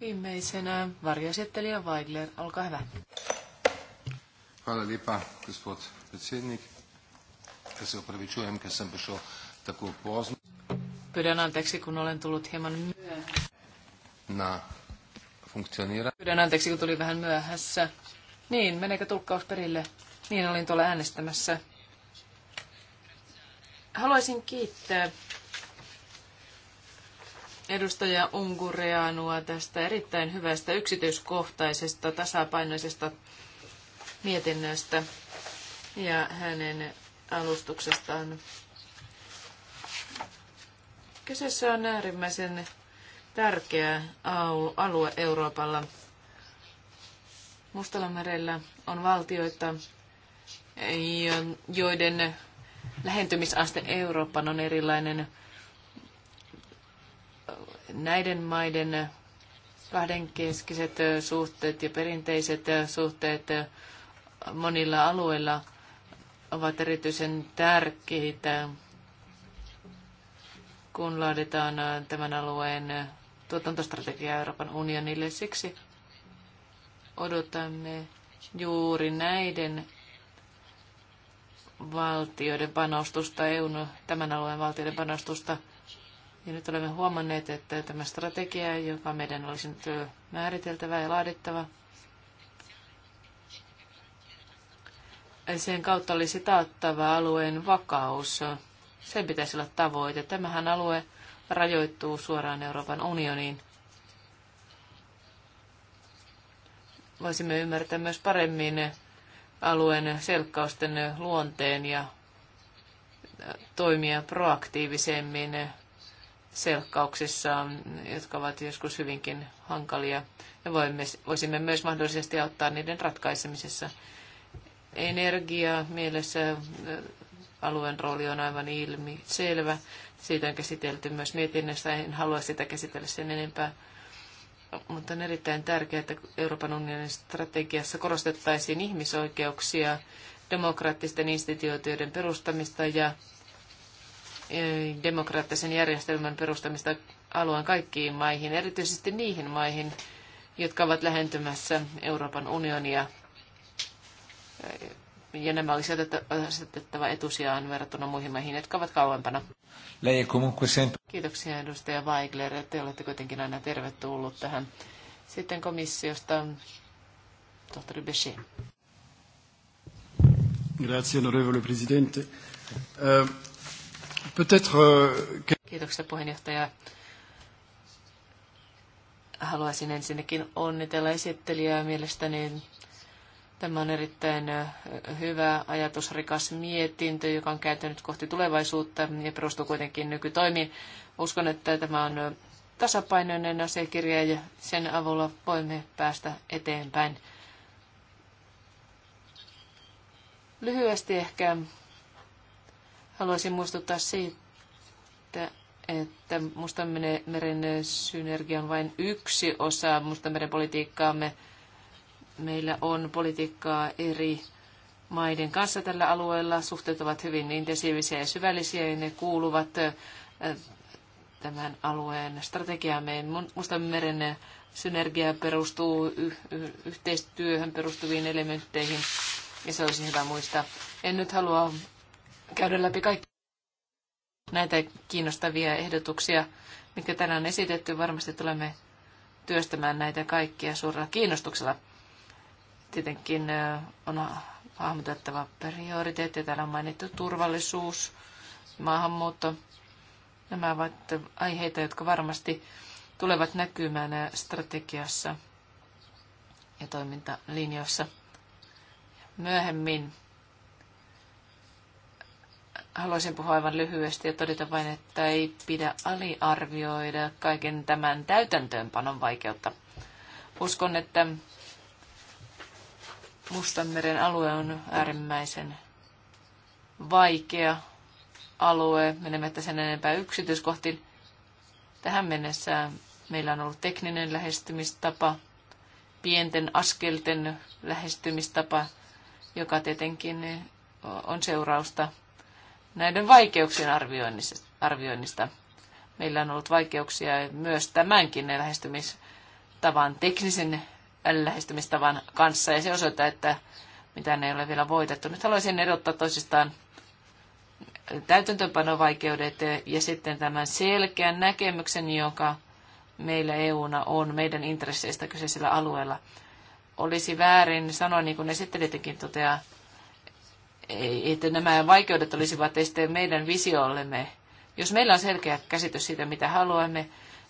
Viimeisenä varjoesittelijä Weigler, olkaa hyvä. Hvala lepa, gospod predsednik. Ja se opravičujem, ker sem prišel tako pozno. Pyydän anteeksi, kun olen tullut hieman myöhässä. Na, funktionira. Pyydän anteeksi, kun tulin vähän myöhässä. Niin, meneekö tulkkaus perille? Niin, olin tuolla äänestämässä. Haluaisin kiittää edustaja Ungureanua tästä erittäin hyvästä yksityiskohtaisesta tasapainoisesta mietinnöstä ja hänen alustuksestaan. Kyseessä on äärimmäisen tärkeä alue Euroopalla. Mustallamerellä on valtioita, joiden lähentymisaste Euroopan on erilainen. Näiden maiden kahdenkeskiset suhteet ja perinteiset suhteet monilla alueilla ovat erityisen tärkeitä, kun laaditaan tämän alueen tuotantostrategiaa Euroopan unionille. Siksi odotamme juuri näiden valtioiden panostusta, EUn tämän alueen valtioiden panostusta. Ja nyt olemme huomanneet, että tämä strategia, joka meidän olisi nyt määriteltävä ja laadittava – sen kautta olisi taattava alueen vakaus. Sen pitäisi olla tavoite. Tämähän alue rajoittuu suoraan Euroopan unioniin. Voisimme ymmärtää myös paremmin alueen selkkausten luonteen ja toimia proaktiivisemmin selkkauksissa, jotka ovat joskus hyvinkin hankalia. Ja voimme, voisimme myös mahdollisesti auttaa niiden ratkaisemisessa energia mielessä äh, alueen rooli on aivan ilmi selvä. Siitä on käsitelty myös mietinnössä, en halua sitä käsitellä sen enempää. Mutta on erittäin tärkeää, että Euroopan unionin strategiassa korostettaisiin ihmisoikeuksia, demokraattisten instituutioiden perustamista ja äh, demokraattisen järjestelmän perustamista alueen kaikkiin maihin, erityisesti niihin maihin, jotka ovat lähentymässä Euroopan unionia ja nämä olisi asetettava etusijaan verrattuna muihin maihin, jotka ovat kauempana. Kiitoksia edustaja Weigler, te olette kuitenkin aina tervetullut tähän. Sitten komissiosta tohtori Bechet. Grazie, onorevole presidente. Eh, eh, Kiitoksia puheenjohtaja. Haluaisin ensinnäkin onnitella esittelijää. Mielestäni Tämä on erittäin hyvä ajatusrikas mietintö, joka on kääntynyt kohti tulevaisuutta ja perustuu kuitenkin nykytoimiin. Uskon, että tämä on tasapainoinen asiakirja ja sen avulla voimme päästä eteenpäin. Lyhyesti ehkä haluaisin muistuttaa siitä, että Mustanmeren synergia on vain yksi osa Mustanmeren politiikkaamme – Meillä on politiikkaa eri maiden kanssa tällä alueella. Suhteet ovat hyvin intensiivisiä ja syvällisiä ja ne kuuluvat tämän alueen Mustan meren synergia perustuu yhteistyöhön perustuviin elementteihin ja se olisi hyvä muistaa. En nyt halua käydä läpi kaikki näitä kiinnostavia ehdotuksia, mitkä tänään on esitetty. Varmasti tulemme työstämään näitä kaikkia suurella kiinnostuksella. Tietenkin on hahmotettava prioriteetti. Täällä on mainittu turvallisuus, maahanmuutto. Nämä ovat aiheita, jotka varmasti tulevat näkymään strategiassa ja toimintalinjoissa myöhemmin. Haluaisin puhua aivan lyhyesti ja todeta vain, että ei pidä aliarvioida kaiken tämän täytäntöönpanon vaikeutta. Uskon, että Mustanmeren alue on äärimmäisen vaikea alue, menemättä sen enempää yksityiskohtiin. Tähän mennessä meillä on ollut tekninen lähestymistapa, pienten askelten lähestymistapa, joka tietenkin on seurausta näiden vaikeuksien arvioinnista. Meillä on ollut vaikeuksia myös tämänkin lähestymistavan teknisen lähestymistavan kanssa ja se osoittaa, että mitään ei ole vielä voitettu. Nyt haluaisin erottaa toisistaan täytäntöönpanovaikeudet ja sitten tämän selkeän näkemyksen, joka meillä EUna on meidän intresseistä kyseisellä alueella. Olisi väärin sanoa, niin kuin esittelijäkin toteaa, että nämä vaikeudet olisivat este meidän visiollemme. Jos meillä on selkeä käsitys siitä, mitä haluamme,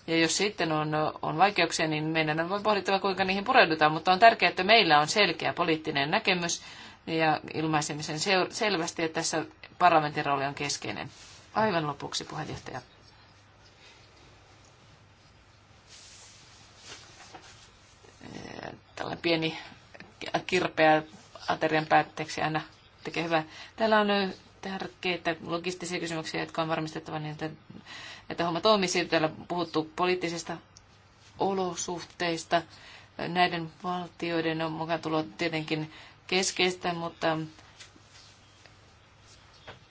ja jos sitten on, on vaikeuksia, niin meidän on pohdittava, kuinka niihin pureudutaan. Mutta on tärkeää, että meillä on selkeä poliittinen näkemys ja ilmaisemisen sen selvästi, että tässä parlamentin rooli on keskeinen. Aivan lopuksi, puheenjohtaja. Tällainen pieni kirpeä aterian päätteeksi aina tekee hyvää. Täällä on tärkeitä logistisia kysymyksiä, jotka on varmistettava niin, että että homma toimisi. Täällä puhuttu poliittisista olosuhteista. Näiden valtioiden on mukaan tulo tietenkin keskeistä, mutta,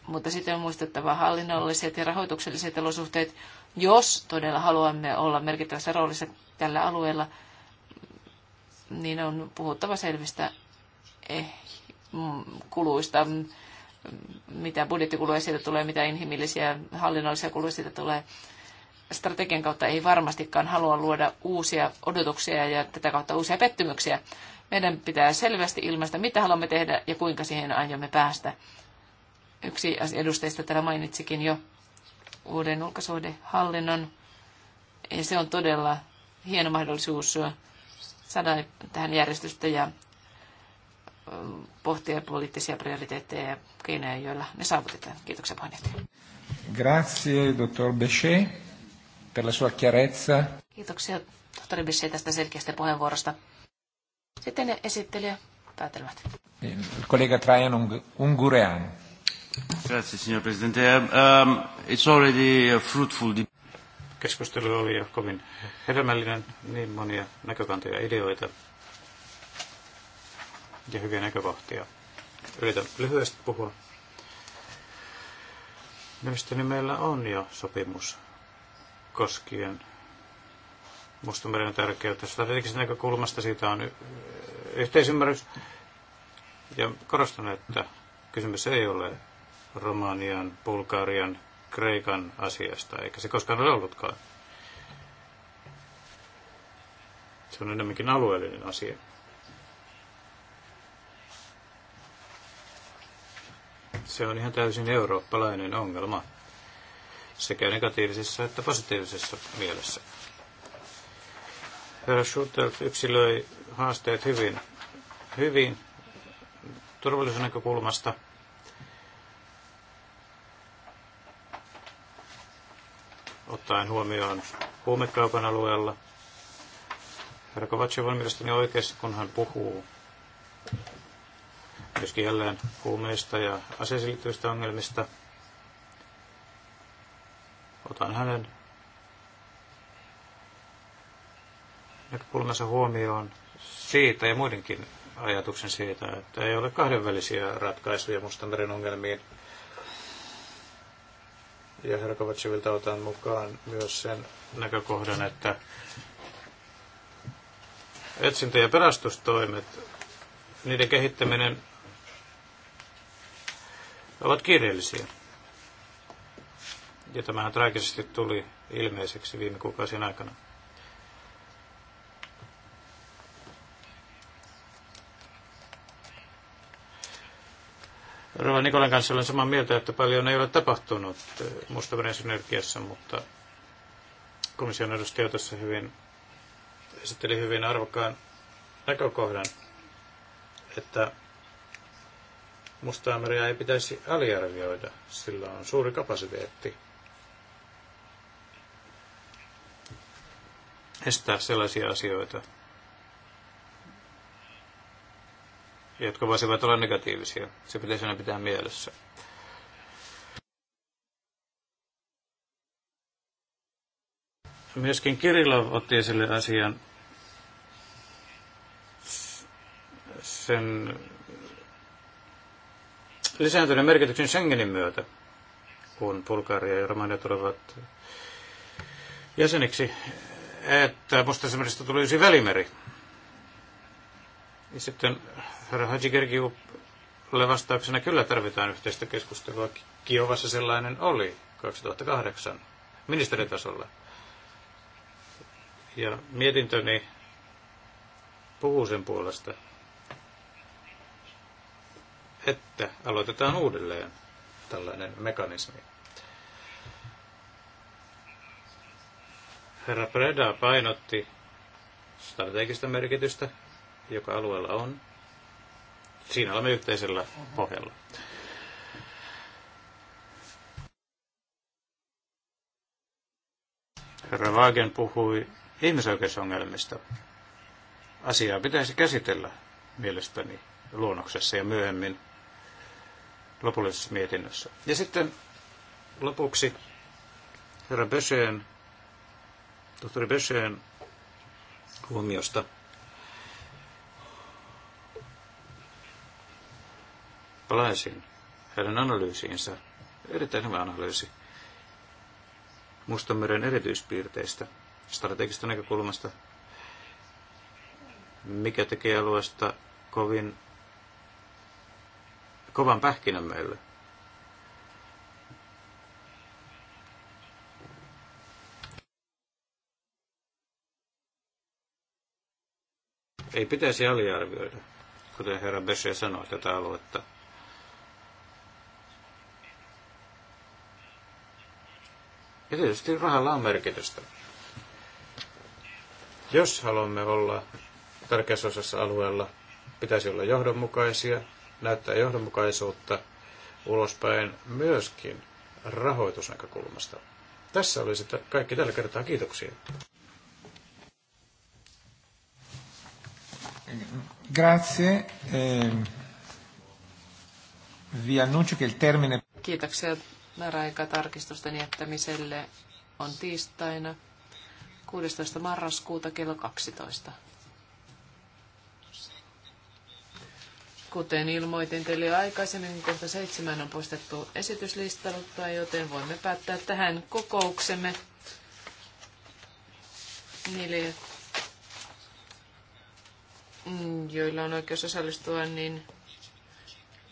mutta sitten on muistettava hallinnolliset ja rahoitukselliset olosuhteet, jos todella haluamme olla merkittävässä roolissa tällä alueella, niin on puhuttava selvistä eh, kuluista mitä budjettikuluja siitä tulee, mitä inhimillisiä hallinnollisia kuluja siitä tulee. Strategian kautta ei varmastikaan halua luoda uusia odotuksia ja tätä kautta uusia pettymyksiä. Meidän pitää selvästi ilmaista, mitä haluamme tehdä ja kuinka siihen aiomme päästä. Yksi edustajista täällä mainitsikin jo uuden ulkosuhdehallinnon. Ja se on todella hieno mahdollisuus saada tähän järjestystä ja pohtia poliittisia prioriteetteja ja keinoja, joilla ne saavutetaan. Kiitoksia puheenjohtaja. Grazie, dottor Bechet, per la sua chiarezza. Kiitoksia, tohtori Bechet, tästä selkeästä puheenvuorosta. Sitten esittelijä päätelmät. Kollega Trajan Ungurean. Grazie, signor Presidente. Um, it's already a fruitful Keskustelu oli jo kovin hedelmällinen, niin monia näkökantoja ja ideoita ja hyviä näkökohtia. Yritän lyhyesti puhua. Mielestäni meillä on jo sopimus koskien Mustameren tärkeyttä. Strategisesta näkökulmasta siitä on yhteisymmärrys. Ja korostan, että kysymys ei ole Romanian, Bulgarian, Kreikan asiasta, eikä se koskaan ole ollutkaan. Se on enemmänkin alueellinen asia. Se on ihan täysin eurooppalainen ongelma sekä negatiivisessa että positiivisessa mielessä. Herra Schutter yksilöi haasteet hyvin, hyvin turvallisuuden näkökulmasta. Ottaen huomioon huumekaupan alueella. Herra Kovacev on mielestäni oikeassa, kun hän puhuu myöskin jälleen huumeista ja aseisiin ongelmista. Otan hänen näkökulmansa huomioon siitä ja muidenkin ajatuksen siitä, että ei ole kahdenvälisiä ratkaisuja Mustameren ongelmiin. Ja Herkovatsivilta otan mukaan myös sen näkökohdan, että etsintä- ja pelastustoimet, niiden kehittäminen ovat kiireellisiä. Ja tämähän traagisesti tuli ilmeiseksi viime kuukausien aikana. Rova Nikolan kanssa olen samaa mieltä, että paljon ei ole tapahtunut mustaveren synergiassa, mutta komission edustaja tässä hyvin, esitteli hyvin arvokkaan näkökohdan, että Mustaameria ei pitäisi aliarvioida, sillä on suuri kapasiteetti estää sellaisia asioita, jotka voisivat olla negatiivisia. Se pitäisi aina pitää mielessä. Myöskin Kirillov otti esille asian sen lisääntyneen merkityksen Schengenin myötä, kun Bulgaria ja Romania tulevat jäseniksi, että Mustasamerista tulisi välimeri. Ja sitten herra Hadjigergiulle vastauksena kyllä tarvitaan yhteistä keskustelua. Kiovassa sellainen oli 2008 ministeritasolla. Ja mietintöni puhuu sen puolesta että aloitetaan uudelleen tällainen mekanismi. Herra Preda painotti strategista merkitystä, joka alueella on. Siinä olemme yhteisellä pohjalla. Herra Wagen puhui ihmisoikeusongelmista. Asiaa pitäisi käsitellä mielestäni luonnoksessa ja myöhemmin lopullisessa mietinnössä. Ja sitten lopuksi herra Böseen, tohtori Böseen huomiosta. Palaisin hänen analyysiinsä. Erittäin hyvä analyysi Mustanmeren erityispiirteistä, strategisesta näkökulmasta, mikä tekee alueesta kovin kovan pähkinän meille. Ei pitäisi aliarvioida, kuten herra Beshe sanoi, tätä aluetta. Ja tietysti rahalla on merkitystä. Jos haluamme olla tärkeässä osassa alueella, pitäisi olla johdonmukaisia, näyttää johdonmukaisuutta ulospäin myöskin rahoitusnäkökulmasta. Tässä oli sitten kaikki tällä kertaa. Kiitoksia. Grazie. Ehm, vi annuncio che il termine... Kiitoksia määräaikatarkistusten jättämiselle on tiistaina 16. marraskuuta kello 12. Kuten ilmoitin teille aikaisemmin, aikaisemmin, kohta seitsemän on poistettu esityslistalta, joten voimme päättää tähän kokouksemme. Niille, mm, joilla on oikeus osallistua, niin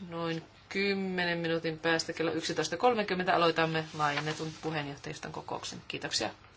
noin 10 minuutin päästä kello 11.30 aloitamme laajennetun puheenjohtajiston kokouksen. Kiitoksia.